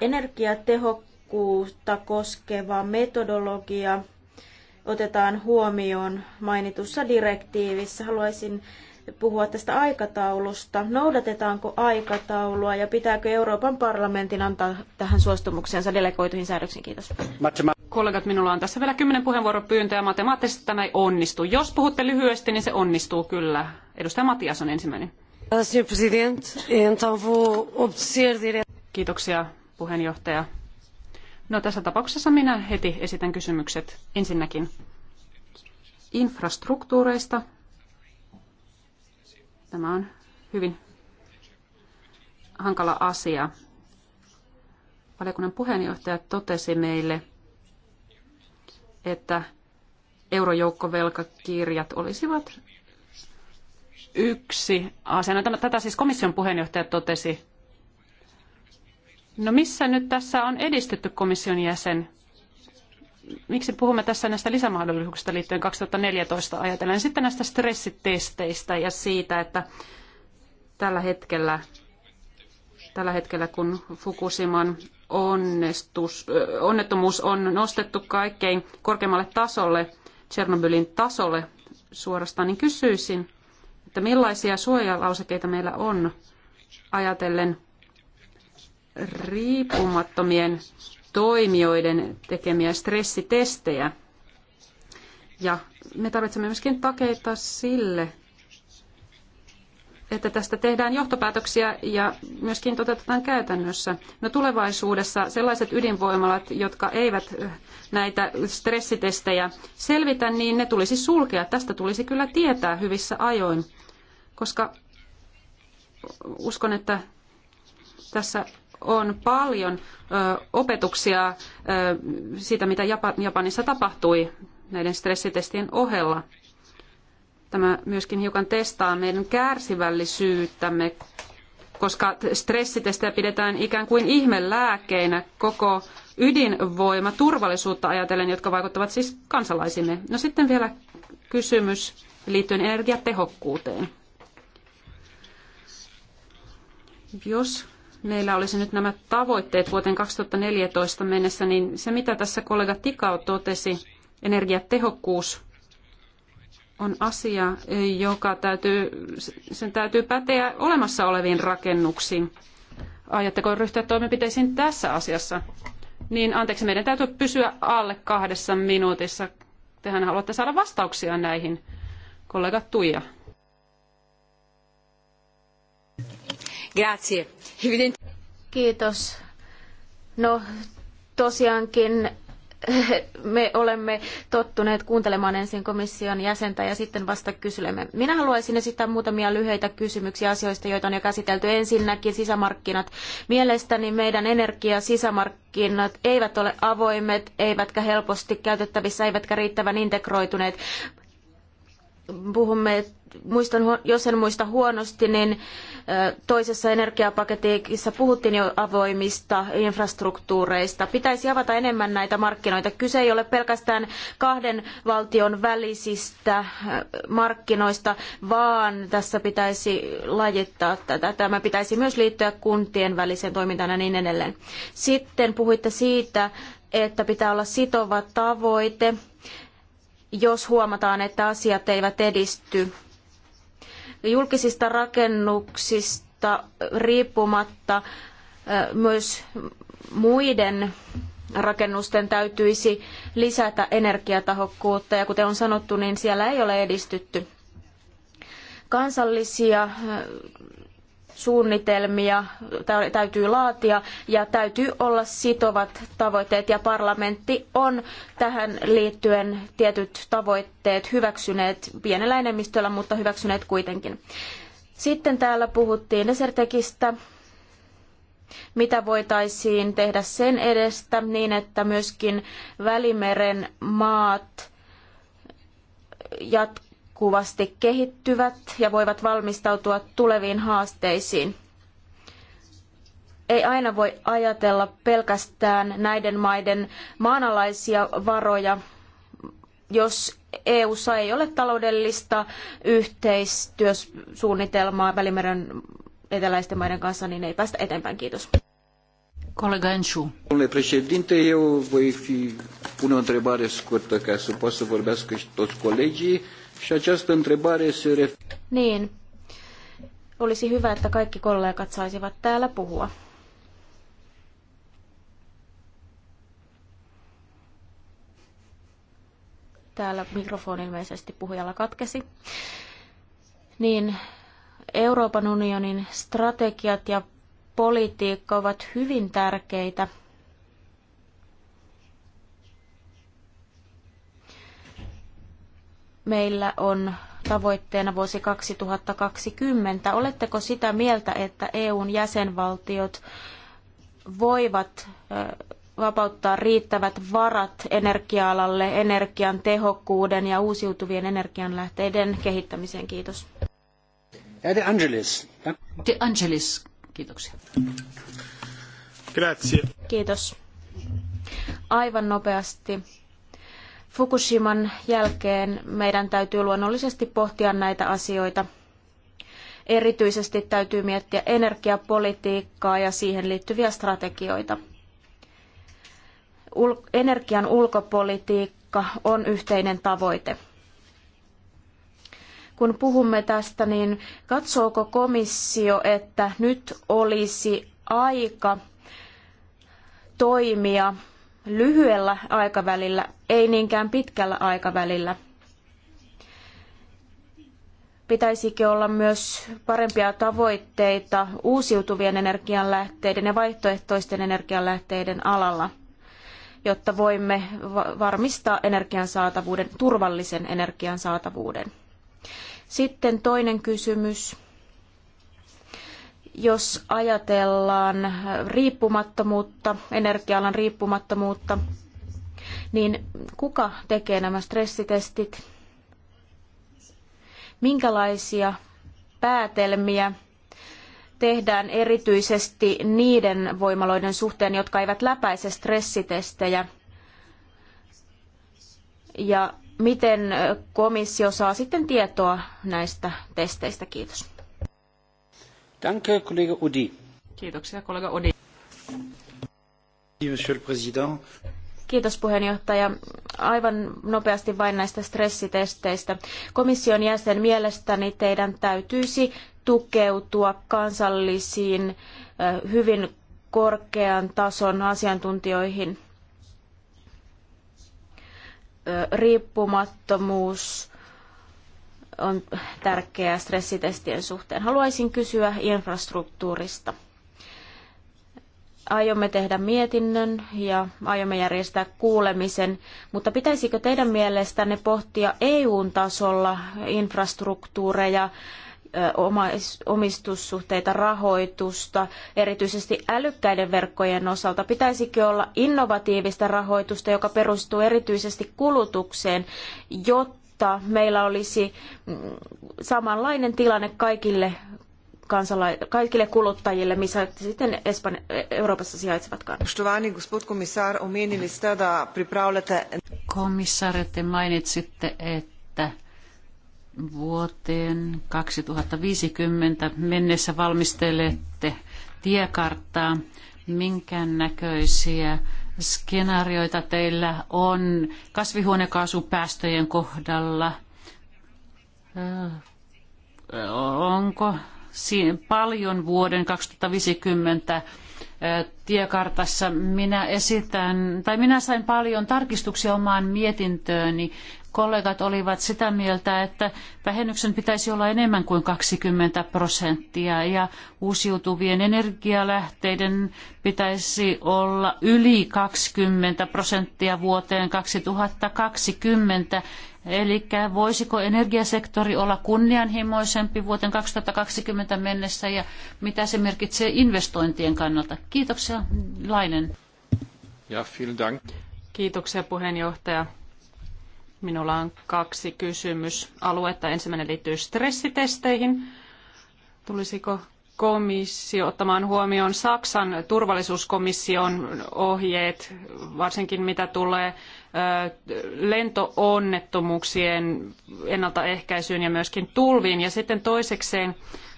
Energiatehokkuutta koskeva metodologia otetaan huomioon mainitussa direktiivissä. Haluaisin puhua tästä aikataulusta. Noudatetaanko aikataulua ja pitääkö Euroopan parlamentin antaa tähän suostumuksensa delegoituihin säädöksiin? Kiitos. Kollegat, minulla on tässä vielä kymmenen puheenvuoropyyntöä. Matemaattisesti tämä ei onnistu. Jos puhutte lyhyesti, niin se onnistuu kyllä. Edustaja Matias on ensimmäinen. Kiitoksia puheenjohtaja. No tässä tapauksessa minä heti esitän kysymykset. Ensinnäkin infrastruktuureista Tämä on hyvin hankala asia. Valiokunnan puheenjohtaja totesi meille, että eurojoukkovelkakirjat olisivat yksi asia. No, tätä siis komission puheenjohtaja totesi. No missä nyt tässä on edistytty komission jäsen? miksi puhumme tässä näistä lisämahdollisuuksista liittyen 2014 ajatellen. Sitten näistä stressitesteistä ja siitä, että tällä hetkellä, tällä hetkellä kun Fukushiman onnestus, onnettomuus on nostettu kaikkein korkeammalle tasolle, Chernobylin tasolle suorastaan, niin kysyisin, että millaisia suojalausekeita meillä on ajatellen riippumattomien toimijoiden tekemiä stressitestejä. Ja me tarvitsemme myöskin takeita sille, että tästä tehdään johtopäätöksiä ja myöskin toteutetaan käytännössä. No tulevaisuudessa sellaiset ydinvoimalat, jotka eivät näitä stressitestejä selvitä, niin ne tulisi sulkea. Tästä tulisi kyllä tietää hyvissä ajoin, koska uskon, että tässä on paljon opetuksia siitä, mitä Japanissa tapahtui näiden stressitestien ohella. Tämä myöskin hiukan testaa meidän kärsivällisyyttämme, koska stressitestejä pidetään ikään kuin ihmelääkkeinä koko ydinvoima turvallisuutta ajatellen, jotka vaikuttavat siis kansalaisimme. No sitten vielä kysymys liittyen energiatehokkuuteen. Jos meillä olisi nyt nämä tavoitteet vuoteen 2014 mennessä, niin se mitä tässä kollega Tikao totesi, energiatehokkuus on asia, joka täytyy, sen täytyy päteä olemassa oleviin rakennuksiin. Ajatteko ryhtyä toimenpiteisiin tässä asiassa? Niin anteeksi, meidän täytyy pysyä alle kahdessa minuutissa. Tehän haluatte saada vastauksia näihin, kollega Tuija. Kiitos. No tosiaankin me olemme tottuneet kuuntelemaan ensin komission jäsentä ja sitten vasta kyselemme. Minä haluaisin esittää muutamia lyhyitä kysymyksiä asioista, joita on jo käsitelty. Ensinnäkin sisämarkkinat. Mielestäni meidän energia-sisämarkkinat eivät ole avoimet, eivätkä helposti käytettävissä, eivätkä riittävän integroituneet puhumme, muistan, jos en muista huonosti, niin toisessa energiapaketissa puhuttiin jo avoimista infrastruktuureista. Pitäisi avata enemmän näitä markkinoita. Kyse ei ole pelkästään kahden valtion välisistä markkinoista, vaan tässä pitäisi lajittaa tätä. Tämä pitäisi myös liittyä kuntien väliseen toimintaan ja niin edelleen. Sitten puhuitte siitä, että pitää olla sitova tavoite jos huomataan, että asiat eivät edisty. Julkisista rakennuksista riippumatta myös muiden rakennusten täytyisi lisätä energiatahokkuutta ja kuten on sanottu, niin siellä ei ole edistytty. Kansallisia suunnitelmia täytyy laatia ja täytyy olla sitovat tavoitteet ja parlamentti on tähän liittyen tietyt tavoitteet hyväksyneet pienellä enemmistöllä, mutta hyväksyneet kuitenkin. Sitten täällä puhuttiin Desertekistä, mitä voitaisiin tehdä sen edestä niin, että myöskin Välimeren maat jat, jatkuvasti kehittyvät ja voivat valmistautua tuleviin haasteisiin. Ei aina voi ajatella pelkästään näiden maiden maanalaisia varoja, jos EU:ssa ei ole taloudellista yhteistyösuunnitelmaa Välimeren eteläisten maiden kanssa, niin ei päästä eteenpäin. Kiitos. Kollega Enciu. Domnule președinte, eu voi fi, pune o întrebare scurtă ca să pot să vorbească și toți colegii. Și această întrebare se ref- Niin. Olisi hyvä, että kaikki kollegat saisivat täällä puhua. Täällä mikrofoni ilmeisesti puhujalla katkesi. Niin Euroopan unionin strategiat ja politiikka ovat hyvin tärkeitä – meillä on tavoitteena vuosi 2020. Oletteko sitä mieltä, että EUn jäsenvaltiot voivat vapauttaa riittävät varat energia-alalle, energian tehokkuuden ja uusiutuvien energianlähteiden kehittämiseen? Kiitos. De Angelis. De Angelis. Kiitoksia. Grazie. Kiitos. Aivan nopeasti Fukushiman jälkeen meidän täytyy luonnollisesti pohtia näitä asioita. Erityisesti täytyy miettiä energiapolitiikkaa ja siihen liittyviä strategioita. energian ulkopolitiikka on yhteinen tavoite. Kun puhumme tästä, niin katsooko komissio, että nyt olisi aika toimia lyhyellä aikavälillä, ei niinkään pitkällä aikavälillä. Pitäisikö olla myös parempia tavoitteita uusiutuvien energianlähteiden ja vaihtoehtoisten energianlähteiden alalla, jotta voimme varmistaa energian saatavuuden, turvallisen energian saatavuuden. Sitten toinen kysymys. Jos ajatellaan riippumattomuutta, energialan riippumattomuutta, niin kuka tekee nämä stressitestit? Minkälaisia päätelmiä tehdään erityisesti niiden voimaloiden suhteen, jotka eivät läpäise stressitestejä? Ja miten komissio saa sitten tietoa näistä testeistä? Kiitos. Danke, kollega Udi. Kiitoksia, kollega Odi. Kiitos puheenjohtaja. Aivan nopeasti vain näistä stressitesteistä. Komission jäsen mielestäni teidän täytyisi tukeutua kansallisiin hyvin korkean tason asiantuntijoihin. Riippumattomuus on tärkeää stressitestien suhteen. Haluaisin kysyä infrastruktuurista. Aiomme tehdä mietinnön ja aiomme järjestää kuulemisen, mutta pitäisikö teidän mielestänne pohtia EU-tasolla infrastruktuureja, omistussuhteita, rahoitusta, erityisesti älykkäiden verkkojen osalta? Pitäisikö olla innovatiivista rahoitusta, joka perustuu erityisesti kulutukseen, jotta jotta meillä olisi samanlainen tilanne kaikille, kansala- kaikille kuluttajille, missä sitten Espan- Euroopassa sijaitsevatkaan. Poštovani gospod komisar, omenili ste, da pripravljate... Komissaari, te mainitsitte, että vuoteen 2050 mennessä valmistelette tiekarttaa, minkä näköisiä skenaarioita teillä on kasvihuonekaasupäästöjen kohdalla? Onko paljon vuoden 2050 tiekartassa minä esitän, tai minä sain paljon tarkistuksia omaan mietintööni kollegat olivat sitä mieltä, että vähennyksen pitäisi olla enemmän kuin 20 prosenttia ja uusiutuvien energialähteiden pitäisi olla yli 20 prosenttia vuoteen 2020. Eli voisiko energiasektori olla kunnianhimoisempi vuoteen 2020 mennessä ja mitä se merkitsee investointien kannalta? Kiitoksia, Lainen. Ja, vielen Dank. Kiitoksia puheenjohtaja. Minulla on kaksi kysymysaluetta. Ensimmäinen liittyy stressitesteihin. Tulisiko komissio ottamaan huomioon Saksan turvallisuuskomission ohjeet, varsinkin mitä tulee lentoonnettomuuksien ennaltaehkäisyyn ja myöskin tulviin. Ja sitten toisekseen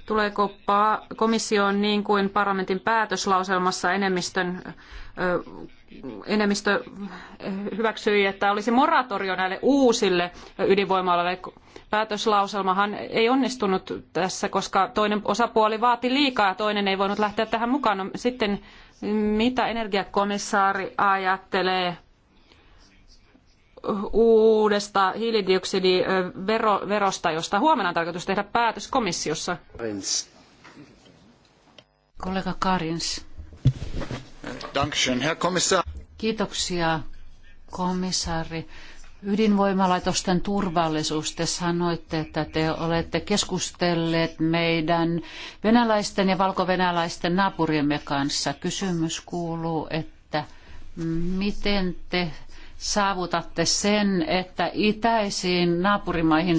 Tuleeko komissioon niin kuin parlamentin päätöslauselmassa enemmistön enemmistö hyväksyi, että olisi moratorio näille uusille ydinvoimaloille. Päätöslauselmahan ei onnistunut tässä, koska toinen osapuoli vaati liikaa ja toinen ei voinut lähteä tähän mukaan. No, sitten mitä energiakomissaari ajattelee uudesta hiilidioksidiverosta, josta huomenna on tarkoitus tehdä päätös komissiossa. Kollega Karins. Kiitoksia, komissaari. Ydinvoimalaitosten turvallisuus. Te sanoitte, että te olette keskustelleet meidän venäläisten ja valkovenäläisten naapuriemme kanssa. Kysymys kuuluu, että miten te saavutatte sen, että itäisiin naapurimaihin,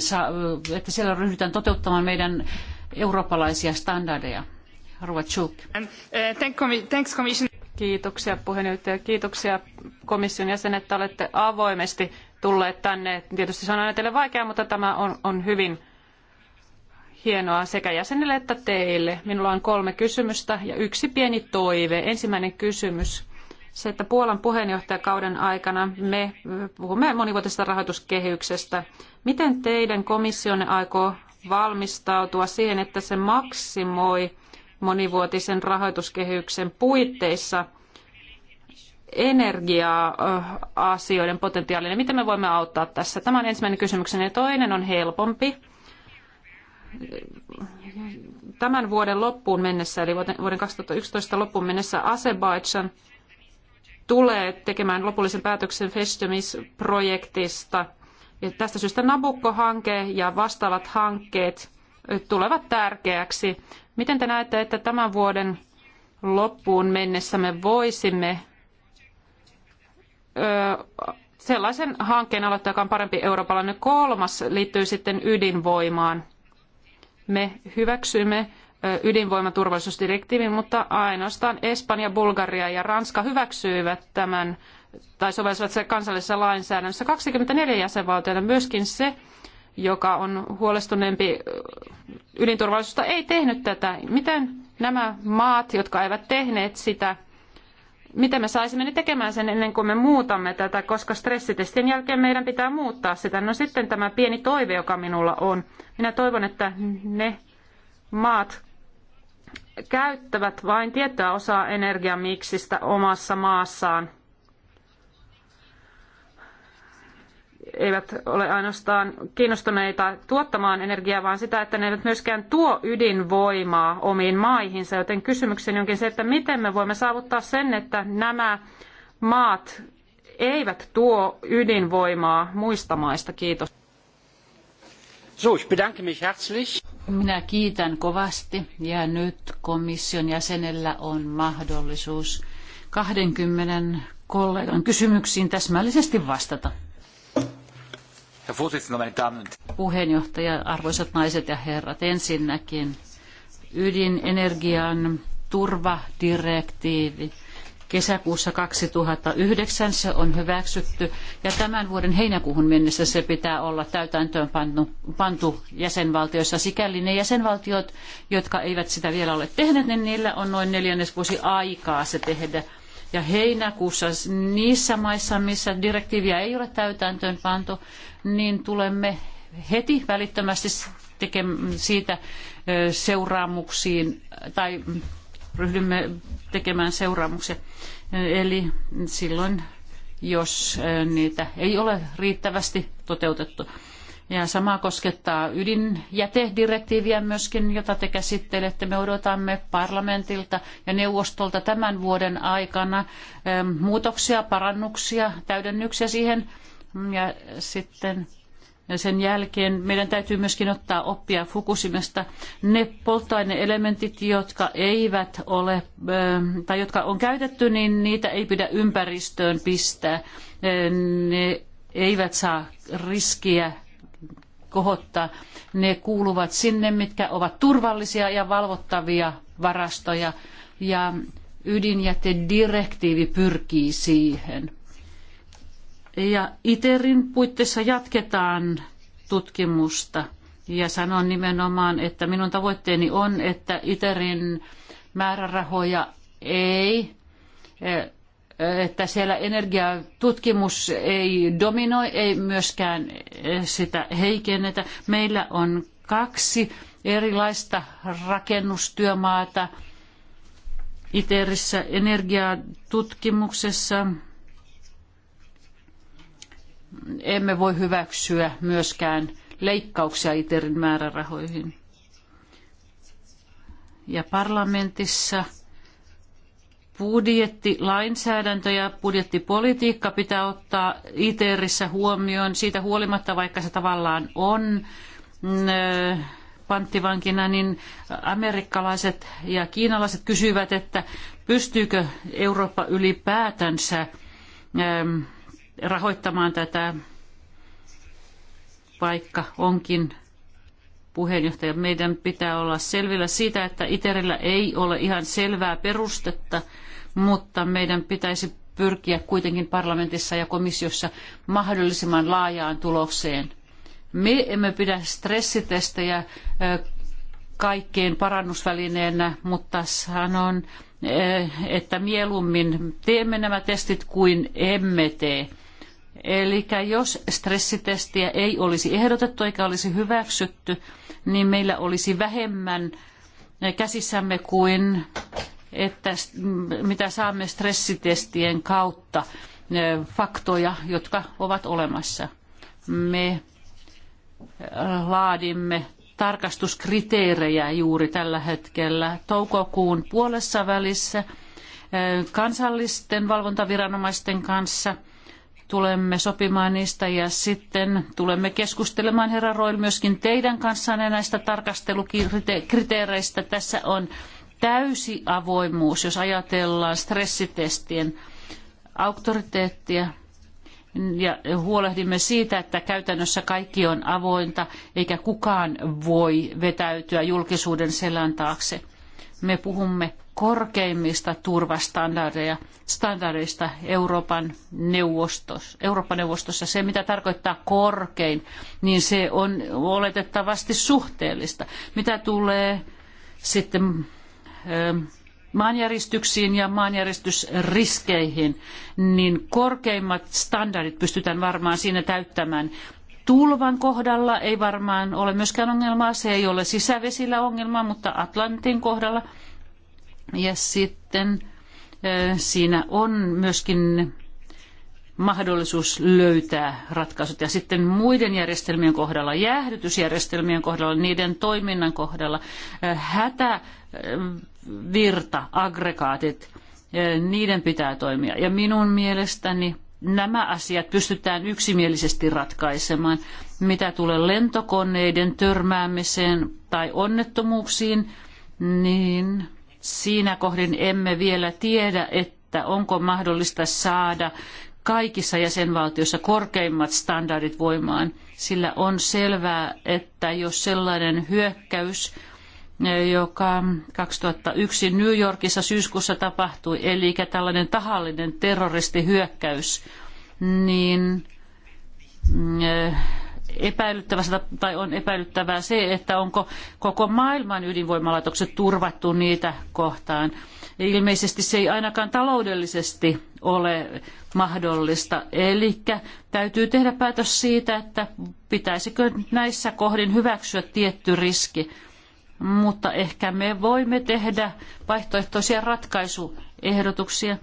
että siellä ryhdytään toteuttamaan meidän eurooppalaisia standardeja? Um, uh, Kiitoksia puheenjohtaja. Kiitoksia komission jäsen, että olette avoimesti tulleet tänne. Tietysti se on aina teille vaikeaa, mutta tämä on, on hyvin hienoa sekä jäsenille että teille. Minulla on kolme kysymystä ja yksi pieni toive. Ensimmäinen kysymys se, että Puolan puheenjohtajakauden aikana me puhumme monivuotisesta rahoituskehyksestä. Miten teidän komissionne aikoo valmistautua siihen, että se maksimoi monivuotisen rahoituskehyksen puitteissa energia-asioiden potentiaalinen. Miten me voimme auttaa tässä? Tämä on ensimmäinen kysymykseni. Ja toinen on helpompi. Tämän vuoden loppuun mennessä, eli vuoden 2011 loppuun mennessä, Azerbaijan tulee tekemään lopullisen päätöksen Festemis-projektista. Ja tästä syystä Nabukko-hanke ja vastaavat hankkeet tulevat tärkeäksi. Miten te näette, että tämän vuoden loppuun mennessä me voisimme sellaisen hankkeen aloittaa, joka on parempi eurooppalainen. Kolmas liittyy sitten ydinvoimaan. Me hyväksymme ydinvoimaturvallisuusdirektiivin, mutta ainoastaan Espanja, Bulgaria ja Ranska hyväksyivät tämän tai sovelsivat se kansallisessa lainsäädännössä. 24 jäsenvaltiota myöskin se, joka on huolestuneempi ydinturvallisuudesta, ei tehnyt tätä. Miten nämä maat, jotka eivät tehneet sitä, miten me saisimme ne tekemään sen ennen kuin me muutamme tätä, koska stressitestien jälkeen meidän pitää muuttaa sitä. No sitten tämä pieni toive, joka minulla on. Minä toivon, että ne maat, käyttävät vain tiettyä osaa energiamiksistä omassa maassaan. Eivät ole ainoastaan kiinnostuneita tuottamaan energiaa, vaan sitä, että ne eivät myöskään tuo ydinvoimaa omiin maihinsa. Joten kysymykseni onkin se, että miten me voimme saavuttaa sen, että nämä maat eivät tuo ydinvoimaa muista maista. Kiitos. Minä kiitän kovasti ja nyt komission jäsenellä on mahdollisuus 20 kollegan kysymyksiin täsmällisesti vastata. Puheenjohtaja, arvoisat naiset ja herrat, ensinnäkin ydinenergian turvadirektiivi kesäkuussa 2009 se on hyväksytty ja tämän vuoden heinäkuuhun mennessä se pitää olla täytäntöön pantu, pantu jäsenvaltioissa. Sikäli ne jäsenvaltiot, jotka eivät sitä vielä ole tehneet, niin niillä on noin neljännesvuosi aikaa se tehdä. Ja heinäkuussa niissä maissa, missä direktiiviä ei ole täytäntöön pantu, niin tulemme heti välittömästi tekemään siitä seuraamuksiin tai ryhdymme tekemään seuraamuksia. Eli silloin, jos niitä ei ole riittävästi toteutettu. Ja sama koskettaa ydinjätedirektiiviä myöskin, jota te käsittelette. Me odotamme parlamentilta ja neuvostolta tämän vuoden aikana muutoksia, parannuksia, täydennyksiä siihen. Ja sitten sen jälkeen meidän täytyy myöskin ottaa oppia Fukushimasta ne polttoaineelementit, jotka eivät ole ähm, tai jotka on käytetty, niin niitä ei pidä ympäristöön pistää. Äh, ne eivät saa riskiä kohottaa. Ne kuuluvat sinne, mitkä ovat turvallisia ja valvottavia varastoja ja ydinjätedirektiivi pyrkii siihen. Ja ITERin puitteissa jatketaan tutkimusta. Ja sanon nimenomaan, että minun tavoitteeni on, että ITERin määrärahoja ei, e, että siellä energiatutkimus ei dominoi, ei myöskään e, sitä heikennetä. Meillä on kaksi erilaista rakennustyömaata ITERissä energiatutkimuksessa – emme voi hyväksyä myöskään leikkauksia ITERin määrärahoihin. Ja parlamentissa budjettilainsäädäntö ja budjettipolitiikka pitää ottaa ITERissä huomioon siitä huolimatta, vaikka se tavallaan on mm, panttivankina, niin amerikkalaiset ja kiinalaiset kysyvät, että pystyykö Eurooppa ylipäätänsä mm, rahoittamaan tätä, vaikka onkin puheenjohtaja. Meidän pitää olla selvillä siitä, että ITERillä ei ole ihan selvää perustetta, mutta meidän pitäisi pyrkiä kuitenkin parlamentissa ja komissiossa mahdollisimman laajaan tulokseen. Me emme pidä stressitestejä kaikkein parannusvälineenä, mutta sanon, että mieluummin teemme nämä testit kuin emme tee Eli jos stressitestiä ei olisi ehdotettu eikä olisi hyväksytty, niin meillä olisi vähemmän käsissämme kuin että mitä saamme stressitestien kautta faktoja, jotka ovat olemassa. Me laadimme tarkastuskriteerejä juuri tällä hetkellä toukokuun puolessa välissä kansallisten valvontaviranomaisten kanssa – Tulemme sopimaan niistä ja sitten tulemme keskustelemaan, herra Roil, myöskin teidän kanssanne näistä tarkastelukriteereistä. Tässä on täysi avoimuus, jos ajatellaan stressitestien auktoriteettia ja huolehdimme siitä, että käytännössä kaikki on avointa eikä kukaan voi vetäytyä julkisuuden selän taakse. Me puhumme korkeimmista turvastandardeja, standardeista Euroopan neuvostossa. Euroopan neuvostossa se, mitä tarkoittaa korkein, niin se on oletettavasti suhteellista. Mitä tulee sitten ähm, maanjäristyksiin ja maanjäristysriskeihin, niin korkeimmat standardit pystytään varmaan siinä täyttämään. Tulvan kohdalla ei varmaan ole myöskään ongelmaa, se ei ole sisävesillä ongelma, mutta Atlantin kohdalla – ja sitten siinä on myöskin mahdollisuus löytää ratkaisut. Ja sitten muiden järjestelmien kohdalla, jäähdytysjärjestelmien kohdalla, niiden toiminnan kohdalla, hätävirta, aggregaatit, niiden pitää toimia. Ja minun mielestäni nämä asiat pystytään yksimielisesti ratkaisemaan. Mitä tulee lentokoneiden törmäämiseen tai onnettomuuksiin, niin siinä kohdin emme vielä tiedä, että onko mahdollista saada kaikissa jäsenvaltioissa korkeimmat standardit voimaan, sillä on selvää, että jos sellainen hyökkäys, joka 2001 New Yorkissa syyskuussa tapahtui, eli tällainen tahallinen terroristihyökkäys, niin mm, epäilyttävästä tai on epäilyttävää se, että onko koko maailman ydinvoimalaitokset turvattu niitä kohtaan. Ilmeisesti se ei ainakaan taloudellisesti ole mahdollista. Eli täytyy tehdä päätös siitä, että pitäisikö näissä kohdin hyväksyä tietty riski. Mutta ehkä me voimme tehdä vaihtoehtoisia ratkaisuehdotuksia.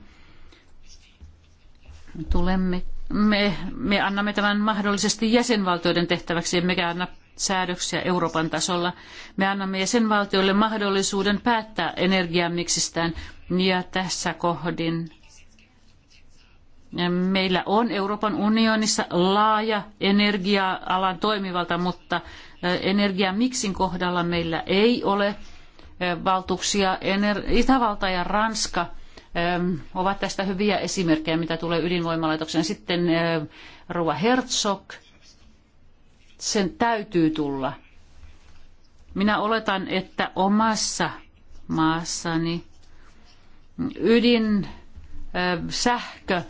Tulemme me, me annamme tämän mahdollisesti jäsenvaltioiden tehtäväksi, emmekä anna säädöksiä Euroopan tasolla. Me annamme jäsenvaltioille mahdollisuuden päättää energiamiksistään ja tässä kohdin meillä on Euroopan unionissa laaja energia-alan toimivalta, mutta energiamiksin kohdalla meillä ei ole valtuuksia. Itävalta ja Ranska – ovat tästä hyviä esimerkkejä, mitä tulee ydinvoimalaitokseen. Sitten Rua Herzog, sen täytyy tulla. Minä oletan, että omassa maassani ydin sähkö,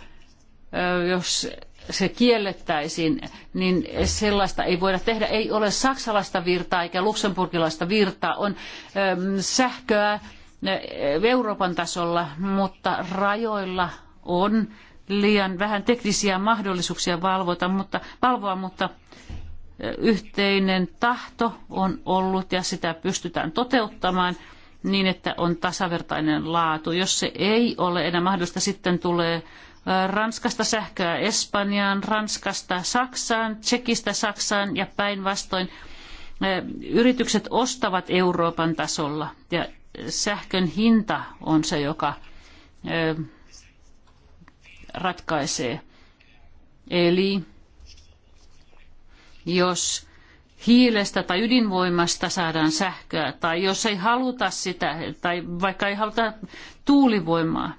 jos se kiellettäisiin, niin sellaista ei voida tehdä. Ei ole saksalaista virtaa eikä luksemburgilaista virtaa. On sähköä Euroopan tasolla, mutta rajoilla on liian vähän teknisiä mahdollisuuksia valvota, mutta, valvoa, mutta yhteinen tahto on ollut ja sitä pystytään toteuttamaan niin, että on tasavertainen laatu. Jos se ei ole enää mahdollista, sitten tulee Ranskasta sähköä Espanjaan, Ranskasta Saksaan, Tsekistä Saksaan ja päinvastoin. Yritykset ostavat Euroopan tasolla ja sähkön hinta on se, joka ratkaisee. Eli jos hiilestä tai ydinvoimasta saadaan sähköä, tai jos ei haluta sitä, tai vaikka ei haluta tuulivoimaa,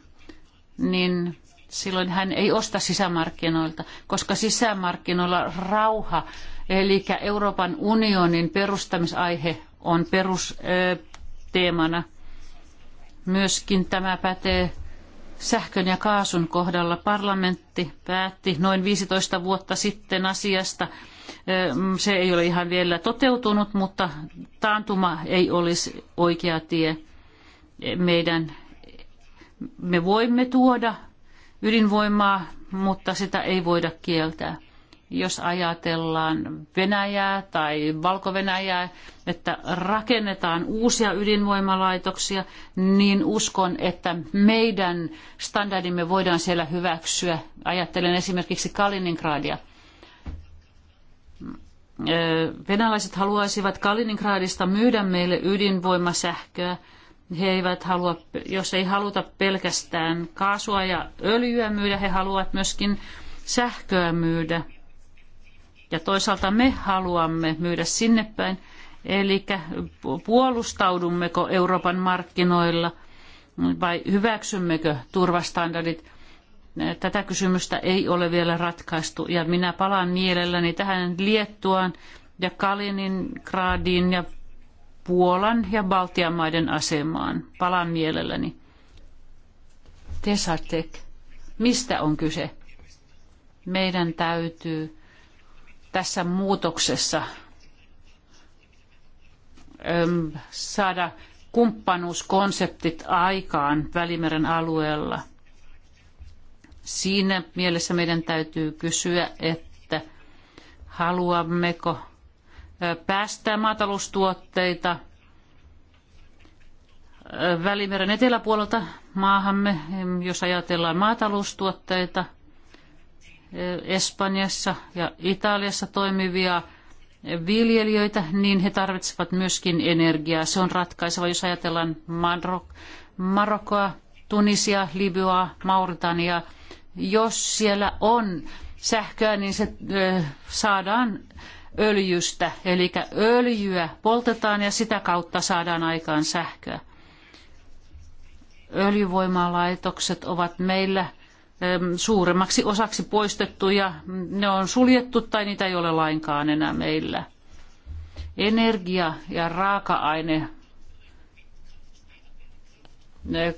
niin silloin hän ei osta sisämarkkinoilta, koska sisämarkkinoilla rauha, eli Euroopan unionin perustamisaihe on perus, teemana. Myöskin tämä pätee sähkön ja kaasun kohdalla. Parlamentti päätti noin 15 vuotta sitten asiasta. Se ei ole ihan vielä toteutunut, mutta taantuma ei olisi oikea tie. Meidän, me voimme tuoda ydinvoimaa, mutta sitä ei voida kieltää jos ajatellaan Venäjää tai Valko-Venäjää, että rakennetaan uusia ydinvoimalaitoksia, niin uskon, että meidän standardimme voidaan siellä hyväksyä. Ajattelen esimerkiksi Kaliningradia. Venäläiset haluaisivat Kaliningradista myydä meille ydinvoimasähköä, he eivät halua, jos ei haluta pelkästään kaasua ja öljyä myydä, he haluavat myöskin sähköä myydä ja toisaalta me haluamme myydä sinne päin, eli puolustaudummeko Euroopan markkinoilla vai hyväksymmekö turvastandardit. Tätä kysymystä ei ole vielä ratkaistu ja minä palaan mielelläni tähän Liettuaan ja Kaliningradiin ja Puolan ja Baltian maiden asemaan. Palaan mielelläni. Tesatek, mistä on kyse? Meidän täytyy tässä muutoksessa ähm, saada kumppanuuskonseptit aikaan Välimeren alueella. Siinä mielessä meidän täytyy kysyä, että haluammeko äh, päästää maataloustuotteita äh, Välimeren eteläpuolelta maahamme, jos ajatellaan maataloustuotteita, Espanjassa ja Italiassa toimivia viljelijöitä, niin he tarvitsevat myöskin energiaa. Se on ratkaiseva, jos ajatellaan Marok- Marokkoa, Tunisia, Libyaa, Mauritania. Jos siellä on sähköä, niin se saadaan öljystä, eli öljyä poltetaan ja sitä kautta saadaan aikaan sähköä. Öljyvoimalaitokset ovat meillä suuremmaksi osaksi poistettu ja ne on suljettu tai niitä ei ole lainkaan enää meillä. Energia ja raaka-aine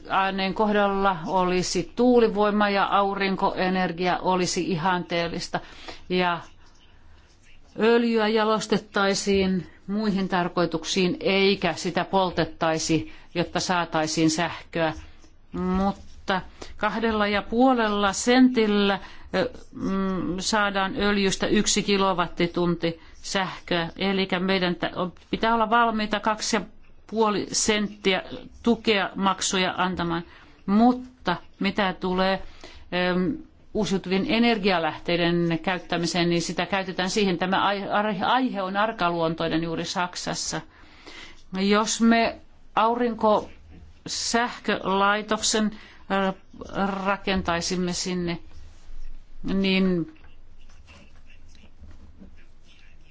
aineen kohdalla olisi tuulivoima ja aurinkoenergia olisi ihanteellista ja öljyä jalostettaisiin muihin tarkoituksiin eikä sitä poltettaisi, jotta saataisiin sähköä. Mutta että kahdella ja puolella sentillä mm, saadaan öljystä yksi kilowattitunti sähköä. Eli meidän pitää olla valmiita kaksi ja puoli senttiä tukea maksuja antamaan. Mutta mitä tulee uusiutuvien energialähteiden käyttämiseen, niin sitä käytetään siihen. Tämä aihe on arkaluontoinen juuri Saksassa. Jos me aurinkosähkölaitoksen rakentaisimme sinne, niin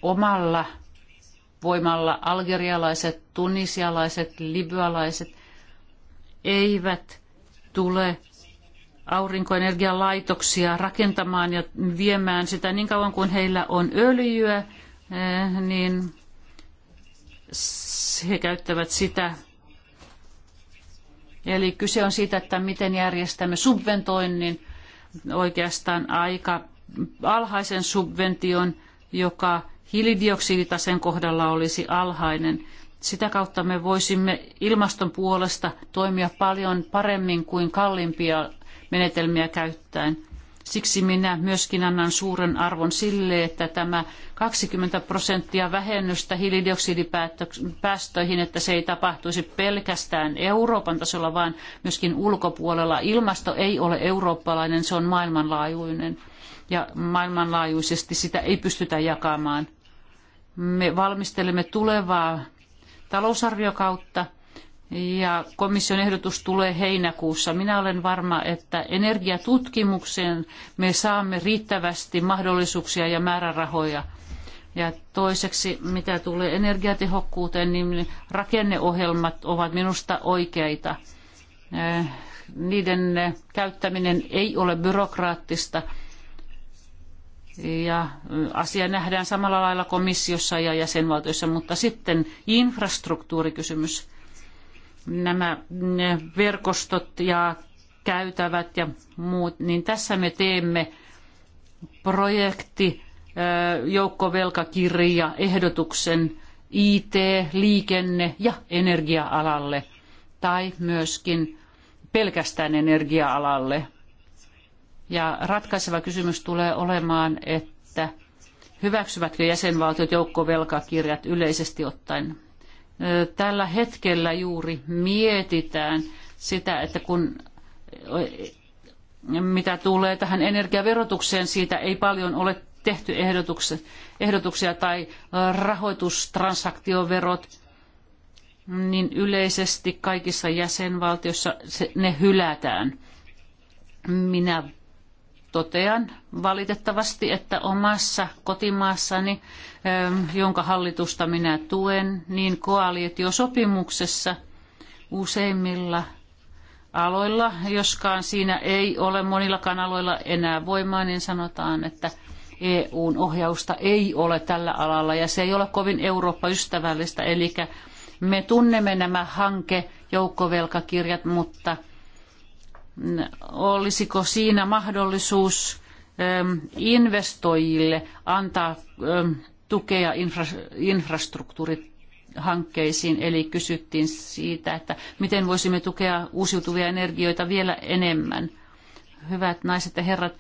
omalla voimalla algerialaiset, tunisialaiset, libyalaiset eivät tule aurinkoenergian laitoksia rakentamaan ja viemään sitä niin kauan kuin heillä on öljyä, eh, niin he käyttävät sitä Eli kyse on siitä, että miten järjestämme subventoinnin oikeastaan aika alhaisen subvention, joka hiilidioksiditasen kohdalla olisi alhainen. Sitä kautta me voisimme ilmaston puolesta toimia paljon paremmin kuin kalliimpia menetelmiä käyttäen. Siksi minä myöskin annan suuren arvon sille, että tämä 20 prosenttia vähennystä hiilidioksidipäästöihin, että se ei tapahtuisi pelkästään Euroopan tasolla, vaan myöskin ulkopuolella. Ilmasto ei ole eurooppalainen, se on maailmanlaajuinen ja maailmanlaajuisesti sitä ei pystytä jakamaan. Me valmistelemme tulevaa talousarviokautta ja komission ehdotus tulee heinäkuussa. Minä olen varma, että energiatutkimukseen me saamme riittävästi mahdollisuuksia ja määrärahoja. Ja toiseksi, mitä tulee energiatehokkuuteen, niin rakenneohjelmat ovat minusta oikeita. Eh, niiden käyttäminen ei ole byrokraattista ja eh, asia nähdään samalla lailla komissiossa ja jäsenvaltioissa, mutta sitten infrastruktuurikysymys nämä verkostot ja käytävät ja muut, niin tässä me teemme projekti, joukkovelkakirja, ehdotuksen IT, liikenne ja energia-alalle tai myöskin pelkästään energia-alalle. Ja ratkaiseva kysymys tulee olemaan, että hyväksyvätkö jäsenvaltiot joukkovelkakirjat yleisesti ottaen tällä hetkellä juuri mietitään sitä, että kun mitä tulee tähän energiaverotukseen, siitä ei paljon ole tehty ehdotuksia tai rahoitustransaktioverot, niin yleisesti kaikissa jäsenvaltioissa ne hylätään. Minä totean valitettavasti, että omassa kotimaassani, ähm, jonka hallitusta minä tuen, niin koalitiosopimuksessa useimmilla aloilla, joskaan siinä ei ole monillakaan aloilla enää voimaa, niin sanotaan, että EUn ohjausta ei ole tällä alalla ja se ei ole kovin Eurooppa-ystävällistä, eli me tunnemme nämä hanke, joukkovelkakirjat, mutta – olisiko siinä mahdollisuus ähm, investoijille antaa ähm, tukea infra- infrastruktuurihankkeisiin, eli kysyttiin siitä, että miten voisimme tukea uusiutuvia energioita vielä enemmän. Hyvät naiset ja herrat,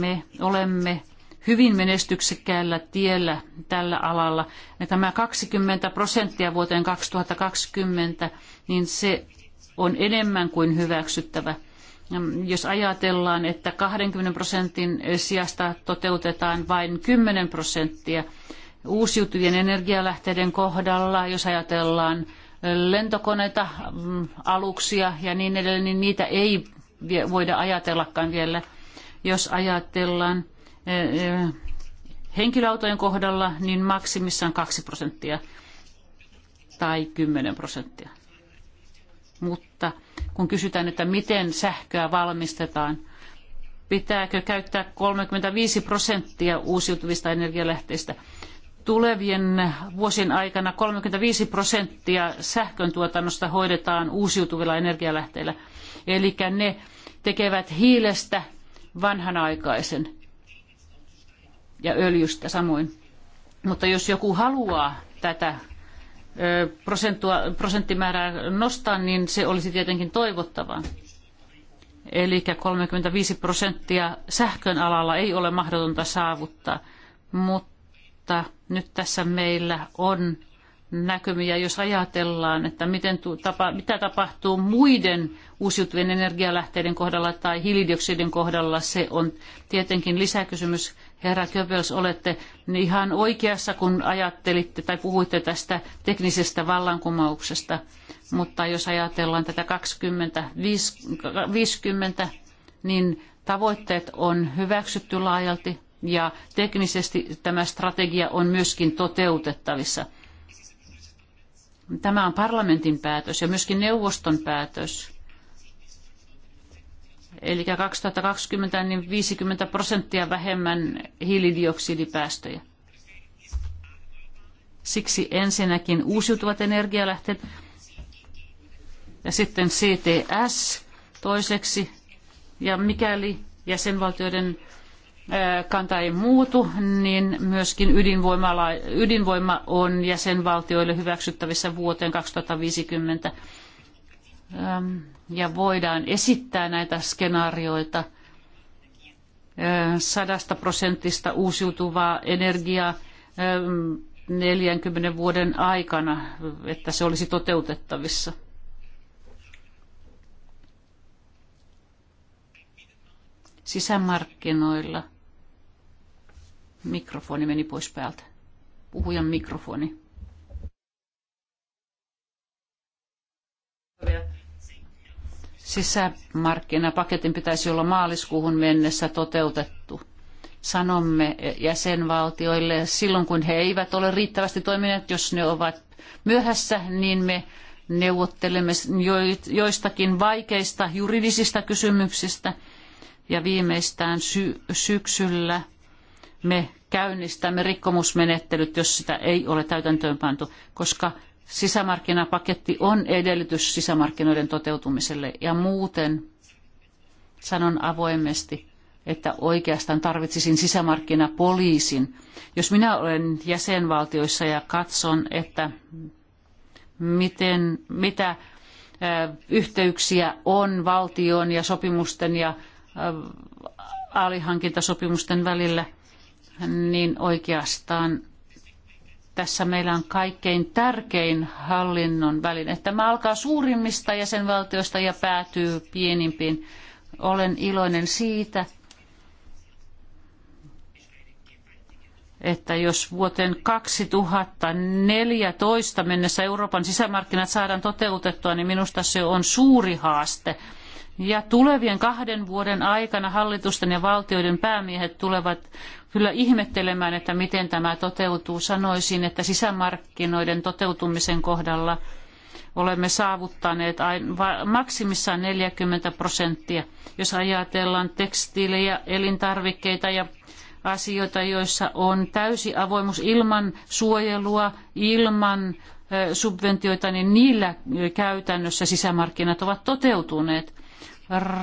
me olemme hyvin menestyksekkäällä tiellä tällä alalla. Ja tämä 20 prosenttia vuoteen 2020, niin se on enemmän kuin hyväksyttävä – jos ajatellaan, että 20 prosentin sijasta toteutetaan vain 10 prosenttia uusiutuvien energialähteiden kohdalla, jos ajatellaan lentokoneita, mm, aluksia ja niin edelleen, niin niitä ei voida ajatellakaan vielä. Jos ajatellaan eh, eh, henkilöautojen kohdalla, niin maksimissaan 2 prosenttia tai 10 prosenttia. Mutta kun kysytään, että miten sähköä valmistetaan, pitääkö käyttää 35 prosenttia uusiutuvista energialähteistä, tulevien vuosien aikana 35 prosenttia sähköntuotannosta hoidetaan uusiutuvilla energialähteillä. Eli ne tekevät hiilestä vanhanaikaisen ja öljystä samoin. Mutta jos joku haluaa tätä prosentua, prosenttimäärää nostaa, niin se olisi tietenkin toivottavaa. Eli 35 prosenttia sähkön alalla ei ole mahdotonta saavuttaa, mutta nyt tässä meillä on Näkömiä, jos ajatellaan, että miten tapa, mitä tapahtuu muiden uusiutuvien energialähteiden kohdalla tai hiilidioksidin kohdalla, se on tietenkin lisäkysymys. Herra Köpels, olette ihan oikeassa, kun ajattelitte tai puhuitte tästä teknisestä vallankumouksesta, mutta jos ajatellaan tätä 2050, niin tavoitteet on hyväksytty laajalti ja teknisesti tämä strategia on myöskin toteutettavissa – Tämä on parlamentin päätös ja myöskin neuvoston päätös. Eli 2020 niin 50 prosenttia vähemmän hiilidioksidipäästöjä. Siksi ensinnäkin uusiutuvat energialähteet ja sitten CTS toiseksi. Ja mikäli jäsenvaltioiden kanta ei muutu, niin myöskin ydinvoima on jäsenvaltioille hyväksyttävissä vuoteen 2050. Ja voidaan esittää näitä skenaarioita sadasta prosentista uusiutuvaa energiaa 40 vuoden aikana, että se olisi toteutettavissa. Sisämarkkinoilla Mikrofoni meni pois päältä. Puhujan mikrofoni. Sisämarkkinapaketin pitäisi olla maaliskuuhun mennessä toteutettu. Sanomme jäsenvaltioille silloin, kun he eivät ole riittävästi toimineet, jos ne ovat myöhässä, niin me neuvottelemme joistakin vaikeista juridisista kysymyksistä ja viimeistään sy- syksyllä – me käynnistämme rikkomusmenettelyt, jos sitä ei ole täytäntöönpantu, koska sisämarkkinapaketti on edellytys sisämarkkinoiden toteutumiselle ja muuten sanon avoimesti, että oikeastaan tarvitsisin sisämarkkinapoliisin. Jos minä olen jäsenvaltioissa ja katson, että miten, mitä yhteyksiä on valtion ja sopimusten ja alihankintasopimusten välillä – niin oikeastaan tässä meillä on kaikkein tärkein hallinnon väline. Tämä alkaa suurimmista jäsenvaltioista ja päätyy pienimpiin. Olen iloinen siitä, että jos vuoteen 2014 mennessä Euroopan sisämarkkinat saadaan toteutettua, niin minusta se on suuri haaste. Ja tulevien kahden vuoden aikana hallitusten ja valtioiden päämiehet tulevat kyllä ihmettelemään, että miten tämä toteutuu. Sanoisin, että sisämarkkinoiden toteutumisen kohdalla olemme saavuttaneet maksimissaan 40 prosenttia. Jos ajatellaan tekstiilejä, elintarvikkeita ja asioita, joissa on täysi avoimuus ilman suojelua, ilman subventioita, niin niillä käytännössä sisämarkkinat ovat toteutuneet.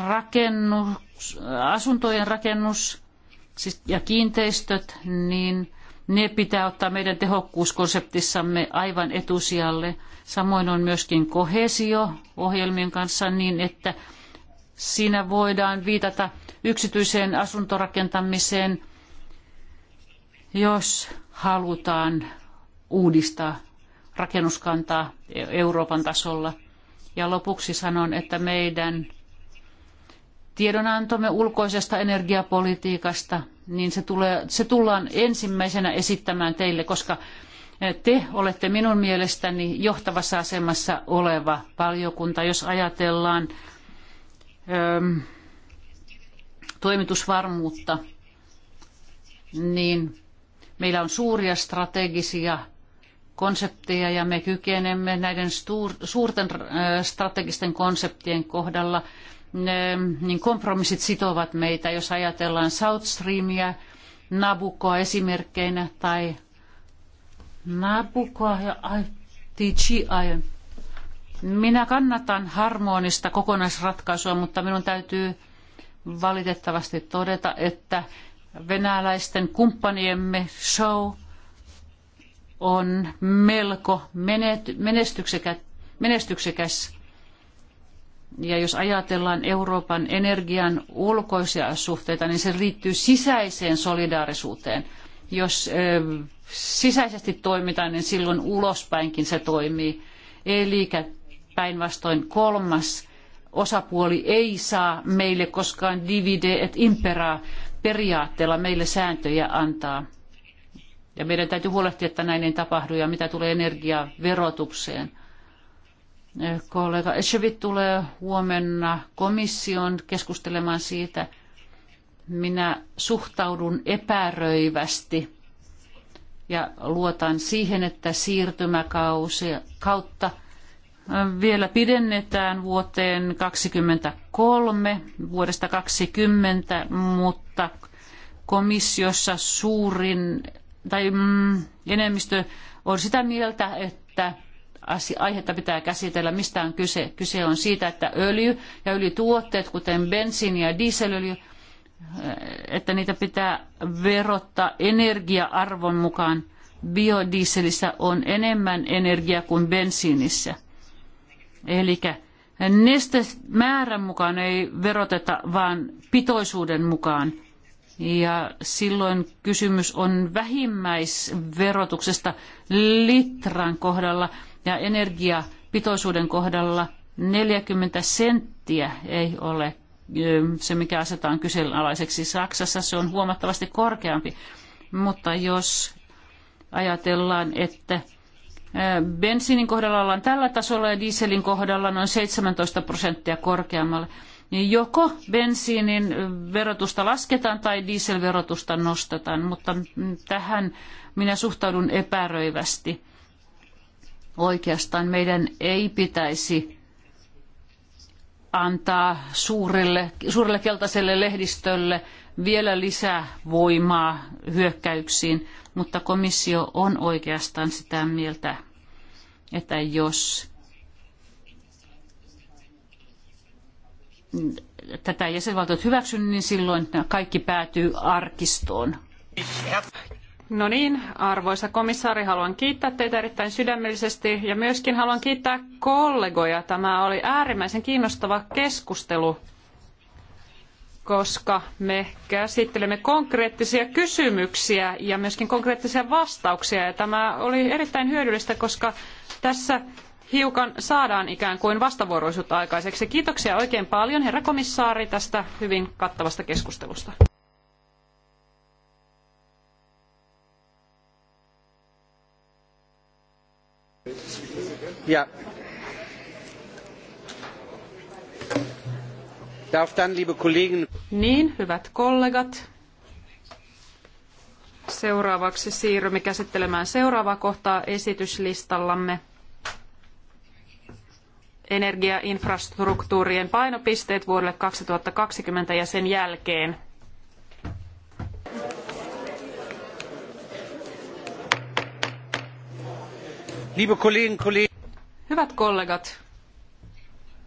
Rakennus, asuntojen rakennus, Siis, ja kiinteistöt, niin ne pitää ottaa meidän tehokkuuskonseptissamme aivan etusijalle. Samoin on myöskin kohesio ohjelmien kanssa niin, että siinä voidaan viitata yksityiseen asuntorakentamiseen, jos halutaan uudistaa rakennuskantaa Euroopan tasolla. Ja lopuksi sanon, että meidän tiedonantomme ulkoisesta energiapolitiikasta, niin se, tulee, se tullaan ensimmäisenä esittämään teille, koska eh, te olette minun mielestäni johtavassa asemassa oleva valiokunta, jos ajatellaan äm, ehm, toimitusvarmuutta, niin meillä on suuria strategisia konsepteja ja me kykenemme näiden suurten eh, strategisten konseptien kohdalla – niin kompromissit sitovat meitä, jos ajatellaan South Streamia, Nabukoa esimerkkeinä tai Nabukoa ja ITGI. Minä kannatan harmonista kokonaisratkaisua, mutta minun täytyy valitettavasti todeta, että venäläisten kumppaniemme show on melko menestyksekäs ja jos ajatellaan Euroopan energian ulkoisia suhteita, niin se liittyy sisäiseen solidaarisuuteen. Jos sisäisesti toimitaan, niin silloin ulospäinkin se toimii. Eli päinvastoin kolmas osapuoli ei saa meille koskaan divide et impera periaatteella meille sääntöjä antaa. Ja meidän täytyy huolehtia, että näin ei tapahdu ja mitä tulee energiaverotukseen. verotukseen kollega Eshevit tulee huomenna komission keskustelemaan siitä. Minä suhtaudun epäröivästi ja luotan siihen, että siirtymäkausi kautta vielä pidennetään vuoteen 2023 vuodesta 2020, mutta komissiossa suurin tai mm, enemmistö on sitä mieltä, että aihetta pitää käsitellä. Mistä on kyse? Kyse on siitä, että öljy ja öljytuotteet, kuten bensiini ja dieselöljy, äh, että niitä pitää verottaa energia-arvon mukaan. Biodieselissä on enemmän energiaa kuin bensiinissä. Eli nestemäärän mukaan ei veroteta, vaan pitoisuuden mukaan. Ja silloin kysymys on vähimmäisverotuksesta litran kohdalla ja energiapitoisuuden kohdalla 40 senttiä ei ole se, mikä asetaan kyseenalaiseksi. Saksassa se on huomattavasti korkeampi, mutta jos ajatellaan, että bensiinin kohdalla ollaan tällä tasolla ja dieselin kohdalla noin 17 prosenttia korkeammalla, niin joko bensiinin verotusta lasketaan tai dieselverotusta nostetaan, mutta tähän minä suhtaudun epäröivästi. Oikeastaan meidän ei pitäisi antaa suurelle, suurelle keltaiselle lehdistölle vielä lisää voimaa hyökkäyksiin, mutta komissio on oikeastaan sitä mieltä, että jos tätä jäsenvaltiot hyväksy, niin silloin kaikki päätyy arkistoon. No niin, arvoisa komissaari, haluan kiittää teitä erittäin sydämellisesti ja myöskin haluan kiittää kollegoja. Tämä oli äärimmäisen kiinnostava keskustelu, koska me käsittelemme konkreettisia kysymyksiä ja myöskin konkreettisia vastauksia. Ja tämä oli erittäin hyödyllistä, koska tässä hiukan saadaan ikään kuin vastavuoroisuutta aikaiseksi. Kiitoksia oikein paljon, herra komissaari, tästä hyvin kattavasta keskustelusta. Ja. Darf dann, liebe Kollegen... Niin, hyvät kollegat. Seuraavaksi siirrymme käsittelemään seuraavaa kohtaa esityslistallamme. Energiainfrastruktuurien painopisteet vuodelle 2020 ja sen jälkeen. Liebe Kollegen, Kollegen. Hyvät kollegat,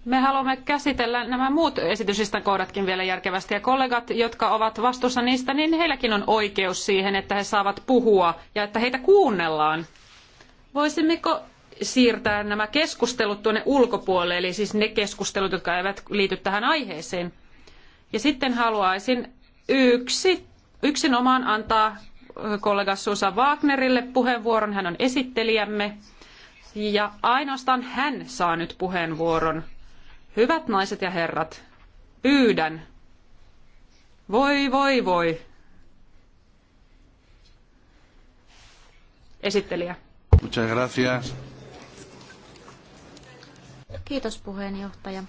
me haluamme käsitellä nämä muut esityslistan kohdatkin vielä järkevästi. Ja kollegat, jotka ovat vastuussa niistä, niin heilläkin on oikeus siihen, että he saavat puhua ja että heitä kuunnellaan. Voisimmeko siirtää nämä keskustelut tuonne ulkopuolelle, eli siis ne keskustelut, jotka eivät liity tähän aiheeseen. Ja sitten haluaisin yksi, yksinomaan antaa kollega Susa Wagnerille puheenvuoron. Hän on esittelijämme. Ja ainoastaan hän saa nyt puheenvuoron. Hyvät naiset ja herrat, pyydän. Voi, voi, voi. Esittelijä. Muchas gracias. Kiitos puheenjohtaja.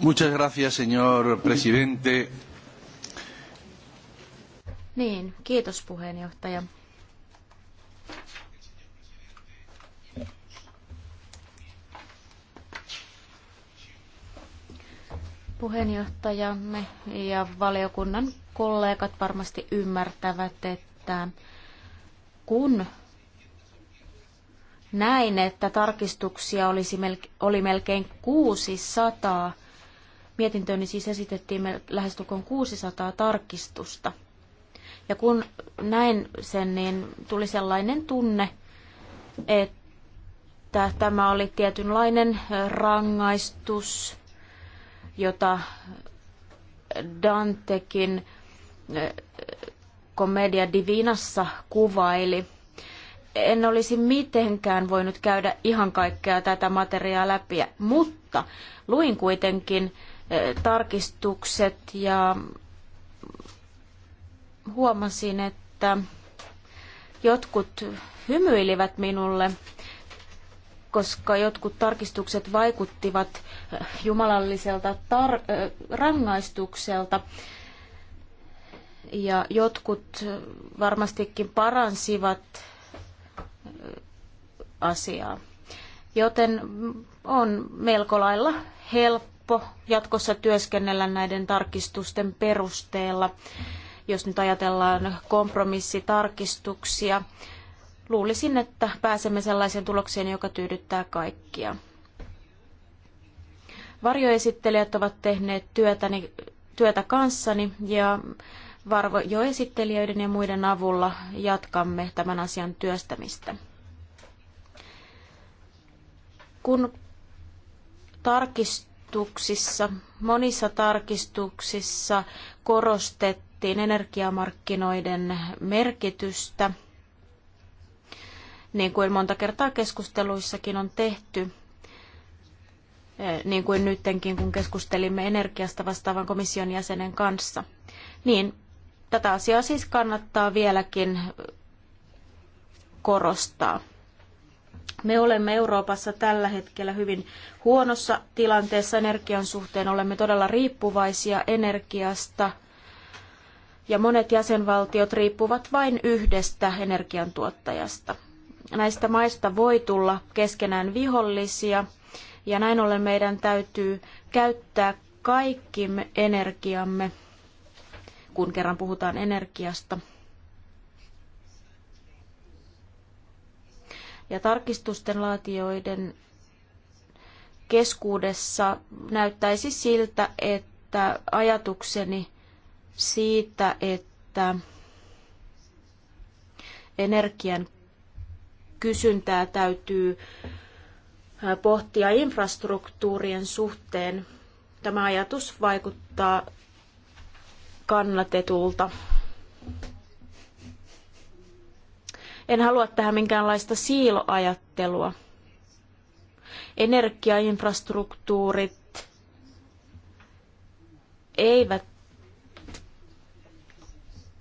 Muchas gracias, señor presidente. Niin, kiitos puheenjohtaja. Puheenjohtajamme ja valiokunnan kollegat varmasti ymmärtävät, että kun näin, että tarkistuksia olisi melke, oli melkein 600, mietintöön niin siis esitettiin lähestulkoon 600 tarkistusta. Ja kun näin sen, niin tuli sellainen tunne, että tämä oli tietynlainen rangaistus jota Dantekin komedia Divinassa kuvaili. En olisi mitenkään voinut käydä ihan kaikkea tätä materiaa läpi, mutta luin kuitenkin tarkistukset ja huomasin, että jotkut hymyilivät minulle koska jotkut tarkistukset vaikuttivat äh, jumalalliselta tar- äh, rangaistukselta. Ja jotkut äh, varmastikin paransivat asiaa. Joten on melko lailla helppo jatkossa työskennellä näiden tarkistusten perusteella, jos nyt ajatellaan kompromissitarkistuksia luulisin, että pääsemme sellaiseen tulokseen, joka tyydyttää kaikkia. Varjoesittelijät ovat tehneet työtäni, työtä kanssani ja varjoesittelijöiden ja muiden avulla jatkamme tämän asian työstämistä. Kun tarkistuksissa, monissa tarkistuksissa korostettiin energiamarkkinoiden merkitystä – niin kuin monta kertaa keskusteluissakin on tehty, eh, niin kuin nytkin kun keskustelimme energiasta vastaavan komission jäsenen kanssa. Niin, tätä asiaa siis kannattaa vieläkin korostaa. Me olemme Euroopassa tällä hetkellä hyvin huonossa tilanteessa energian suhteen. Olemme todella riippuvaisia energiasta ja monet jäsenvaltiot riippuvat vain yhdestä energiantuottajasta näistä maista voi tulla keskenään vihollisia ja näin ollen meidän täytyy käyttää kaikki energiamme, kun kerran puhutaan energiasta. Ja tarkistusten laatijoiden keskuudessa näyttäisi siltä, että ajatukseni siitä, että energian kysyntää täytyy pohtia infrastruktuurien suhteen. Tämä ajatus vaikuttaa kannatetulta. En halua tähän minkäänlaista siiloajattelua. Energiainfrastruktuurit eivät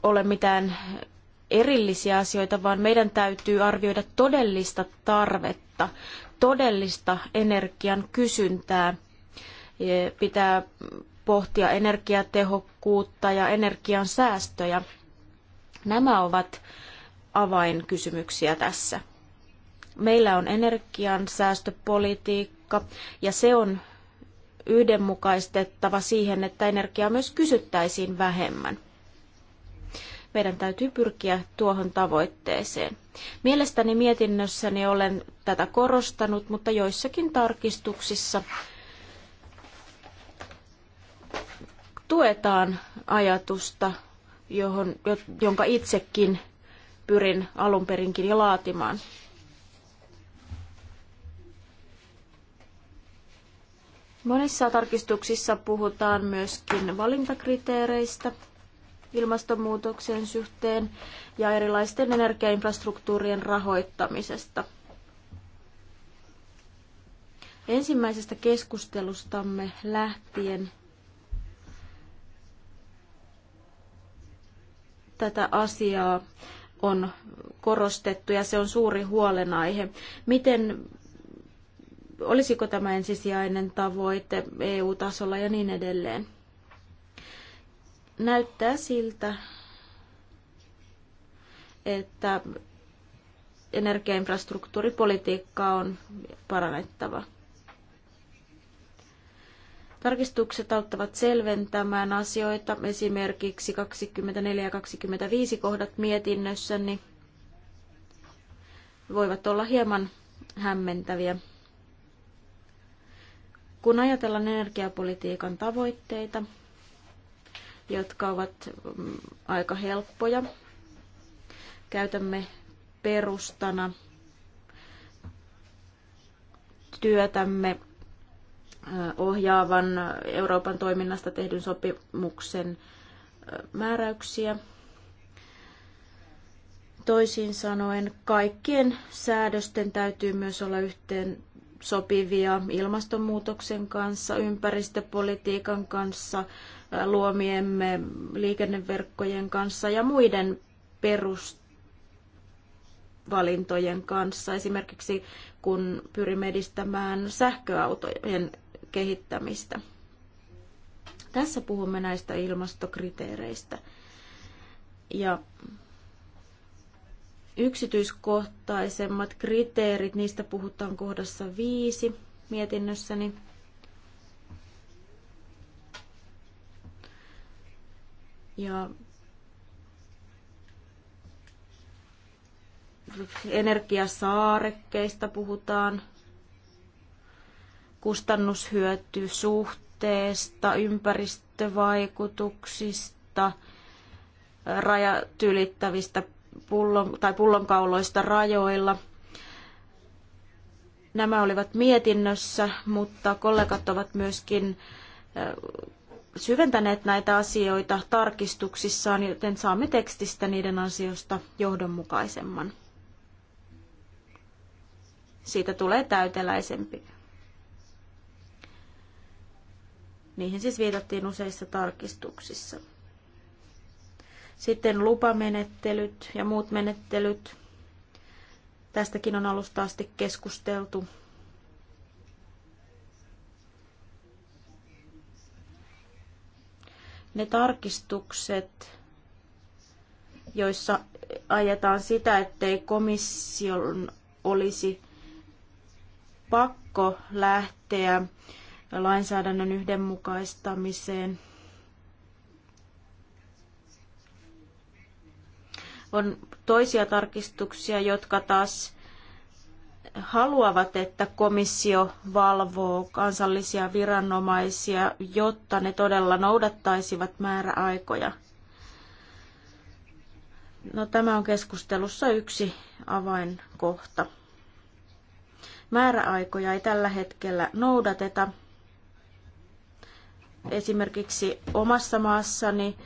ole mitään erillisiä asioita, vaan meidän täytyy arvioida todellista tarvetta, todellista energian kysyntää. Pitää pohtia energiatehokkuutta ja energian säästöjä. Nämä ovat avainkysymyksiä tässä. Meillä on energian säästöpolitiikka ja se on yhdenmukaistettava siihen, että energiaa myös kysyttäisiin vähemmän. Meidän täytyy pyrkiä tuohon tavoitteeseen. Mielestäni mietinnössäni olen tätä korostanut, mutta joissakin tarkistuksissa tuetaan ajatusta, johon, jonka itsekin pyrin alun perinkin laatimaan. Monissa tarkistuksissa puhutaan myöskin valintakriteereistä – ilmastonmuutoksen suhteen ja erilaisten energiainfrastruktuurien rahoittamisesta. Ensimmäisestä keskustelustamme lähtien tätä asiaa on korostettu ja se on suuri huolenaihe. Miten olisiko tämä ensisijainen tavoite EU-tasolla ja niin edelleen? Näyttää siltä, että energiainfrastruktuuripolitiikka on parannettava. Tarkistukset auttavat selventämään asioita, esimerkiksi 24 ja 25 kohdat mietinnössä, niin voivat olla hieman hämmentäviä. Kun ajatellaan energiapolitiikan tavoitteita, jotka ovat mm, aika helppoja. Käytämme perustana työtämme ohjaavan Euroopan toiminnasta tehdyn sopimuksen määräyksiä. Toisin sanoen kaikkien säädösten täytyy myös olla yhteen sopivia ilmastonmuutoksen kanssa, ympäristöpolitiikan kanssa, luomiemme liikenneverkkojen kanssa ja muiden perusvalintojen kanssa. Esimerkiksi kun pyrimme edistämään sähköautojen kehittämistä. Tässä puhumme näistä ilmastokriteereistä. Ja yksityiskohtaisemmat kriteerit, niistä puhutaan kohdassa viisi mietinnössäni. Ja energiasaarekkeista puhutaan, kustannushyötysuhteesta, ympäristövaikutuksista, rajat ylittävistä pullon, tai pullonkauloista rajoilla. Nämä olivat mietinnössä, mutta kollegat ovat myöskin syventäneet näitä asioita tarkistuksissaan, joten saamme tekstistä niiden ansiosta johdonmukaisemman. Siitä tulee täyteläisempi. Niihin siis viitattiin useissa tarkistuksissa. Sitten lupamenettelyt ja muut menettelyt. Tästäkin on alusta asti keskusteltu Ne tarkistukset, joissa ajetaan sitä, ettei komission olisi pakko lähteä lainsäädännön yhdenmukaistamiseen. On toisia tarkistuksia, jotka taas haluavat, että komissio valvoo kansallisia viranomaisia, jotta ne todella noudattaisivat määräaikoja. No, tämä on keskustelussa yksi avainkohta. Määräaikoja ei tällä hetkellä noudateta. Esimerkiksi omassa maassani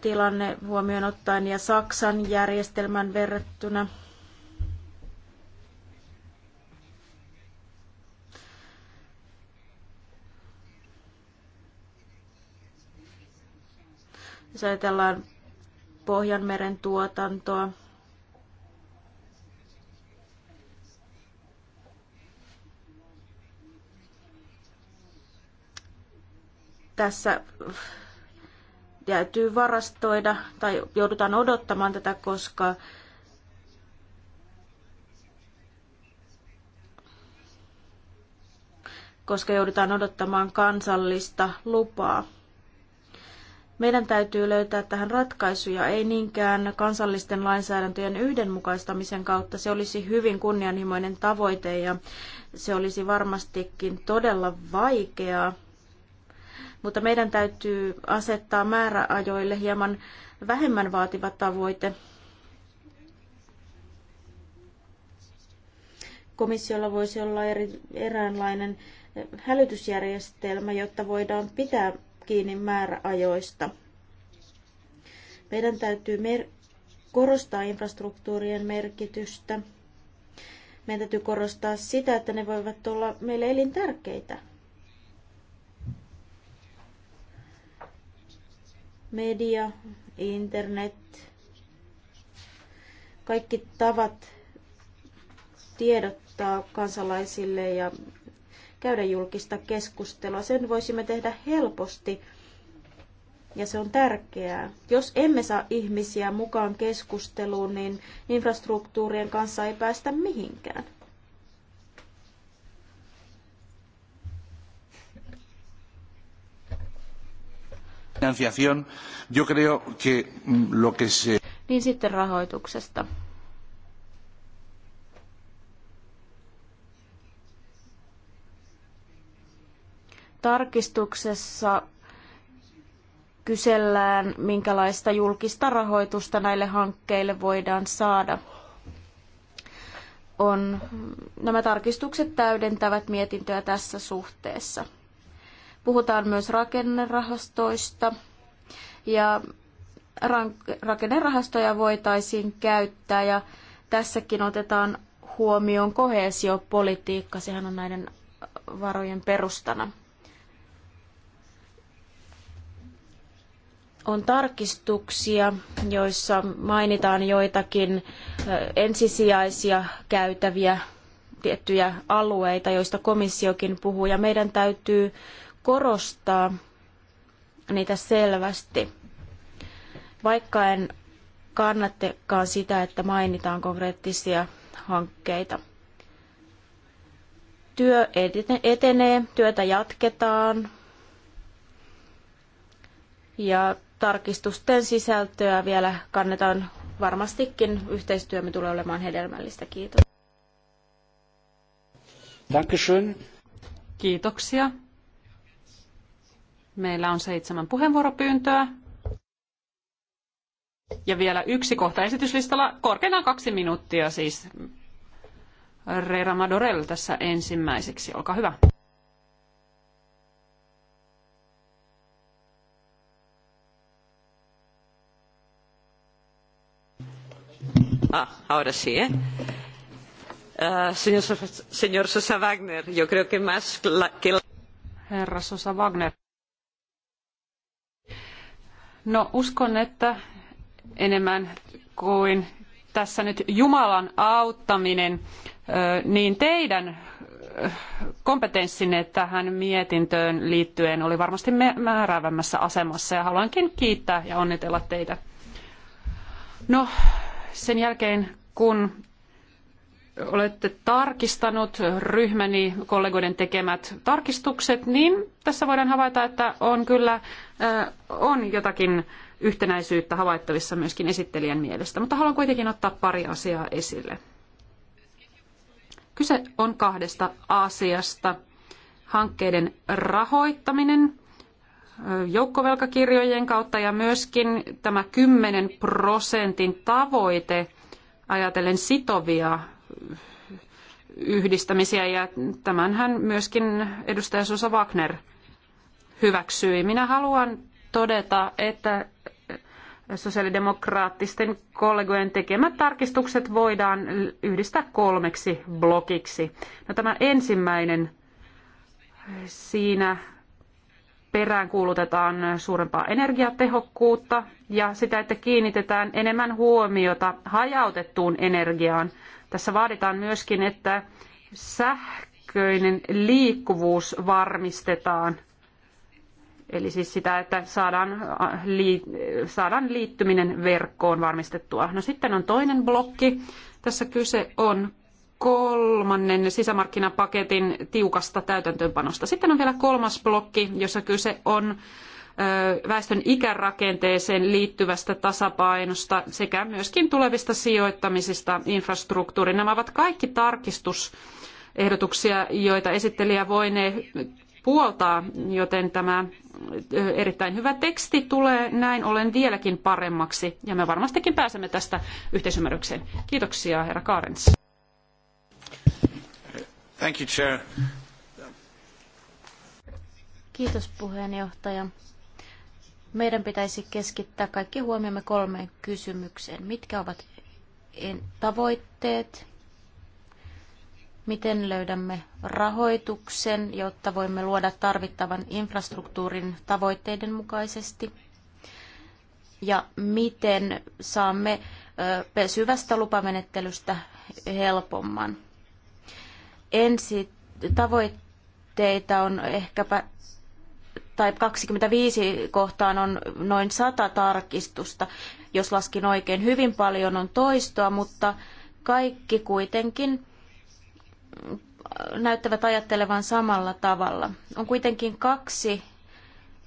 tilanne huomioon ottaen ja Saksan järjestelmän verrattuna – Jos ajatellaan Pohjanmeren tuotantoa, tässä äh, täytyy varastoida tai joudutaan odottamaan tätä, koska koska joudutaan odottamaan kansallista lupaa. Meidän täytyy löytää tähän ratkaisuja, ei niinkään kansallisten lainsäädäntöjen yhdenmukaistamisen kautta. Se olisi hyvin kunnianhimoinen tavoite ja se olisi varmastikin todella vaikeaa. Mutta meidän täytyy asettaa määräajoille hieman vähemmän vaativa tavoite. Komissiolla voisi olla eri, eräänlainen hälytysjärjestelmä, jotta voidaan pitää kiinni määräajoista. Meidän täytyy mer- korostaa infrastruktuurien merkitystä. Meidän täytyy korostaa sitä, että ne voivat olla meille elintärkeitä. Media, internet, kaikki tavat tiedottaa kansalaisille ja käydä julkista keskustelua. Sen voisimme tehdä helposti ja se on tärkeää. Jos emme saa ihmisiä mukaan keskusteluun, niin infrastruktuurien kanssa ei päästä mihinkään. Financiación, yo creo que lo que se... Niin sitten rahoituksesta. Tarkistuksessa kysellään, minkälaista julkista rahoitusta näille hankkeille voidaan saada. On, nämä tarkistukset täydentävät mietintöä tässä suhteessa. Puhutaan myös rakennerahastoista ja rakennerahastoja voitaisiin käyttää ja tässäkin otetaan huomioon koheesiopolitiikka, sehän on näiden varojen perustana. on tarkistuksia, joissa mainitaan joitakin ensisijaisia käytäviä tiettyjä alueita, joista komissiokin puhuu, ja meidän täytyy korostaa niitä selvästi. Vaikka en kannattekaan sitä, että mainitaan konkreettisia hankkeita. Työ etenee, työtä jatketaan ja tarkistusten sisältöä vielä kannetaan varmastikin. Yhteistyömme tulee olemaan hedelmällistä. Kiitos. Dankeschön. Kiitoksia. Meillä on seitsemän puheenvuoropyyntöä. Ja vielä yksi kohta esityslistalla, korkeintaan kaksi minuuttia siis. Reira Madorell tässä ensimmäiseksi, olkaa hyvä. Ah, ahora sí, ¿eh? Uh, señor, señor Sosa Wagner, yo creo que más la, que la... Herra Sosa Wagner. No uskon, että enemmän kuin tässä nyt Jumalan auttaminen, niin teidän kompetenssinne tähän mietintöön liittyen oli varmasti määräävämmässä asemassa ja haluankin kiittää ja onnitella teitä. No, sen jälkeen, kun olette tarkistanut ryhmäni kollegoiden tekemät tarkistukset, niin tässä voidaan havaita, että on kyllä äh, on jotakin yhtenäisyyttä havaittavissa myöskin esittelijän mielestä, mutta haluan kuitenkin ottaa pari asiaa esille. Kyse on kahdesta asiasta. Hankkeiden rahoittaminen joukkovelkakirjojen kautta ja myöskin tämä 10 prosentin tavoite ajatellen sitovia yhdistämisiä ja tämänhän myöskin edustaja Susa Wagner hyväksyi. Minä haluan todeta, että sosiaalidemokraattisten kollegojen tekemät tarkistukset voidaan yhdistää kolmeksi blokiksi. No, tämä ensimmäinen, siinä peräänkuulutetaan suurempaa energiatehokkuutta ja sitä, että kiinnitetään enemmän huomiota hajautettuun energiaan. Tässä vaaditaan myöskin, että sähköinen liikkuvuus varmistetaan. Eli siis sitä, että saadaan, saadaan liittyminen verkkoon varmistettua. No sitten on toinen blokki. Tässä kyse on kolmannen sisämarkkinapaketin tiukasta täytäntöönpanosta. Sitten on vielä kolmas blokki, jossa kyse on väestön ikärakenteeseen liittyvästä tasapainosta sekä myöskin tulevista sijoittamisista infrastruktuuriin. Nämä ovat kaikki tarkistusehdotuksia, joita esittelijä voinee puoltaa, joten tämä erittäin hyvä teksti tulee näin ollen vieläkin paremmaksi ja me varmastikin pääsemme tästä yhteisymmärrykseen. Kiitoksia herra Kaarens. Thank you, Chair. Kiitos puheenjohtaja. Meidän pitäisi keskittää kaikki huomiomme kolmeen kysymykseen. Mitkä ovat tavoitteet? Miten löydämme rahoituksen, jotta voimme luoda tarvittavan infrastruktuurin tavoitteiden mukaisesti? Ja miten saamme pysyvästä lupamenettelystä helpomman? ensi tavoitteita on ehkäpä tai 25 kohtaan on noin 100 tarkistusta, jos laskin oikein. Hyvin paljon on toistoa, mutta kaikki kuitenkin näyttävät ajattelevan samalla tavalla. On kuitenkin kaksi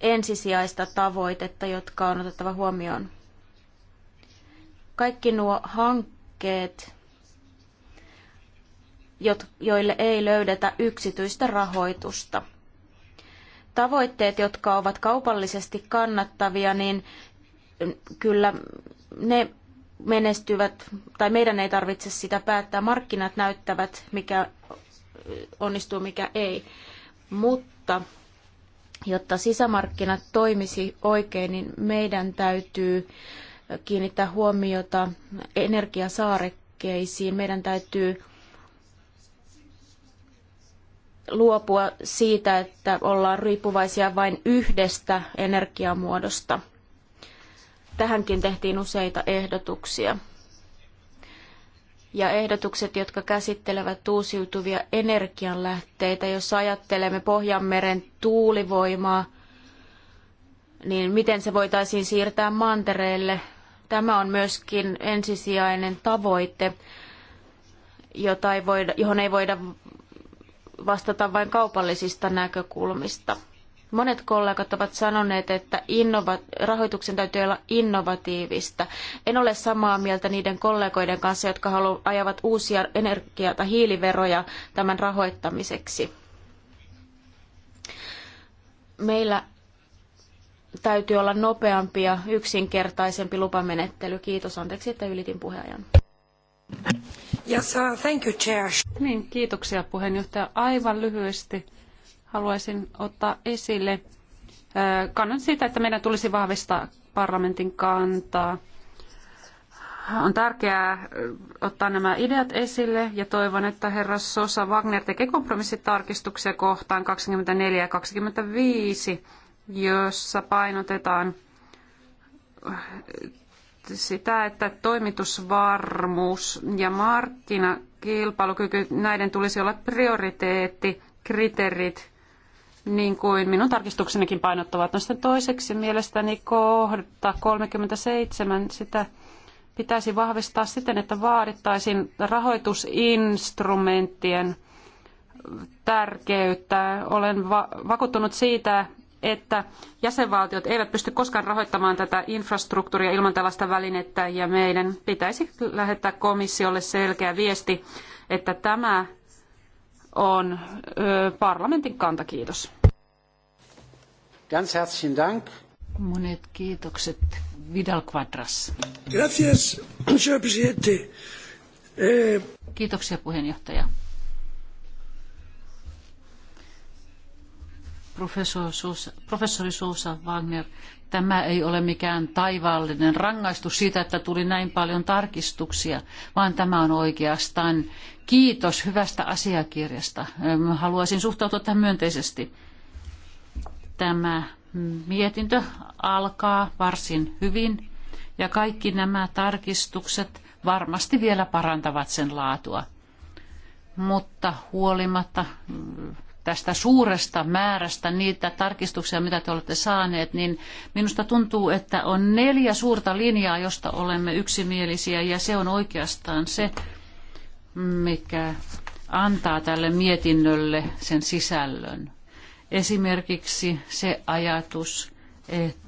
ensisijaista tavoitetta, jotka on otettava huomioon. Kaikki nuo hankkeet joille ei löydetä yksityistä rahoitusta. Tavoitteet, jotka ovat kaupallisesti kannattavia, niin kyllä ne menestyvät, tai meidän ei tarvitse sitä päättää. Markkinat näyttävät, mikä onnistuu, mikä ei. Mutta jotta sisämarkkinat toimisi oikein, niin meidän täytyy kiinnittää huomiota energiasaarekkeisiin. Meidän täytyy luopua siitä, että ollaan riippuvaisia vain yhdestä energiamuodosta. Tähänkin tehtiin useita ehdotuksia. Ja ehdotukset, jotka käsittelevät uusiutuvia energianlähteitä, jos ajattelemme Pohjanmeren tuulivoimaa, niin miten se voitaisiin siirtää mantereelle? Tämä on myöskin ensisijainen tavoite, jota ei voida, johon ei voida vastata vain kaupallisista näkökulmista. Monet kollegat ovat sanoneet, että innova- rahoituksen täytyy olla innovatiivista. En ole samaa mieltä niiden kollegoiden kanssa, jotka halu- ajavat uusia energia- tai hiiliveroja tämän rahoittamiseksi. Meillä täytyy olla nopeampi ja yksinkertaisempi lupamenettely. Kiitos, anteeksi, että ylitin puheajan. Yes, uh, thank you, chair. Niin, kiitoksia puheenjohtaja. Aivan lyhyesti haluaisin ottaa esille äh, kannan siitä, että meidän tulisi vahvistaa parlamentin kantaa. On tärkeää äh, ottaa nämä ideat esille ja toivon, että herra Sosa Wagner tekee kompromissitarkistuksia kohtaan 24 ja 25, jossa painotetaan äh, sitä, että toimitusvarmuus ja markkinakilpailukyky, näiden tulisi olla prioriteetti, kriteerit, niin kuin minun tarkistuksenikin painottavat. No sitten toiseksi mielestäni kohta 37 sitä pitäisi vahvistaa siten, että vaadittaisiin rahoitusinstrumenttien tärkeyttä. Olen va- vakuuttunut siitä, että jäsenvaltiot eivät pysty koskaan rahoittamaan tätä infrastruktuuria ilman tällaista välinettä ja meidän pitäisi lähettää komissiolle selkeä viesti, että tämä on parlamentin kanta. Kiitos. Ganz herzlichen Dank. Monet kiitokset. Vidal Quadras. Gracias, señor presidente. Eh, Kiitoksia puheenjohtaja. professori Sousa Wagner, tämä ei ole mikään taivaallinen rangaistus siitä, että tuli näin paljon tarkistuksia, vaan tämä on oikeastaan kiitos hyvästä asiakirjasta. Haluaisin suhtautua tähän myönteisesti. Tämä mietintö alkaa varsin hyvin ja kaikki nämä tarkistukset varmasti vielä parantavat sen laatua. Mutta huolimatta tästä suuresta määrästä niitä tarkistuksia, mitä te olette saaneet, niin minusta tuntuu, että on neljä suurta linjaa, josta olemme yksimielisiä, ja se on oikeastaan se, mikä antaa tälle mietinnölle sen sisällön. Esimerkiksi se ajatus, että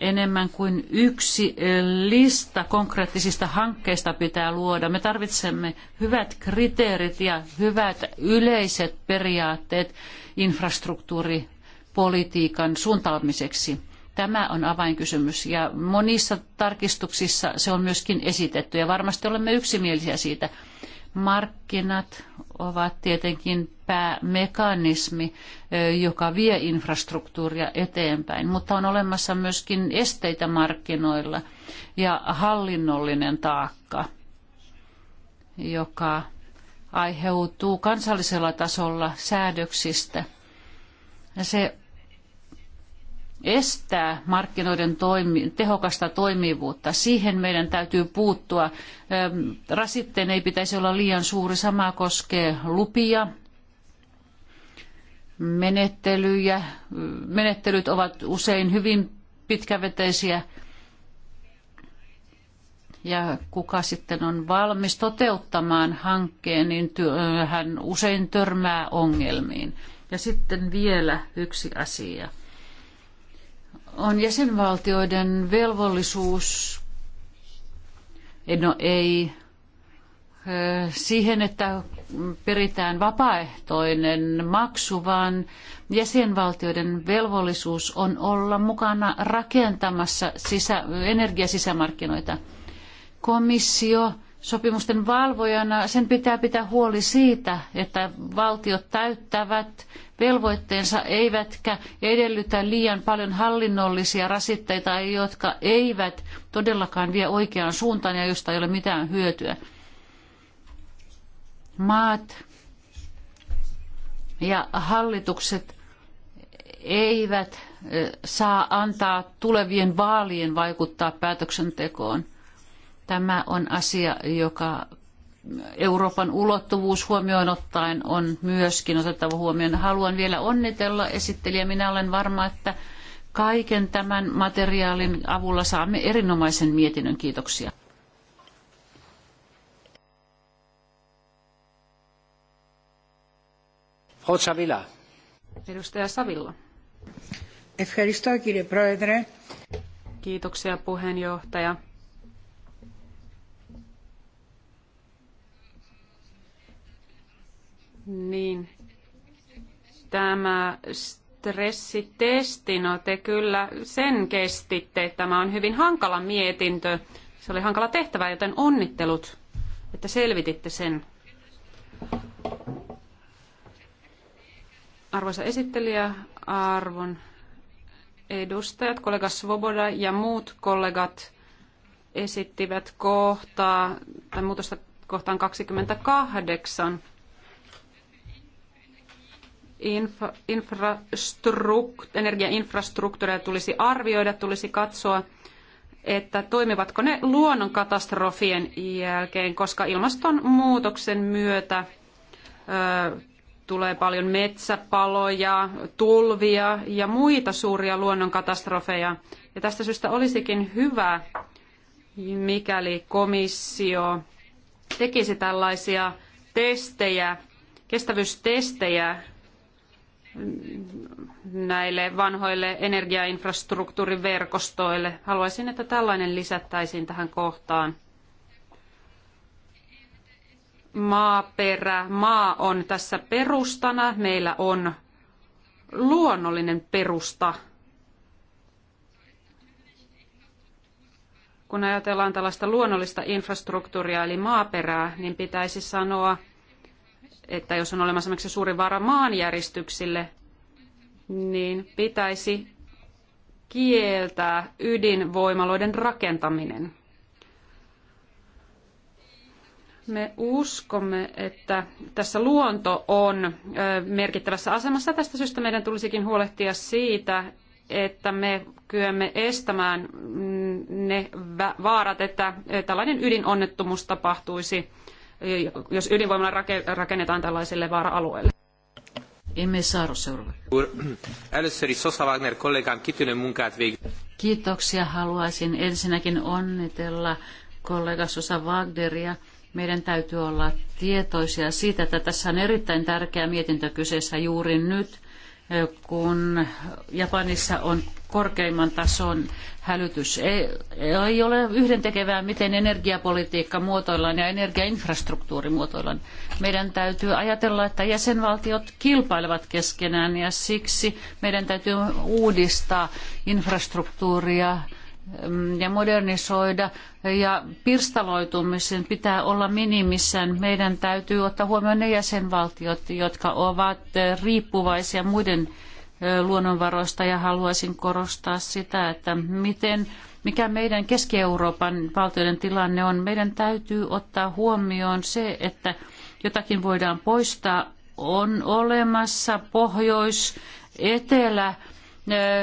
enemmän kuin yksi eh, lista konkreettisista hankkeista pitää luoda. Me tarvitsemme hyvät kriteerit ja hyvät yleiset periaatteet infrastruktuuripolitiikan suuntaamiseksi. Tämä on avainkysymys ja monissa tarkistuksissa se on myöskin esitetty ja varmasti olemme yksimielisiä siitä. Markkinat ovat tietenkin päämekanismi, joka vie infrastruktuuria eteenpäin, mutta on olemassa myöskin esteitä markkinoilla ja hallinnollinen taakka, joka aiheutuu kansallisella tasolla säädöksistä. Se estää markkinoiden toimi, tehokasta toimivuutta. Siihen meidän täytyy puuttua. Rasitteen ei pitäisi olla liian suuri. Sama koskee lupia menettelyjä. Menettelyt ovat usein hyvin pitkäveteisiä. Ja kuka sitten on valmis toteuttamaan hankkeen, niin hän usein törmää ongelmiin. Ja sitten vielä yksi asia. On jäsenvaltioiden velvollisuus, no ei, siihen, että peritään vapaaehtoinen maksu, vaan jäsenvaltioiden velvollisuus on olla mukana rakentamassa sisä, energiasisämarkkinoita. Komissio sopimusten valvojana sen pitää pitää huoli siitä, että valtiot täyttävät velvoitteensa eivätkä edellytä liian paljon hallinnollisia rasitteita, jotka eivät todellakaan vie oikeaan suuntaan ja josta ei ole mitään hyötyä maat ja hallitukset eivät saa antaa tulevien vaalien vaikuttaa päätöksentekoon. Tämä on asia, joka Euroopan ulottuvuus huomioon ottaen on myöskin otettava huomioon. Haluan vielä onnitella esittelijä. Minä olen varma, että kaiken tämän materiaalin avulla saamme erinomaisen mietinnön. Kiitoksia. Frau Savilla. Edustaja Savilla. Ευχαριστώ κύριε Kiitoksia puheenjohtaja. Niin, tämä stressitesti, no te kyllä sen kestitte. Tämä on hyvin hankala mietintö. Se oli hankala tehtävä, joten onnittelut, että selvititte sen. Arvoisa esittelijä, arvon edustajat, kollega Svoboda ja muut kollegat esittivät kohtaa, tai muutosta kohtaan 28 infra, infrastrukt, energiainfrastruktuuria tulisi arvioida, tulisi katsoa, että toimivatko ne luonnonkatastrofien jälkeen, koska ilmastonmuutoksen myötä ö, tulee paljon metsäpaloja, tulvia ja muita suuria luonnonkatastrofeja. Ja tästä syystä olisikin hyvä, mikäli komissio tekisi tällaisia testejä, kestävyystestejä näille vanhoille energiainfrastruktuuriverkostoille. Haluaisin, että tällainen lisättäisiin tähän kohtaan maaperä, maa on tässä perustana. Meillä on luonnollinen perusta. Kun ajatellaan tällaista luonnollista infrastruktuuria eli maaperää, niin pitäisi sanoa, että jos on olemassa esimerkiksi suuri vaara maanjäristyksille, niin pitäisi kieltää ydinvoimaloiden rakentaminen me uskomme, että tässä luonto on merkittävässä asemassa. Tästä syystä meidän tulisikin huolehtia siitä, että me kyemme estämään mm, ne vaarat, että tällainen ydinonnettomuus tapahtuisi, jos ydinvoimalla rakennetaan tällaisille vaara alueelle Emme saada seuraava. Kiitoksia. Haluaisin ensinnäkin onnitella kollega Susa Wagneria meidän täytyy olla tietoisia siitä, että tässä on erittäin tärkeä mietintö kyseessä juuri nyt, kun Japanissa on korkeimman tason hälytys. Ei, ei ole yhdentekevää, miten energiapolitiikka muotoillaan ja energiainfrastruktuuri muotoillaan. Meidän täytyy ajatella, että jäsenvaltiot kilpailevat keskenään ja siksi meidän täytyy uudistaa infrastruktuuria ja modernisoida ja pirstaloitumisen pitää olla minimissään. Meidän täytyy ottaa huomioon ne jäsenvaltiot, jotka ovat riippuvaisia muiden luonnonvaroista ja haluaisin korostaa sitä, että miten, mikä meidän Keski-Euroopan valtioiden tilanne on. Meidän täytyy ottaa huomioon se, että jotakin voidaan poistaa. On olemassa pohjois, etelä,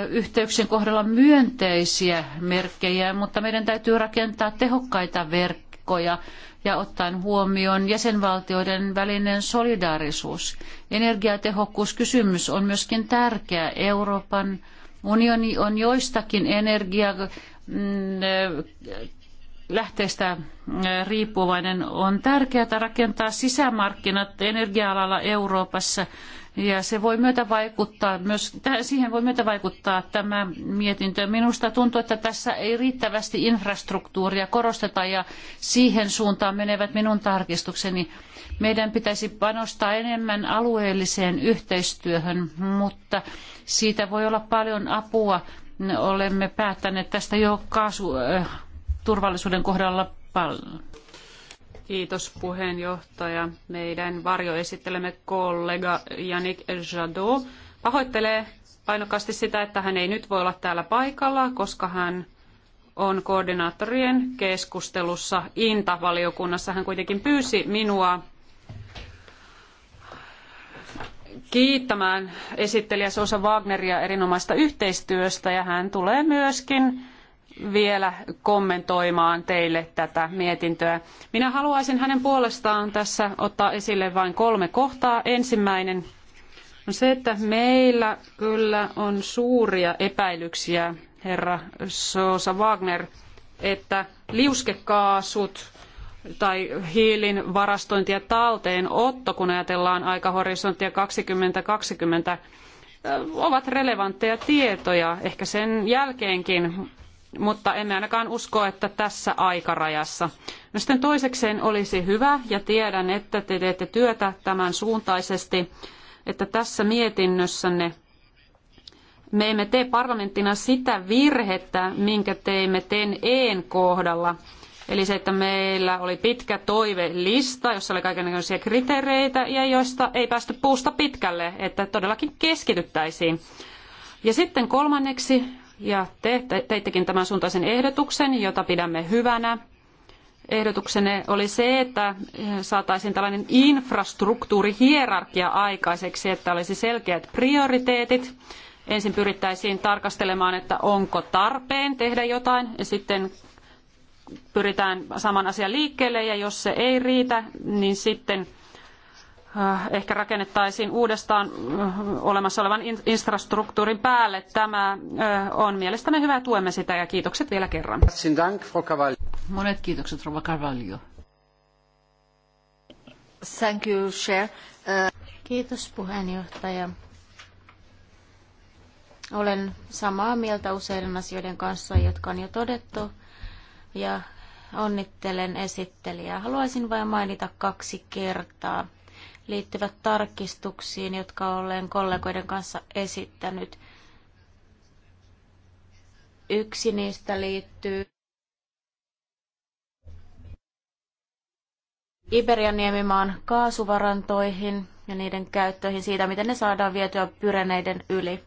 yhteyksien kohdalla myönteisiä merkkejä, mutta meidän täytyy rakentaa tehokkaita verkkoja ja ottaen huomioon jäsenvaltioiden välinen solidaarisuus. Energiatehokkuuskysymys on myöskin tärkeä. Euroopan unioni on joistakin energia mm, lähteistä riippuvainen. On tärkeää rakentaa sisämarkkinat energia-alalla Euroopassa ja se voi myötä vaikuttaa myös, siihen voi myötä vaikuttaa tämä mietintö. Minusta tuntuu, että tässä ei riittävästi infrastruktuuria korosteta ja siihen suuntaan menevät minun tarkistukseni. Meidän pitäisi panostaa enemmän alueelliseen yhteistyöhön, mutta siitä voi olla paljon apua. Olemme päättäneet tästä jo kaasuturvallisuuden äh, kohdalla paljon. Kiitos puheenjohtaja. Meidän varjoesittelemme kollega Janik Jadot pahoittelee painokkaasti sitä, että hän ei nyt voi olla täällä paikalla, koska hän on koordinaattorien keskustelussa Inta-valiokunnassa. Hän kuitenkin pyysi minua kiittämään esittelijä Sosa Wagneria erinomaista yhteistyöstä ja hän tulee myöskin vielä kommentoimaan teille tätä mietintöä. Minä haluaisin hänen puolestaan tässä ottaa esille vain kolme kohtaa. Ensimmäinen on se, että meillä kyllä on suuria epäilyksiä, herra Sosa Wagner, että liuskekaasut tai hiilin varastointi ja talteenotto, kun ajatellaan aikahorisonttia 2020, ovat relevantteja tietoja, ehkä sen jälkeenkin, mutta emme ainakaan usko, että tässä aikarajassa. No sitten toisekseen olisi hyvä, ja tiedän, että te teette työtä tämän suuntaisesti, että tässä mietinnössänne me emme tee parlamenttina sitä virhettä, minkä teimme ten een kohdalla. Eli se, että meillä oli pitkä toivelista, jossa oli kaikenlaisia kriteereitä ja joista ei päästy puusta pitkälle, että todellakin keskityttäisiin. Ja sitten kolmanneksi ja te teittekin tämän suuntaisen ehdotuksen, jota pidämme hyvänä. Ehdotuksenne oli se, että eh, saataisiin tällainen infrastruktuurihierarkia aikaiseksi, että olisi selkeät prioriteetit. Ensin pyrittäisiin tarkastelemaan, että onko tarpeen tehdä jotain, ja sitten pyritään saman asian liikkeelle, ja jos se ei riitä, niin sitten – Äh, ehkä rakennettaisiin uudestaan äh, olemassa olevan infrastruktuurin päälle. Tämä äh, on mielestäni hyvä ja tuemme sitä ja kiitokset vielä kerran. Monet kiitokset, Rova Carvalho. Thank you, Chair. Kiitos puheenjohtaja. Olen samaa mieltä useiden asioiden kanssa, jotka on jo todettu, ja onnittelen esittelijää. Haluaisin vain mainita kaksi kertaa liittyvät tarkistuksiin, jotka olen kollegoiden kanssa esittänyt. Yksi niistä liittyy Iberian niemimaan kaasuvarantoihin ja niiden käyttöihin siitä, miten ne saadaan vietyä pyreneiden yli.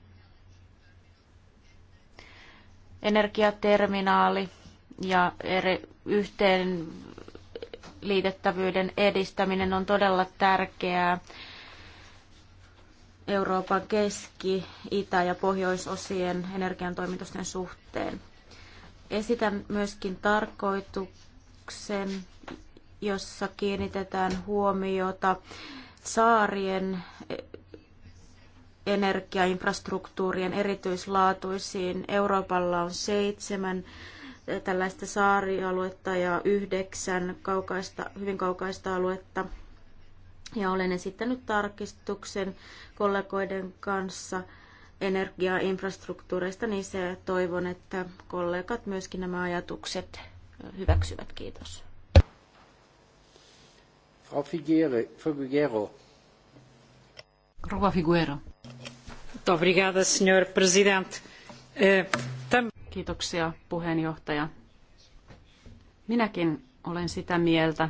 Energiaterminaali ja eri yhteen liitettävyyden edistäminen on todella tärkeää Euroopan keski-, itä- ja pohjoisosien energiantoimitusten suhteen. Esitän myöskin tarkoituksen, jossa kiinnitetään huomiota saarien energiainfrastruktuurien erityislaatuisiin. Euroopalla on seitsemän tällaista saarialuetta ja yhdeksän kaukaista, hyvin kaukaista aluetta. Ja olen esittänyt tarkistuksen kollegoiden kanssa energiainfrastruktuureista, niin se toivon, että kollegat myöskin nämä ajatukset hyväksyvät. Kiitos. Frau Figuero. Rouva Figuero. Obrigada, senhor presidente. Eh, Kiitoksia puheenjohtaja. Minäkin olen sitä mieltä,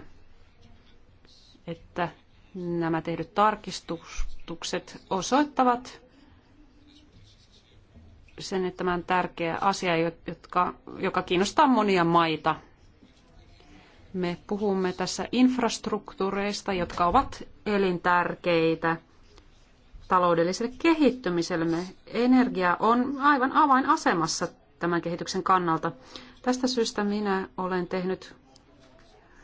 että nämä tehdyt tarkistukset osoittavat sen, että tämä on tärkeä asia, jotka, joka kiinnostaa monia maita. Me puhumme tässä infrastruktuureista, jotka ovat elintärkeitä taloudelliselle kehittymiselle. Energia on aivan avainasemassa tämän kehityksen kannalta. Tästä syystä minä olen tehnyt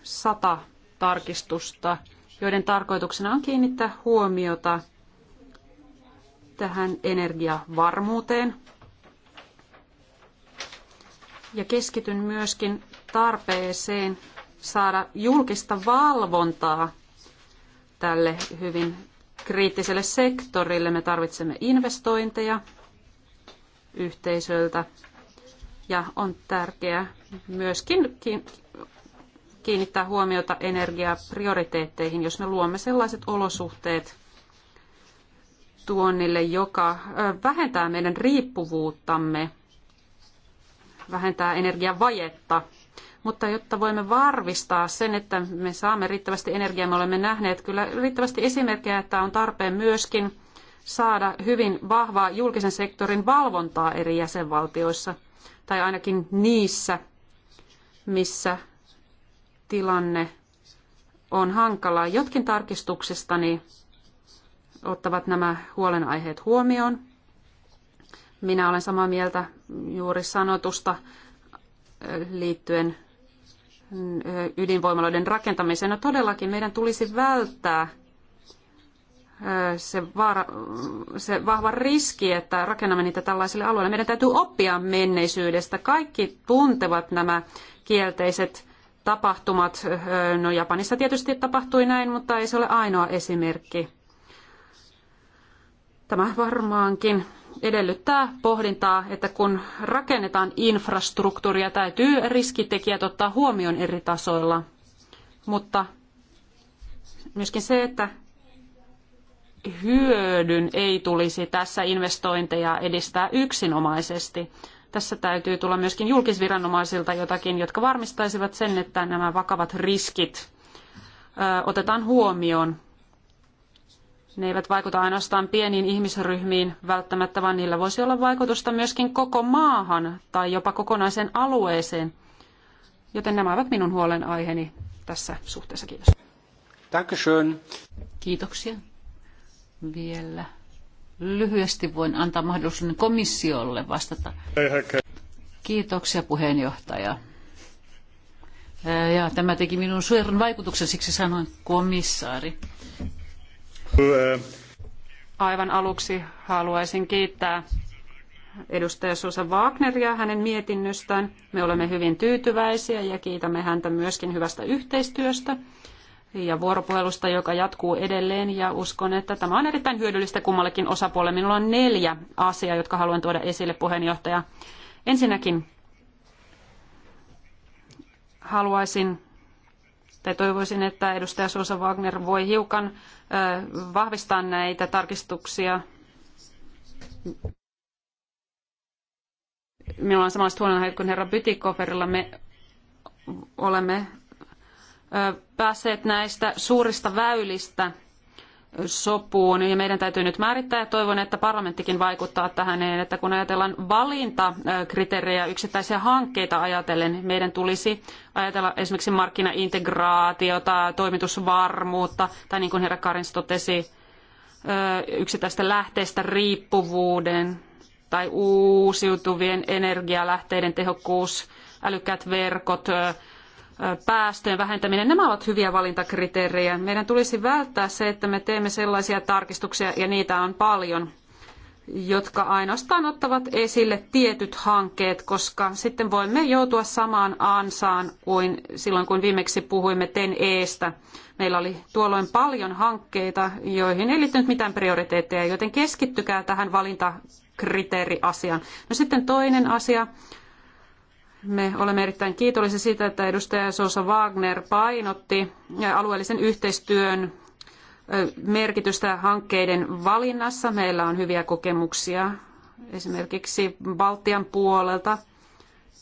sata tarkistusta, joiden tarkoituksena on kiinnittää huomiota tähän energiavarmuuteen. Ja keskityn myöskin tarpeeseen saada julkista valvontaa tälle hyvin kriittiselle sektorille. Me tarvitsemme investointeja yhteisöltä, ja on tärkeää myöskin kiinnittää huomiota energiaprioriteetteihin, jos me luomme sellaiset olosuhteet tuonnille, joka vähentää meidän riippuvuuttamme, vähentää energiavajetta. Mutta jotta voimme varmistaa sen, että me saamme riittävästi energiaa, me olemme nähneet kyllä riittävästi esimerkkejä, että on tarpeen myöskin saada hyvin vahvaa julkisen sektorin valvontaa eri jäsenvaltioissa – tai ainakin niissä, missä tilanne on hankalaa. Jotkin niin ottavat nämä huolenaiheet huomioon. Minä olen samaa mieltä juuri sanotusta liittyen ydinvoimaloiden rakentamiseen. No todellakin meidän tulisi välttää Äh, se, vaara, se vahva riski, että rakennamme niitä tällaisille alueille. Meidän täytyy oppia menneisyydestä. Kaikki tuntevat nämä kielteiset tapahtumat. Äh, no Japanissa tietysti tapahtui näin, mutta ei se ole ainoa esimerkki. Tämä varmaankin edellyttää pohdintaa, että kun rakennetaan infrastruktuuria, täytyy riskitekijät ottaa huomioon eri tasoilla. Mutta myöskin se, että hyödyn ei tulisi tässä investointeja edistää yksinomaisesti. Tässä täytyy tulla myöskin julkisviranomaisilta jotakin, jotka varmistaisivat sen, että nämä vakavat riskit otetaan huomioon. Ne eivät vaikuta ainoastaan pieniin ihmisryhmiin välttämättä, vaan niillä voisi olla vaikutusta myöskin koko maahan tai jopa kokonaiseen alueeseen. Joten nämä ovat minun huolenaiheeni tässä suhteessa. Kiitos. Dankeschön. Kiitoksia vielä lyhyesti voin antaa mahdollisuuden komissiolle vastata. Kiitoksia puheenjohtaja. Ja tämä teki minun suoran vaikutuksen, siksi sanoin komissaari. Aivan aluksi haluaisin kiittää edustaja Susa Wagneria hänen mietinnöstään. Me olemme hyvin tyytyväisiä ja kiitämme häntä myöskin hyvästä yhteistyöstä ja vuoropuhelusta, joka jatkuu edelleen ja uskon, että tämä on erittäin hyödyllistä kummallekin osapuolelle. Minulla on neljä asiaa, jotka haluan tuoda esille puheenjohtaja. Ensinnäkin haluaisin tai toivoisin, että edustaja Suosa Wagner voi hiukan vahvistaa näitä tarkistuksia. Minulla on samanlaiset huolenaiheet kuin herra Bytikoferilla. Me olemme päässeet näistä suurista väylistä sopuun ja meidän täytyy nyt määrittää ja toivon, että parlamenttikin vaikuttaa tähän niin, että kun ajatellaan valintakriteerejä yksittäisiä hankkeita ajatellen, meidän tulisi ajatella esimerkiksi markkinaintegraatiota, toimitusvarmuutta tai niin kuin herra Karins totesi, yksittäistä lähteestä riippuvuuden tai uusiutuvien energialähteiden tehokkuus, älykkäät verkot, päästöjen vähentäminen, nämä ovat hyviä valintakriteerejä. Meidän tulisi välttää se, että me teemme sellaisia tarkistuksia, ja niitä on paljon, jotka ainoastaan ottavat esille tietyt hankkeet, koska sitten voimme joutua samaan ansaan kuin silloin, kun viimeksi puhuimme TEN eestä. Meillä oli tuolloin paljon hankkeita, joihin ei liittynyt mitään prioriteetteja, joten keskittykää tähän valintakriteeriasiaan. No sitten toinen asia, me olemme erittäin kiitollisia siitä, että edustaja Sosa Wagner painotti alueellisen yhteistyön merkitystä hankkeiden valinnassa. Meillä on hyviä kokemuksia esimerkiksi Baltian puolelta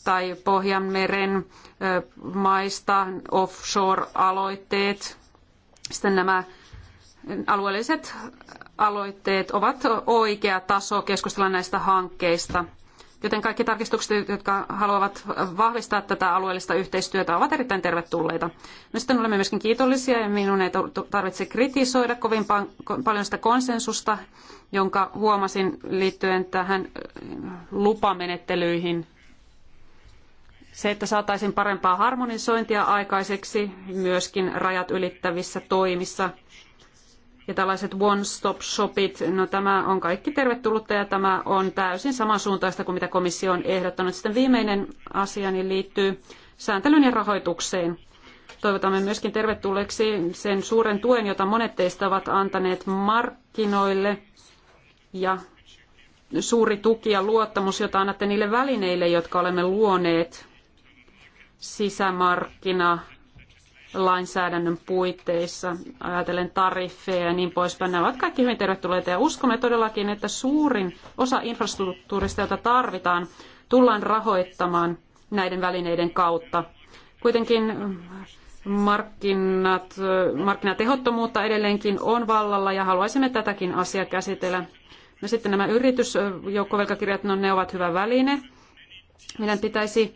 tai Pohjanmeren maista offshore-aloitteet. Sitten nämä alueelliset aloitteet ovat oikea taso keskustella näistä hankkeista – Joten kaikki tarkistukset, jotka haluavat vahvistaa tätä alueellista yhteistyötä, ovat erittäin tervetulleita. No sitten olemme myöskin kiitollisia ja minun ei tarvitse kritisoida kovin paljon sitä konsensusta, jonka huomasin liittyen tähän lupamenettelyihin. Se, että saataisiin parempaa harmonisointia aikaiseksi myöskin rajat ylittävissä toimissa – ja tällaiset one-stop-shopit, no tämä on kaikki tervetullutta ja tämä on täysin samansuuntaista kuin mitä komissio on ehdottanut. Sitten viimeinen asiani liittyy sääntelyn ja rahoitukseen. Toivotamme myöskin tervetulleeksi sen suuren tuen, jota monet teistä ovat antaneet markkinoille ja suuri tuki ja luottamus, jota annatte niille välineille, jotka olemme luoneet sisämarkkina lainsäädännön puitteissa, ajatellen tariffeja ja niin poispäin. Nämä ovat kaikki hyvin tervetulleita ja uskomme todellakin, että suurin osa infrastruktuurista, jota tarvitaan, tullaan rahoittamaan näiden välineiden kautta. Kuitenkin markkinat, markkinatehottomuutta edelleenkin on vallalla ja haluaisimme tätäkin asiaa käsitellä. No sitten nämä yritysjoukkovelkakirjat, no ne ovat hyvä väline. Meidän pitäisi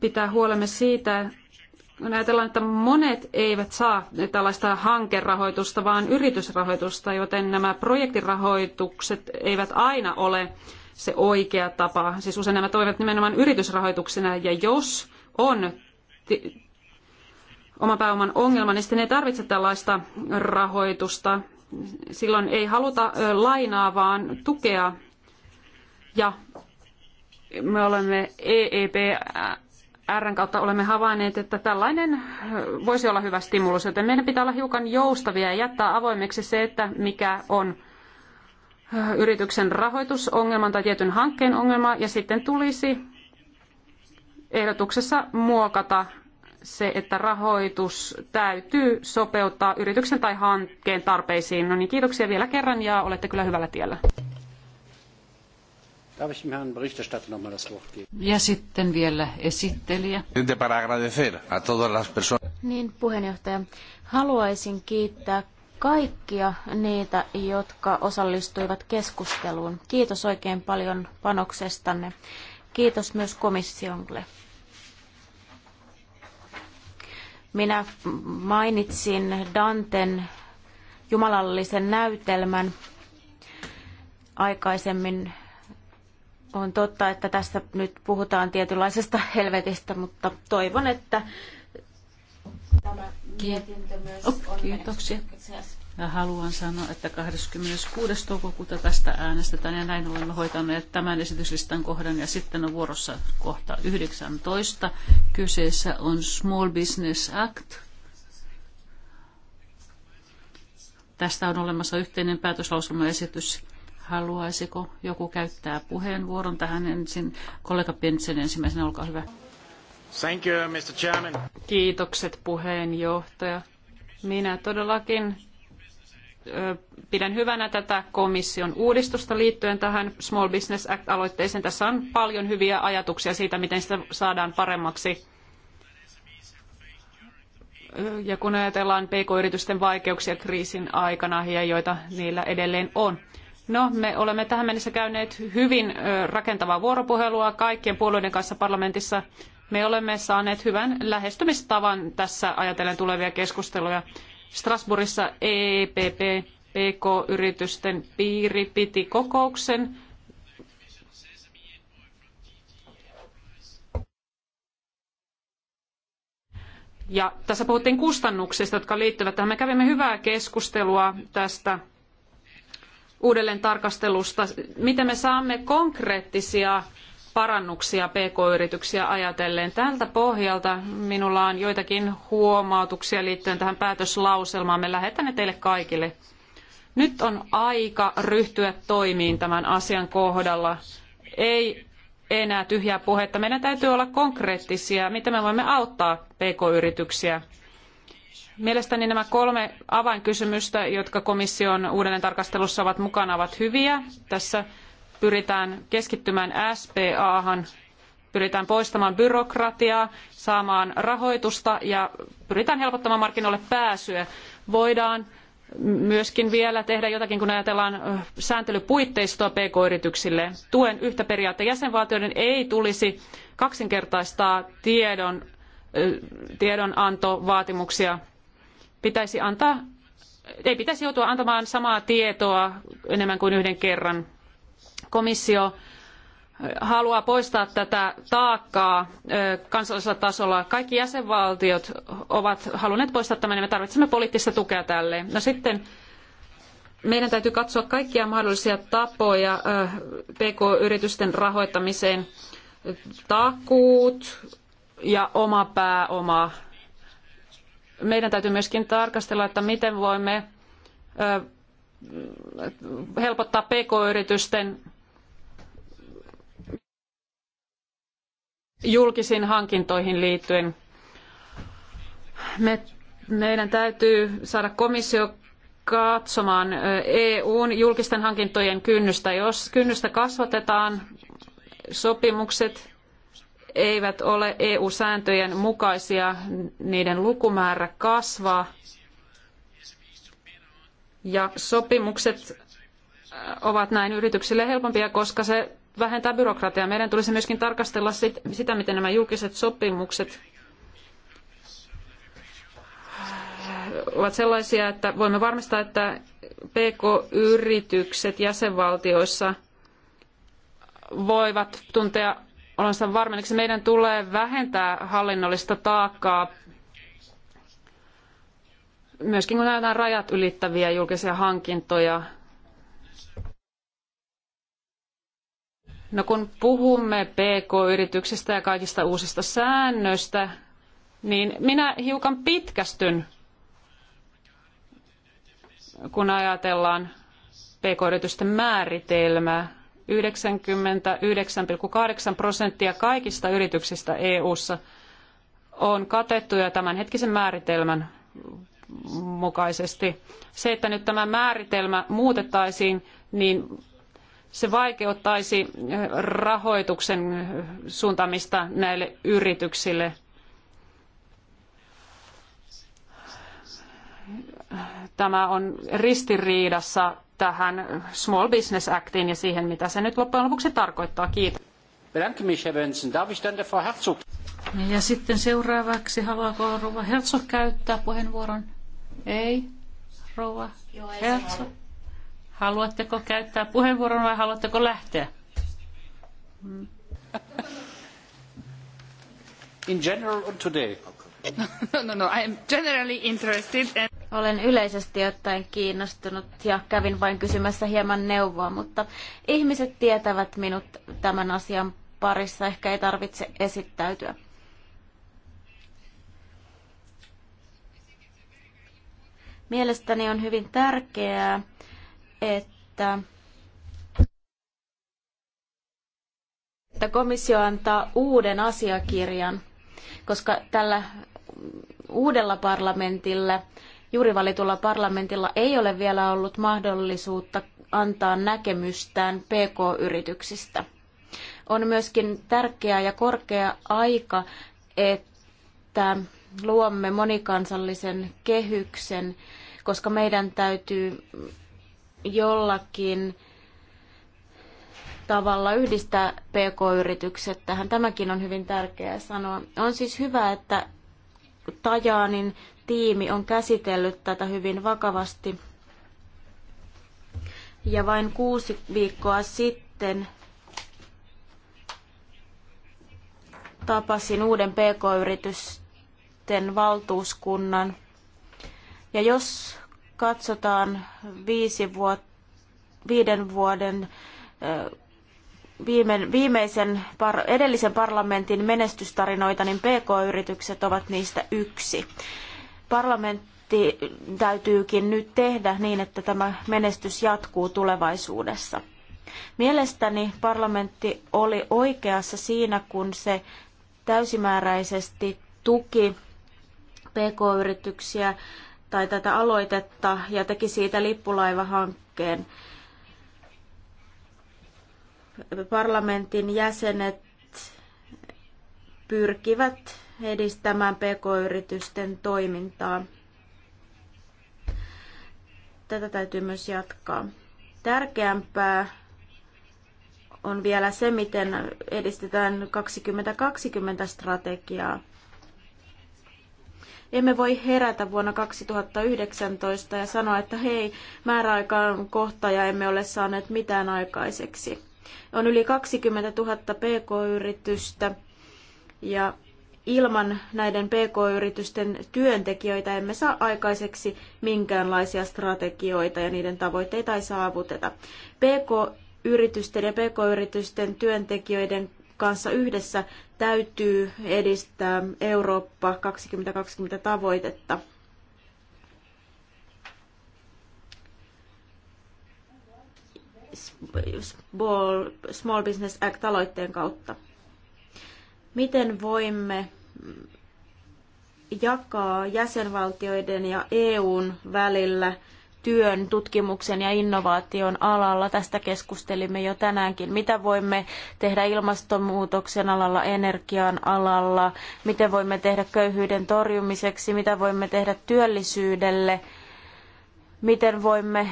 pitää huolemme siitä, kun ajatellaan, että monet eivät saa tällaista hankerahoitusta, vaan yritysrahoitusta, joten nämä projektirahoitukset eivät aina ole se oikea tapa. Siis usein nämä toimivat nimenomaan yritysrahoituksena, ja jos on ti- oman pääoman ongelma, niin sitten ei tarvitse tällaista rahoitusta. Silloin ei haluta lainaa, vaan tukea. Ja me olemme EEP RN kautta olemme havainneet, että tällainen äh, voisi olla hyvä stimulus, joten meidän pitää olla hiukan joustavia ja jättää avoimeksi se, että mikä on äh, yrityksen rahoitusongelman tai tietyn hankkeen ongelma, ja sitten tulisi ehdotuksessa muokata se, että rahoitus täytyy sopeuttaa yrityksen tai hankkeen tarpeisiin. No niin, kiitoksia vielä kerran ja olette kyllä hyvällä tiellä. Ja sitten vielä esittelijä. para agradecer a todas las personas. Niin, puheenjohtaja. Haluaisin kiittää kaikkia niitä, jotka osallistuivat keskusteluun. Kiitos oikein paljon panoksestanne. Kiitos myös komissiolle. Minä mainitsin Danten jumalallisen näytelmän aikaisemmin on totta, että tässä nyt puhutaan tietynlaisesta helvetistä, mutta toivon, että tämä mietintö myös on Kiitoksia. Ja haluan sanoa, että 26. toukokuuta tästä äänestetään ja näin olemme hoitaneet tämän esityslistan kohdan ja sitten on vuorossa kohta 19. Kyseessä on Small Business Act. Tästä on olemassa yhteinen päätöslauselmaesitys Haluaisiko joku käyttää puheenvuoron tähän ensin? Kollega Pentsen ensimmäisenä, olkaa hyvä. Thank you, Mr. Chairman. Kiitokset puheenjohtaja. Minä todellakin pidän hyvänä tätä komission uudistusta liittyen tähän Small Business Act-aloitteeseen. Tässä on paljon hyviä ajatuksia siitä, miten sitä saadaan paremmaksi. Ja kun ajatellaan pk-yritysten vaikeuksia kriisin aikana ja joita niillä edelleen on. No, me olemme tähän mennessä käyneet hyvin rakentavaa vuoropuhelua kaikkien puolueiden kanssa parlamentissa. Me olemme saaneet hyvän lähestymistavan tässä ajatellen tulevia keskusteluja. Strasbourgissa EPP PK-yritysten piiri piti kokouksen. Ja tässä puhuttiin kustannuksista, jotka liittyvät tähän. Me kävimme hyvää keskustelua tästä uudelleen tarkastelusta, miten me saamme konkreettisia parannuksia pk-yrityksiä ajatellen. Tältä pohjalta minulla on joitakin huomautuksia liittyen tähän päätöslauselmaan. Me lähetämme ne teille kaikille. Nyt on aika ryhtyä toimiin tämän asian kohdalla. Ei enää tyhjää puhetta. Meidän täytyy olla konkreettisia, miten me voimme auttaa pk-yrityksiä Mielestäni nämä kolme avainkysymystä, jotka komission uudelleen tarkastelussa ovat mukana, ovat hyviä. Tässä pyritään keskittymään SPA-han, pyritään poistamaan byrokratiaa, saamaan rahoitusta ja pyritään helpottamaan markkinoille pääsyä. Voidaan myöskin vielä tehdä jotakin, kun ajatellaan sääntelypuitteistoa pk-yrityksille. Tuen yhtä periaatteen jäsenvaltioiden ei tulisi kaksinkertaistaa tiedon, tiedonantovaatimuksia pitäisi antaa, ei pitäisi joutua antamaan samaa tietoa enemmän kuin yhden kerran. Komissio haluaa poistaa tätä taakkaa kansallisella tasolla. Kaikki jäsenvaltiot ovat halunneet poistaa tämän ja me tarvitsemme poliittista tukea tälle. No sitten meidän täytyy katsoa kaikkia mahdollisia tapoja PK-yritysten rahoittamiseen. Takuut ja oma pääoma meidän täytyy myöskin tarkastella, että miten voimme helpottaa pk-yritysten julkisiin hankintoihin liittyen. Me, meidän täytyy saada komissio katsomaan EUn julkisten hankintojen kynnystä. Jos kynnystä kasvatetaan, sopimukset eivät ole EU-sääntöjen mukaisia, niiden lukumäärä kasvaa ja sopimukset äh, ovat näin yrityksille helpompia, koska se vähentää byrokratiaa. Meidän tulisi myöskin tarkastella sitä, miten nämä julkiset sopimukset äh, ovat sellaisia, että voimme varmistaa, että PK-yritykset jäsenvaltioissa voivat tuntea olen varma, että Meidän tulee vähentää hallinnollista taakkaa myöskin kun näytetään rajat ylittäviä julkisia hankintoja. No kun puhumme PK-yrityksistä ja kaikista uusista säännöistä, niin minä hiukan pitkästyn, kun ajatellaan PK-yritysten määritelmää 99,8 prosenttia kaikista yrityksistä EU:ssa on katettuja tämänhetkisen määritelmän mukaisesti. Se, että nyt tämä määritelmä muutettaisiin, niin se vaikeuttaisi rahoituksen suuntaamista näille yrityksille – tämä on ristiriidassa tähän Small Business Actiin ja siihen, mitä se nyt loppujen lopuksi tarkoittaa. Kiitos. Ja sitten seuraavaksi, haluaako Rouva Herzog käyttää puheenvuoron? Ei. Rouva Herzog. Haluatteko käyttää puheenvuoron vai haluatteko lähteä? In general today? no, no, no. I am generally interested and olen yleisesti ottaen kiinnostunut ja kävin vain kysymässä hieman neuvoa, mutta ihmiset tietävät minut tämän asian parissa. Ehkä ei tarvitse esittäytyä. Mielestäni on hyvin tärkeää, että että komissio antaa uuden asiakirjan, koska tällä uudella parlamentilla juuri valitulla parlamentilla ei ole vielä ollut mahdollisuutta antaa näkemystään PK-yrityksistä. On myöskin tärkeää ja korkea aika, että luomme monikansallisen kehyksen, koska meidän täytyy jollakin tavalla yhdistää PK-yritykset tähän. Tämäkin on hyvin tärkeää sanoa. On siis hyvä, että Tajaanin tiimi on käsitellyt tätä hyvin vakavasti. Ja vain kuusi viikkoa sitten tapasin uuden PK-yritysten valtuuskunnan. Ja jos katsotaan viisi vuot, viiden vuoden viime, viimeisen edellisen parlamentin menestystarinoita, niin PK-yritykset ovat niistä yksi. Parlamentti täytyykin nyt tehdä niin, että tämä menestys jatkuu tulevaisuudessa. Mielestäni parlamentti oli oikeassa siinä, kun se täysimääräisesti tuki PK-yrityksiä tai tätä aloitetta ja teki siitä lippulaivahankkeen. Parlamentin jäsenet pyrkivät edistämään pk-yritysten toimintaa. Tätä täytyy myös jatkaa. Tärkeämpää on vielä se, miten edistetään 2020-strategiaa. Emme voi herätä vuonna 2019 ja sanoa, että hei, määräaika on kohta ja emme ole saaneet mitään aikaiseksi. On yli 20 000 pk-yritystä ja ilman näiden PK-yritysten työntekijöitä emme saa aikaiseksi minkäänlaisia strategioita ja niiden tavoitteita ei saavuteta. PK-yritysten ja PK-yritysten työntekijöiden kanssa yhdessä täytyy edistää Eurooppa 2020 tavoitetta. Small Business Act-aloitteen kautta. Miten voimme jakaa jäsenvaltioiden ja EUn välillä työn, tutkimuksen ja innovaation alalla. Tästä keskustelimme jo tänäänkin. Mitä voimme tehdä ilmastonmuutoksen alalla, energian alalla, miten voimme tehdä köyhyyden torjumiseksi, mitä voimme tehdä työllisyydelle, miten voimme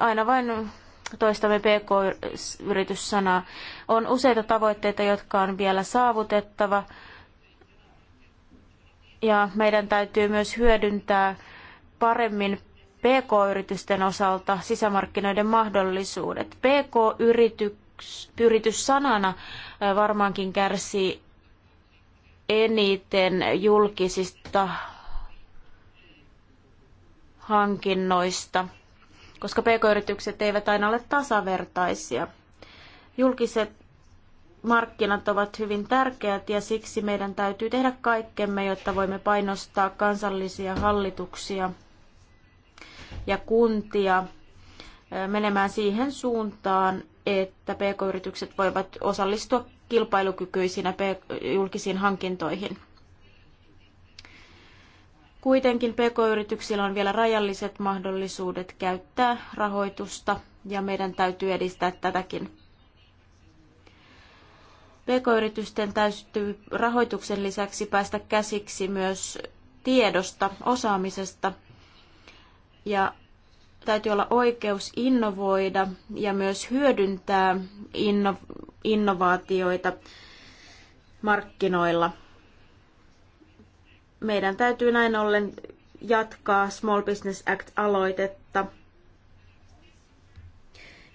aina vain toistamme pk-yrityssanaa. On useita tavoitteita, jotka on vielä saavutettava ja meidän täytyy myös hyödyntää paremmin PK-yritysten osalta sisämarkkinoiden mahdollisuudet. PK-yritys sanana varmaankin kärsii eniten julkisista hankinnoista – koska pk-yritykset eivät aina ole tasavertaisia. Julkiset markkinat ovat hyvin tärkeät ja siksi meidän täytyy tehdä kaikkemme, jotta voimme painostaa kansallisia hallituksia ja kuntia menemään siihen suuntaan, että pk-yritykset voivat osallistua kilpailukykyisinä julkisiin hankintoihin. Kuitenkin pk-yrityksillä on vielä rajalliset mahdollisuudet käyttää rahoitusta ja meidän täytyy edistää tätäkin. PK-yritysten täytyy rahoituksen lisäksi päästä käsiksi myös tiedosta, osaamisesta ja täytyy olla oikeus innovoida ja myös hyödyntää inno, innovaatioita markkinoilla. Meidän täytyy näin ollen jatkaa Small Business Act-aloitetta.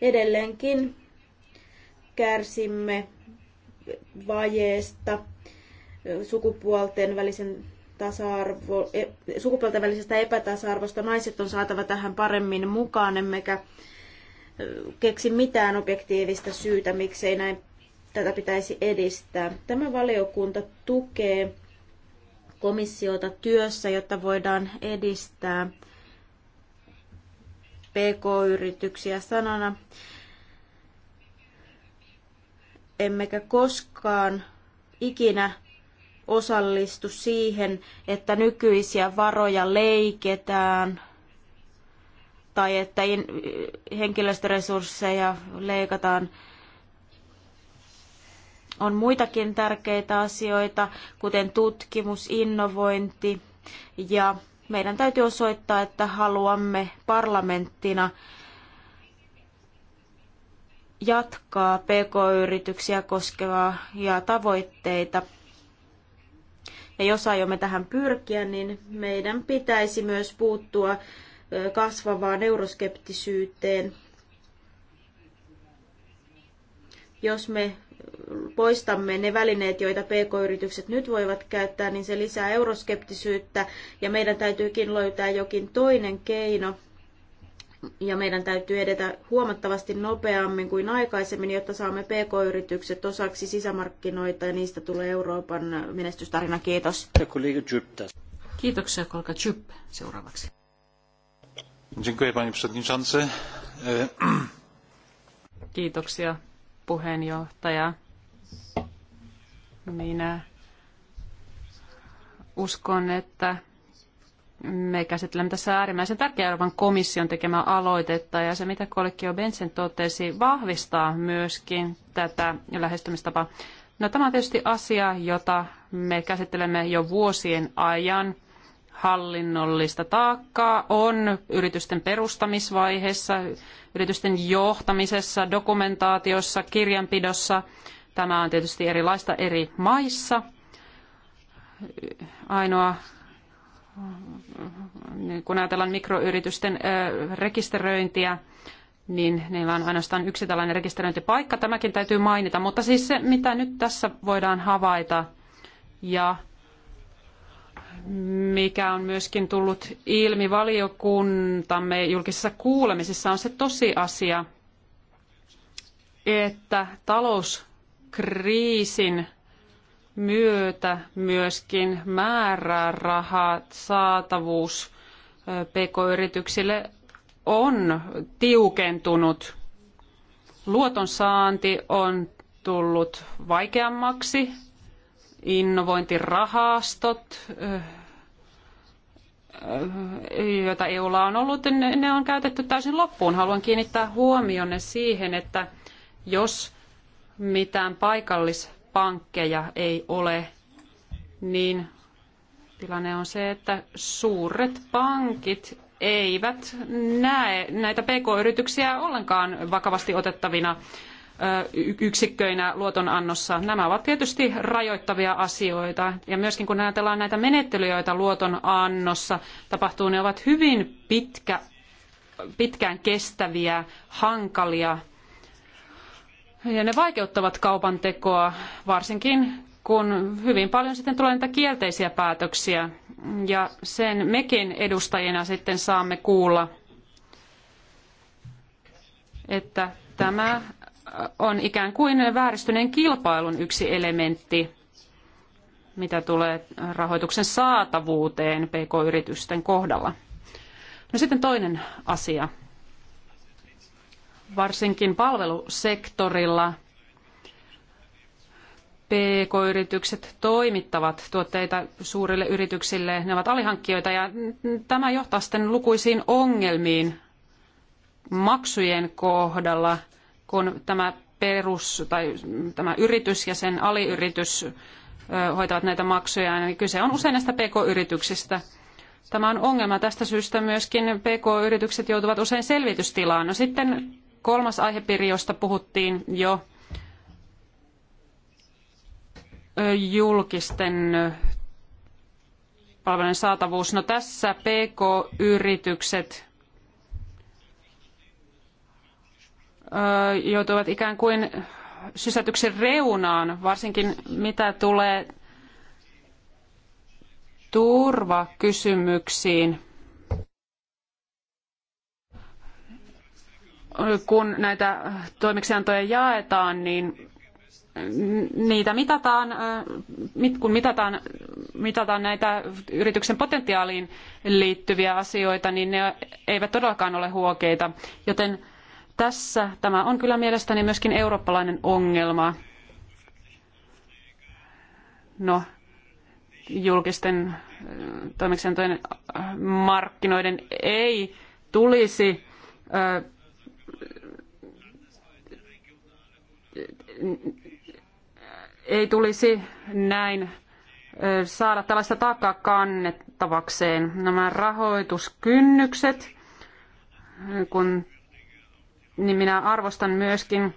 Edelleenkin kärsimme vajeesta sukupuolten välisen tasa-arvo, e, sukupuolten välisestä epätasa-arvosta. Naiset on saatava tähän paremmin mukaan, emmekä keksi mitään objektiivista syytä, miksei näin tätä pitäisi edistää. Tämä valiokunta tukee komissiota työssä, jotta voidaan edistää PK-yrityksiä sanana. Emmekä koskaan ikinä osallistu siihen, että nykyisiä varoja leiketään tai että henkilöstöresursseja leikataan on muitakin tärkeitä asioita, kuten tutkimus, innovointi ja meidän täytyy osoittaa, että haluamme parlamenttina jatkaa pk-yrityksiä koskevaa ja tavoitteita. Ja jos aiomme tähän pyrkiä, niin meidän pitäisi myös puuttua kasvavaan euroskeptisyyteen. Jos me poistamme ne välineet, joita pk-yritykset nyt voivat käyttää, niin se lisää euroskeptisyyttä ja meidän täytyykin löytää jokin toinen keino ja meidän täytyy edetä huomattavasti nopeammin kuin aikaisemmin, jotta saamme pk-yritykset osaksi sisämarkkinoita ja niistä tulee Euroopan menestystarina. Kiitos. Kiitoksia, kolka Chyp. Seuraavaksi. Dziękuję, panie przewodniczący. E, Kiitoksia, puheenjohtaja. Minä uskon, että me käsittelemme tässä äärimmäisen tärkeää Euroopan komission tekemää aloitetta ja se, mitä kollegio Benson totesi, vahvistaa myöskin tätä lähestymistapaa. No, tämä on tietysti asia, jota me käsittelemme jo vuosien ajan hallinnollista taakkaa on yritysten perustamisvaiheessa, yritysten johtamisessa, dokumentaatiossa, kirjanpidossa. Tämä on tietysti erilaista eri maissa. Ainoa, kun ajatellaan mikroyritysten rekisteröintiä, niin niillä on ainoastaan yksi tällainen rekisteröintipaikka. Tämäkin täytyy mainita, mutta siis se, mitä nyt tässä voidaan havaita ja mikä on myöskin tullut ilmi valiokuntamme julkisessa kuulemisessa, on se tosiasia, että talouskriisin myötä myöskin määrärahat, saatavuus pk-yrityksille on tiukentunut. Luoton saanti on tullut vaikeammaksi innovointirahastot, eh, eh, joita EUlla on ollut, niin ne on käytetty täysin loppuun. Haluan kiinnittää huomionne siihen, että jos mitään paikallispankkeja ei ole, niin tilanne on se, että suuret pankit eivät näe näitä pk-yrityksiä ollenkaan vakavasti otettavina yksikköinä luotonannossa. Nämä ovat tietysti rajoittavia asioita ja myöskin kun ajatellaan näitä menettelyjä, joita luotonannossa tapahtuu, ne ovat hyvin pitkä, pitkään kestäviä, hankalia ja ne vaikeuttavat kaupan tekoa, varsinkin kun hyvin paljon sitten tulee näitä kielteisiä päätöksiä ja sen mekin edustajina sitten saamme kuulla, että tämä on ikään kuin vääristyneen kilpailun yksi elementti, mitä tulee rahoituksen saatavuuteen pk-yritysten kohdalla. No sitten toinen asia. Varsinkin palvelusektorilla PK-yritykset toimittavat tuotteita suurille yrityksille, ne ovat alihankkijoita ja tämä johtaa sitten lukuisiin ongelmiin maksujen kohdalla – kun tämä perus tai tämä yritys ja sen aliyritys hoitavat näitä maksuja, niin kyse on usein näistä pk-yrityksistä. Tämä on ongelma. Tästä syystä myöskin pk-yritykset joutuvat usein selvitystilaan. No sitten kolmas aihepiiri, josta puhuttiin jo julkisten palvelujen saatavuus. No tässä PK-yritykset joutuivat ikään kuin sysätyksen reunaan, varsinkin mitä tulee turvakysymyksiin. Kun näitä toimeksiantoja jaetaan, niin niitä mitataan, kun mitataan, mitataan näitä yrityksen potentiaaliin liittyviä asioita, niin ne eivät todellakaan ole huokeita. Joten tässä tämä on kyllä mielestäni myöskin eurooppalainen ongelma. No, julkisten äh, toimeksiantojen äh, markkinoiden ei tulisi äh, ei tulisi näin saada tällaista taakkaa kannettavakseen. Nämä rahoituskynnykset, kun niin minä arvostan myöskin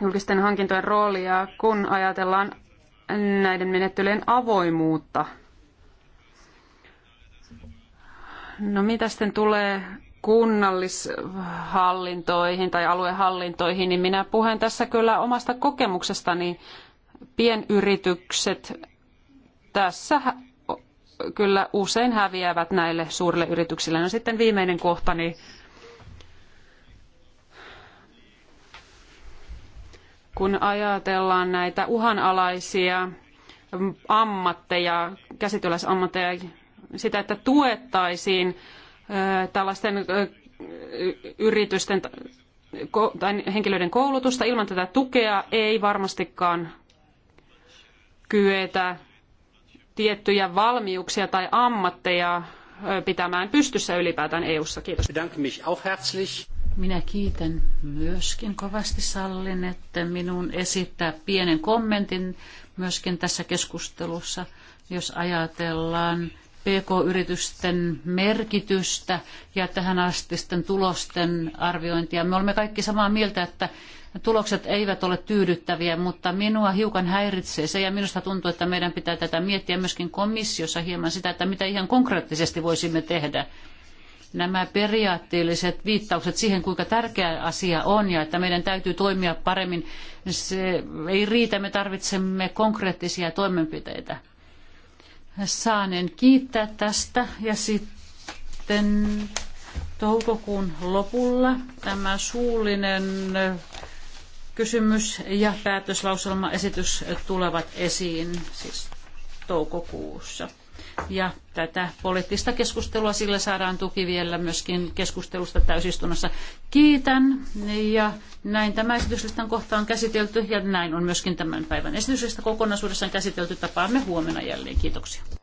julkisten hankintojen roolia, kun ajatellaan näiden menettelyjen avoimuutta. No mitä sitten tulee kunnallishallintoihin tai aluehallintoihin, niin minä puhun tässä kyllä omasta kokemuksestani. Pienyritykset tässä kyllä usein häviävät näille suurille yrityksille. No sitten viimeinen kohta, Niin kun ajatellaan näitä uhanalaisia ammatteja, käsityöläisammatteja, sitä, että tuettaisiin tällaisten yritysten tai henkilöiden koulutusta. Ilman tätä tukea ei varmastikaan kyetä tiettyjä valmiuksia tai ammatteja pitämään pystyssä ylipäätään EU-ssa. Kiitos. Minä kiitän myöskin kovasti sallin, että minun esittää pienen kommentin myöskin tässä keskustelussa, jos ajatellaan PK-yritysten merkitystä ja tähän asti tulosten arviointia. Me olemme kaikki samaa mieltä, että tulokset eivät ole tyydyttäviä, mutta minua hiukan häiritsee se ja minusta tuntuu, että meidän pitää tätä miettiä myöskin komissiossa hieman sitä, että mitä ihan konkreettisesti voisimme tehdä nämä periaatteelliset viittaukset siihen, kuinka tärkeä asia on ja että meidän täytyy toimia paremmin, se ei riitä, me tarvitsemme konkreettisia toimenpiteitä. Saanen kiittää tästä ja sitten toukokuun lopulla tämä suullinen kysymys ja päätöslauselmaesitys tulevat esiin siis toukokuussa ja tätä poliittista keskustelua sillä saadaan tuki vielä myöskin keskustelusta täysistunnossa. Kiitän ja näin tämä esityslistan kohta on käsitelty ja näin on myöskin tämän päivän esityslista kokonaisuudessaan käsitelty. Tapaamme huomenna jälleen. Kiitoksia.